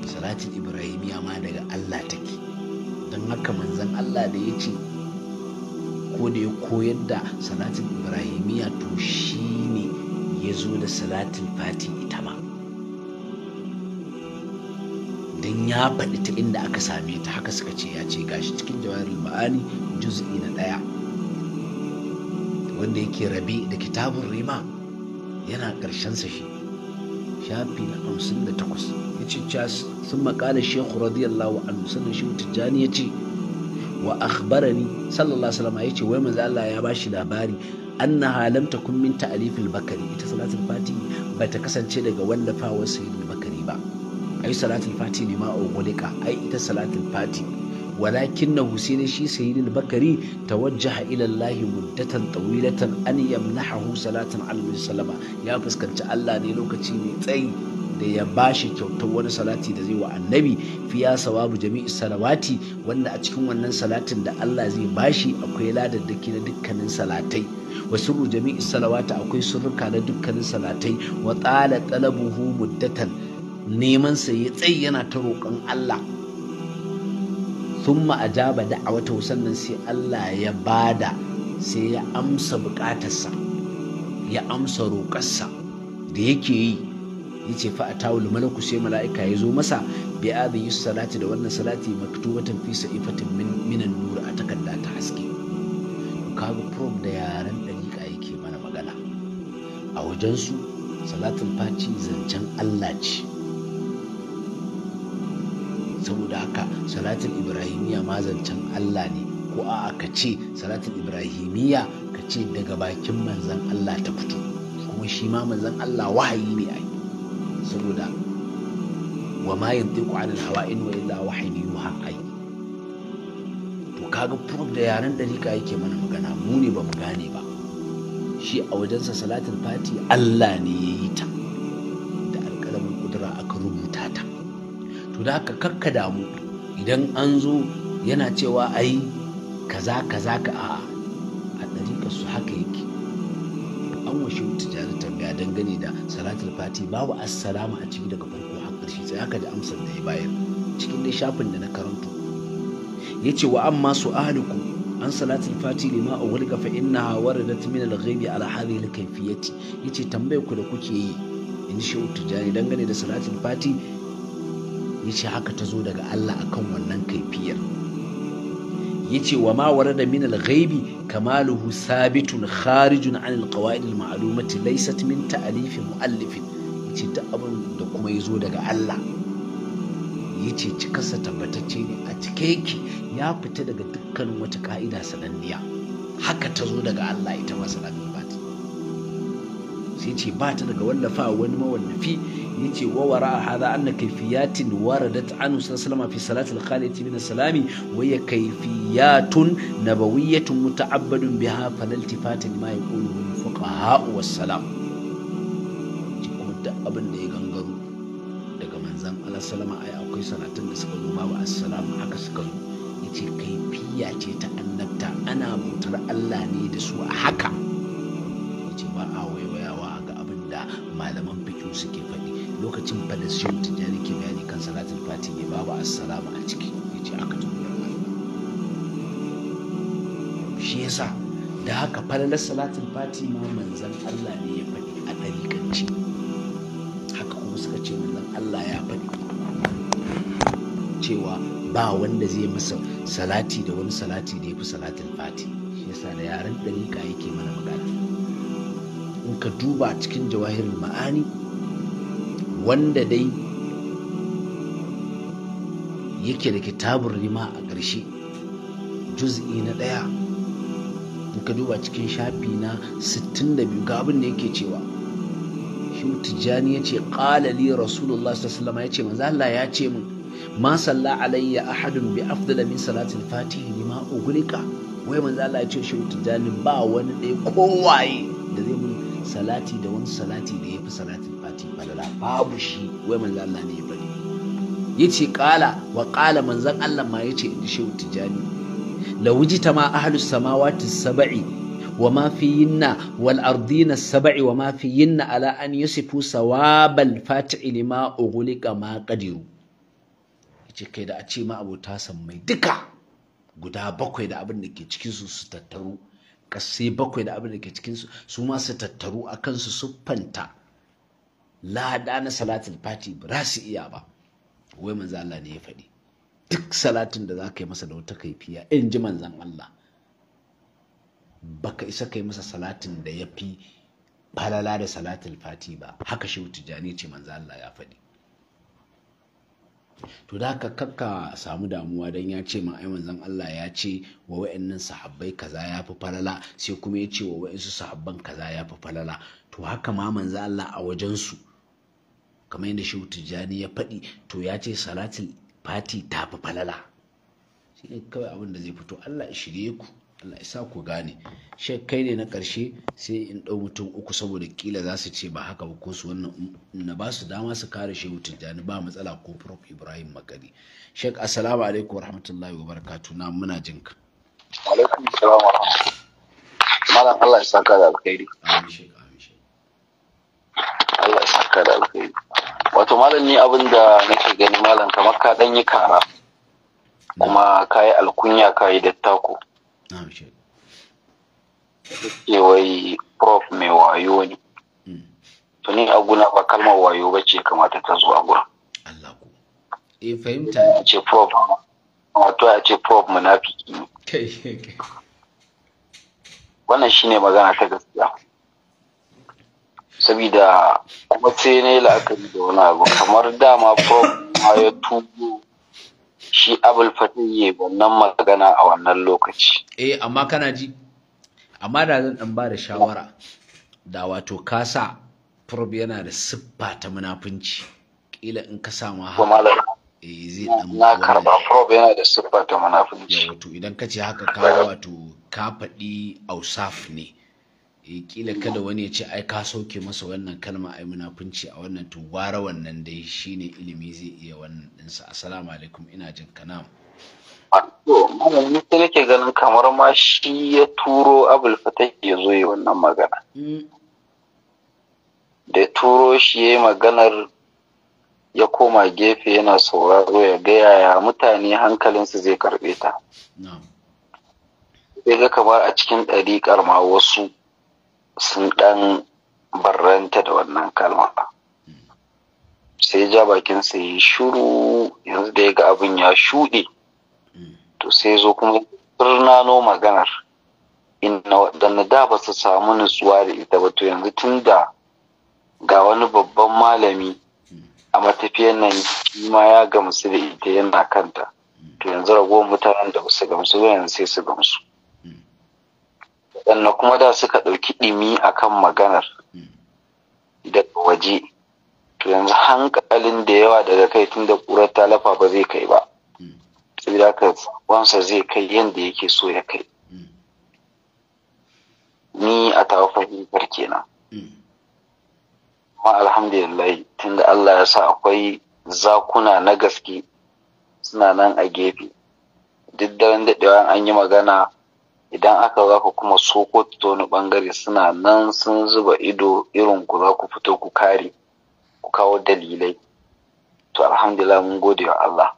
Speaker 1: salatul ibrahimiya ma daga Allah take haka manzan Allah da ya ce ko da ya koyar da salatin ibrahimiya to shi ne ya zo da salatin fati ita ma don ya faɗi ta inda aka same ta haka suka ce ya ce gashi cikin jawarin ma'ani juzu'i na ɗaya wanda yake rabe da kitabun rima yana ƙarshensa shi shafi na 58 cicas sun maƙala shehu radiyallahu anhu sannan shehu tijjani ya ce wa akhbarani sallallahu alaihi wasallam ya ce wai manzo Allah ya bashi labari annaha lam takun min ta'alifil bakari ita salatul fati bata kasance daga wallafawar sayyidul bakari ba ai salatul fati ne ma ogolika ai ita salatul fati ولكن حسين شي سيد البكري توجه الى الله مدة طويلة ان يمنحه صلاة على النبي صلى الله عليه وسلم يا فسكنت الله ne lokaci mai tsayi da ya ba shi kyautar wani salati da zai wa annabi fiya sawabu jami'i salawati wanda a cikin wannan salatin da Allah zai bashi akwai ladaddaki na dukkanin salatai wa sirru jami'i salawati akwai sirruka na dukkanin salatai wa tsala talabuhu muddatan neman sa ya tsayi yana ta roƙon Allah thumma ajaba wata sannan sai Allah ya bada sai ya amsa bukatarsa ya amsa roƙarsa da yake yi yace fa a tawul malaku sai mala'ika ya zo masa bi adhi salati da wannan salati maktubatan fi sa'ifatin min minan nur a takarda ta haske kaga prom da yaran dariƙa yake mana magana a wajen su salatul fati zancen Allah ce saboda haka salatul ibrahimiya ma zancen Allah ne ko a kace ce salatul ibrahimiya ka daga bakin manzon Allah ta fito kuma shi ma manzon Allah wahayi ne saboda wa ma ku anil hawa in wa illa wahyin yuha ai to kaga proof da yaran dariƙa yake mana magana mu ne ba mu gane ba shi a wajensa salatin fati Allah ne ya yi ta da alƙalamin kudura aka rubuta ta to da haka kakka damu idan an zo yana cewa ai kaza kaza ka a'a dangane da salatul fati babu assalamu a ciki daga farko har ƙarshe sai haka da amsar da ya bayar cikin dai shafin da na karanto ya ce wa amma su'alukum an salatul fati lima awwalka fa innaha waradat min al-ghaibi ala hadhihi al-kayfiyati yace tambayar ku da kuke yi in shi tijani dangane da salatul fati yace haka ta zo daga Allah akan wannan kaifiyar yace wa ma da min al-ghaibi kamaluhu sabitun kharijun an al-qawaid al-ma'lumati laysat min ta'alif mu'allif yace ta abin da kuma yazo daga Allah yace cikasa tabbatacce ne a cike yake ya fita daga dukkan wata ka'ida sananniya haka ta zo daga Allah ita masalan sai ce ba ta daga wallafa wani mawallafi ya ce wa wara a hada anna kaifiyatin waradat anu sallama fi al khalid min salami wa ya kaifiyatun nabawiyatun muta'abbadun biha fatin ma yaqulu fuqaha salam ji kuma da abin da ya gangaro daga manzan Allah sallama ai akwai sanatun da suka zo babu assalamu haka suka zo yace kaifiya ce ta annabta ana mutar Allah ne da su a haka malaman bikin suke faɗi lokacin fa da tijjani ke bayani kan salatin fati ne babu assalamu a ciki ya ce aka tumura shi yasa da haka falalar salatul fati ma manzan Allah ne ya faɗi a ɗarikanci haka kuma suka ce manzan Allah ya faɗi cewa ba wanda zai masa salati da wani salati da ya fi salatul fati shi yasa da yaren ɗarika yake mana magana in ka duba cikin jawahirin ma'ani wanda dai yake da kitabun rima a ƙarshe juz'i na ɗaya in ka duba cikin shafi na 62 ga abin da yake cewa shi tijjani ya ce ƙalali rasulullah sallallahu ya ce manzo ya ce min ma salla alayya ahadun bi afdala min salatil fatihi lima ugulika wai manzala ya ce shi tijjani ba wani ɗaya kowaye da zai salati da wani salati da ya fi salatin fati falala babu shi wai manzo Allah ne ya bari Ya ce ƙala, wa kala manzon Allah ma ce inda shehu tijani la wujita ma ahlus samawati sab'i wa ma fiyinna wal ardina sab'i wa ma fiyinna ala an yusifu sawabal fati lima ughliqa ma qadiru yace kai da a ce ma abota sammai duka guda bakwai da abin da ke cikin su su tattaru ƙasai bakwai da abin da ke cikinsu su ma su tattaru a kansu fanta lada na salatul fati ba su iya ba wai manzan Allah ne ya faɗi duk salatin da za ka yi masa da wata kaifiya in ji manzan Allah baka isa ka yi masa salatin da ya fi falala da salatul fati ba haka shehu tijjani ce manzan Allah ya faɗi to da ka kakka samu damuwa don ya ce ma ai Allah ya ce wa wa'annan sahabbai kaza ya fi falala sai kuma ya ce wa wa'ansu sahabban kaza ya fi falala to haka ma manzon Allah a wajensu. kamar yadda shi tijjani ya faɗi to ya ce salatul fati ta fi falala shi ne kawai abin da zai fito Allah shirye ku Allah isa ku gane shi kai ne na ƙarshe sai in ɗau mutum uku saboda kila za su ce ba haka ba ko su wannan na ba su dama su kare shi wutar jani ba matsala ko prof ibrahim makari shi assalamu alaikum wa wabarakatuh na muna jinka
Speaker 3: alaikum wa warahmatullahi malam Allah ya saka da alkhairi Allah ya
Speaker 5: da alkhairi wato malam ni abin da nake gani malam kamar ka ɗan yi kara kuma ka yi alkunya ka yi dattako ce wai prof mai wayo ne hmm. to ni a guna ba kalmar wayo ba ce kamata ta zuwa a gurin Allah ku eh fahimta a ce prof wato a ce prof munafiki ne wannan shine magana ta gaskiya saboda kuma sai ne la'akari da wani abu kamar dama prof ma ya tubo shi abul fatayye wannan magana a wannan lokaci
Speaker 1: eh amma kana ji amma da zan ɗan ba da shawara da wato ka sa prob yana da siffa ta munafunci kila in ka sa ma eh zai na karba
Speaker 5: prob yana da siffa ta munafunci
Speaker 1: wato idan ka ce haka ka wato ka faɗi ausaf ne Eh, kila kada wani ya ce ai ka sauke masa wannan kalma ai munafunci a wannan to gwara wannan dai shine ilimi zai iya wannan dinsa assalamu alaikum ina jin kana ah, to ne sai nake ganin kamar
Speaker 5: ma shi ya turo abul fatah ya zo yi wannan magana mm. da turo shi ya maganar ya koma gefe yana sauraro ya ga yaya mutane hankalinsu zai karbe ta sai ga kamar a cikin ɗari ma wasu sun ɗan barranta da wannan kalma sai ja bakin sa yi shuru yanzu da ya ga abin ya shuɗe to sai zo kuma birnano maganar inna waɗanda da ba su samu nutsuwa da ita ba to yanzu tun da ga wani babban malami a matafiyan nan ma ya gamsu da ita yana kanta to yanzu ragowar mutanen da ba su gamsu ba yanzu sai su gamsu sannan kuma da suka ɗauki ɗimi akan maganar daga waje to yanzu hankalin da yawa daga kai tun da ƙurar ta lafa ba zai kai ba saboda haka wansa zai kai yadda yake so ya kai ni a tawa farke na amma alhamdulillah da Allah ya sa akwai zakuna na gaske suna nan a gefe duk daren daɗewa an yi magana idan aka za ku kuma sokoto ta wani bangare suna nan sun zuba ido irin ku za ku fito ku kare ku kawo dalilai to alhamdulillah mun gode wa Allah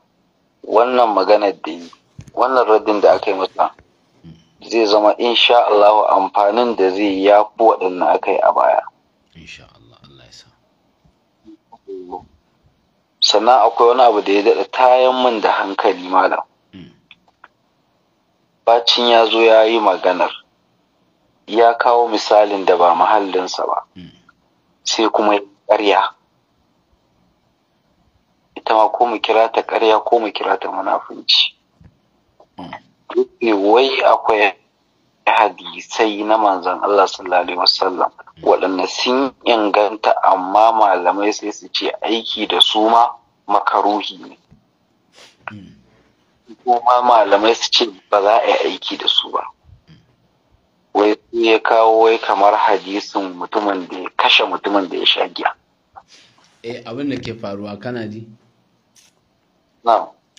Speaker 5: wannan maganar da yi wannan raddin da aka yi masa zai zama insha Allah amfanin da zai ya fi waɗanda aka yi a baya insha Allah Allah ya sa sannan akwai wani abu da ya daɗa tayan min da hankali malam bacin ya zo ya yi maganar ya kawo misalin da ba mahallinsa ba hmm. sai kuma ya ƙarya ita ma ko mu kira ta karya ko mu kira ta munafunci hmm. wai akwai hadisai na manzon Allah sallallahu alaihi wasallam hmm. waɗanda sun inganta amma malamai sai su ce aiki da su ma makaruhi ne
Speaker 3: ko malamai
Speaker 5: su ce ba za a yi aiki da su ba wai ya kawo wai kamar hadisin mutumin da ya kashe mutumin da ya sha giya
Speaker 1: eh abin da ke faruwa kana ji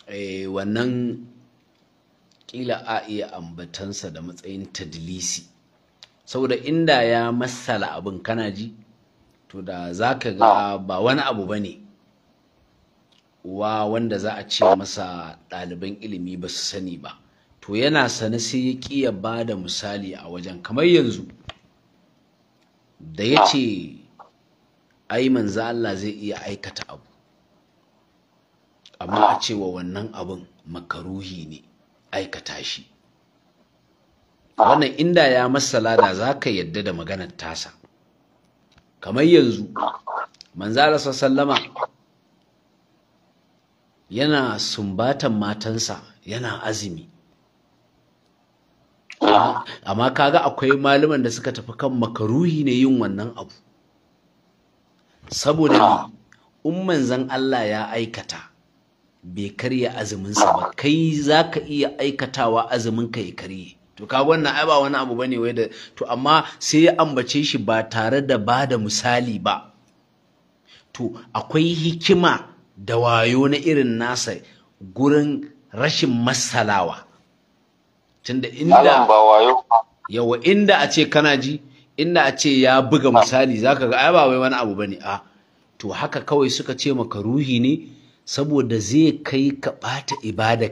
Speaker 1: eh wannan kila a iya ambatansa da matsayin tadlisi saboda inda ya masala abin kana ji to da za ka ga ba wani abu ba ne wa wanda za a ce masa ɗaliban ilimi ba su sani ba to yana sane sai ya ƙi ya ba da misali a wajen kamar yanzu da ya ce ai manzo Allah zai iya aikata abu amma a cewa wannan abin makaruhi ne aikata shi wannan inda ya masala da za ka yadda da maganar tasa kamar yanzu manzo Allah sallama yana sumbatan matansa yana azumi amma kaga akwai malaman da suka tafi kan makaruhi ne yin wannan abu saboda in manzan Allah ya aikata bai karya azuminsa ba kai za ka iya aikatawa azumin ka ya karye to kaga wannan ai ba wani abu bane wai da to amma sai ya ambace shi ba tare da bada misali ba to akwai hikima da wayo na irin nasa gurin rashin masalawa tunda inda yawa inda a ce kana ji inda a ce ya buga misali zaka ga ai ba wai wani abu bane a to haka kawai suka ce maka ruhi ne saboda zai kai ka bata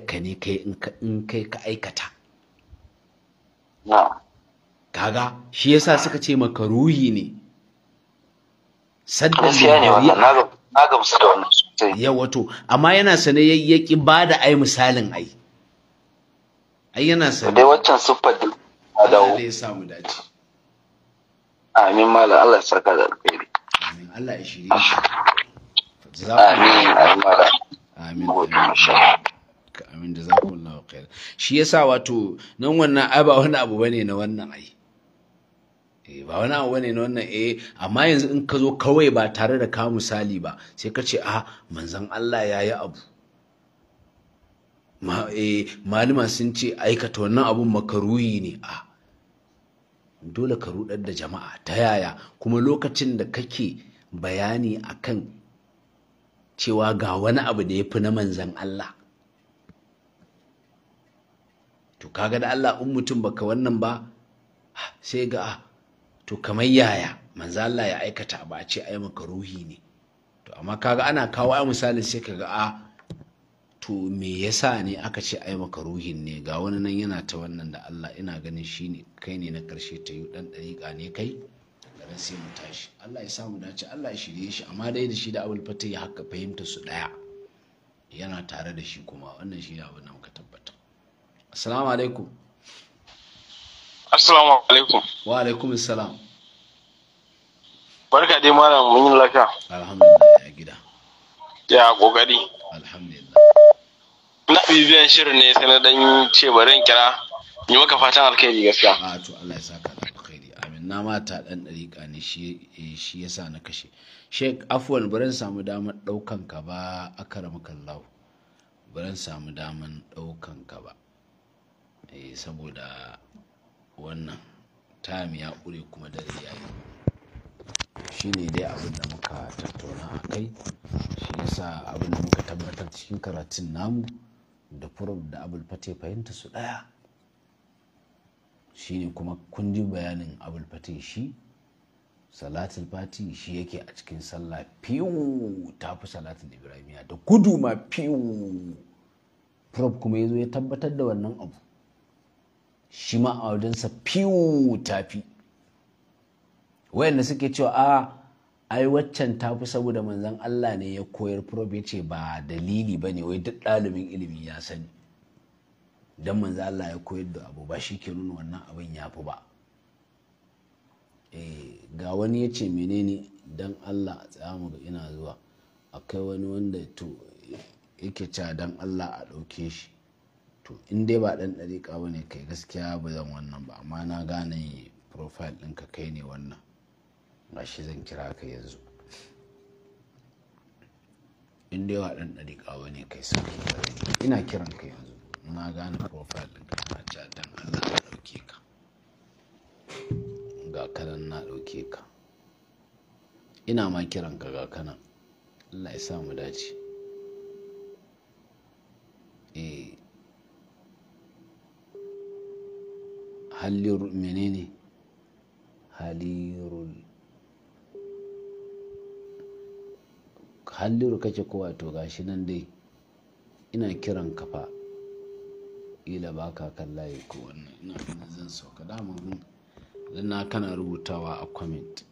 Speaker 1: ka ne kai in kai ka aikata kaga shi yasa suka ce maka ruhi ne saddan da na gamsu da wannan yawa wato. amma yana sane ya ki ba da ai misalin ai ai yana sane dai
Speaker 5: waccan siffar da dawo Allah ya samu dace amin mala Allah ya saka da
Speaker 1: alkhairi amin Allah ya shirye shi amin amin mala amin amin da zaku Allah khair shi yasa wato nan wannan ai ba wani abu bane na wannan ai Eh, ba wani abu bane na wannan eh amma yanzu in ka zo kawai ba tare da ka misali ba sai ka ce a ah, manzon Allah ya yi abu ma eh malama sun ce aikata wannan abun makaruyi ne a dole ka rudar da jama'a ta yaya kuma lokacin da kake bayani akan cewa ga wani abu da ya fi na manzan Allah to kaga da Allah in mutum baka wannan ba sai ga ah, to kamar yaya manzo Allah ya aikata ba a ce ai ruhi ne to amma kaga ana kawo ai misalin sai kaga a to me yasa ne aka ce ai maka ruhin ne ga wani nan yana ta wannan da Allah ina ganin shine kai ne na karshe ta yi dan dariƙa ne kai daga sai mu tashi Allah ya samu dace Allah ya shirye shi amma dai da shi da Abul Fatih ya haka fahimta su daya yana tare da shi kuma wannan shi ne abin da muka tabbata assalamu alaikum Assalamu alaikum. Wa alaikum salam.
Speaker 12: Barka dai malam mun yi lafiya. Alhamdulillah ya gida. Ya kokari. Alhamdulillah. Na bibiyan shirin ne sai na dan ce barin kira. Ni maka fatan alkhairi gaskiya. A to
Speaker 1: Allah ya saka da alkhairi. Amin. Na mata dan dariƙa ne shi eh, shi yasa na kashe. Sheikh Afwan barin samu damar daukan ka ba akramakallahu. barin samu damar daukan ka ba. Eh saboda wannan time ya ƙure kuma dare ya yi shi ne dai abin da muka tattauna a kai shi yasa abin da muka tabbatar cikin karatun namu da furof da abin fate fahimta su ɗaya shi ne kuma kun bayanin abin fate shi Salatin fati shi yake a cikin sallah fiyu ta fi salatul ibrahimiyya da gudu ma fiyu furof kuma ya zo ya tabbatar da wannan abu shi ma a wajensa fiwu tafi wayanda suke cewa a ai waccan tafi saboda manzan Allah ne ya koyar probe ya ce ba dalili ba ne wai duk ɗalibin ilimi ya sani don manzan Allah ya koyar da abu ba shi ke nuna wannan abin ya fi ba eh, ga wani ya ce menene don Allah a tsaya mu ina zuwa akwai wani wanda to yake ca don Allah a ɗauke shi to in dai ba ɗan ɗariƙa ba ne kai gaskiya ba zan wannan ba amma na gane profile ɗinka kai ne wannan ga shi zan kira ka yanzu in dai ba ɗan ɗariƙa ba ne kai sauki ba ina kiran ka yanzu na gane profile ɗinka na ja dan Allah na ɗauke ka ga kanan na ɗauke ka ina ma kiran ka ga kanan Allah ya sa mu dace eh halir menene halirul halliru kake kowa to gashi nan dai ina kiran kafa ila ba ka kan layi ko wannan ina zan sauka da mun na kana rubutawa a comment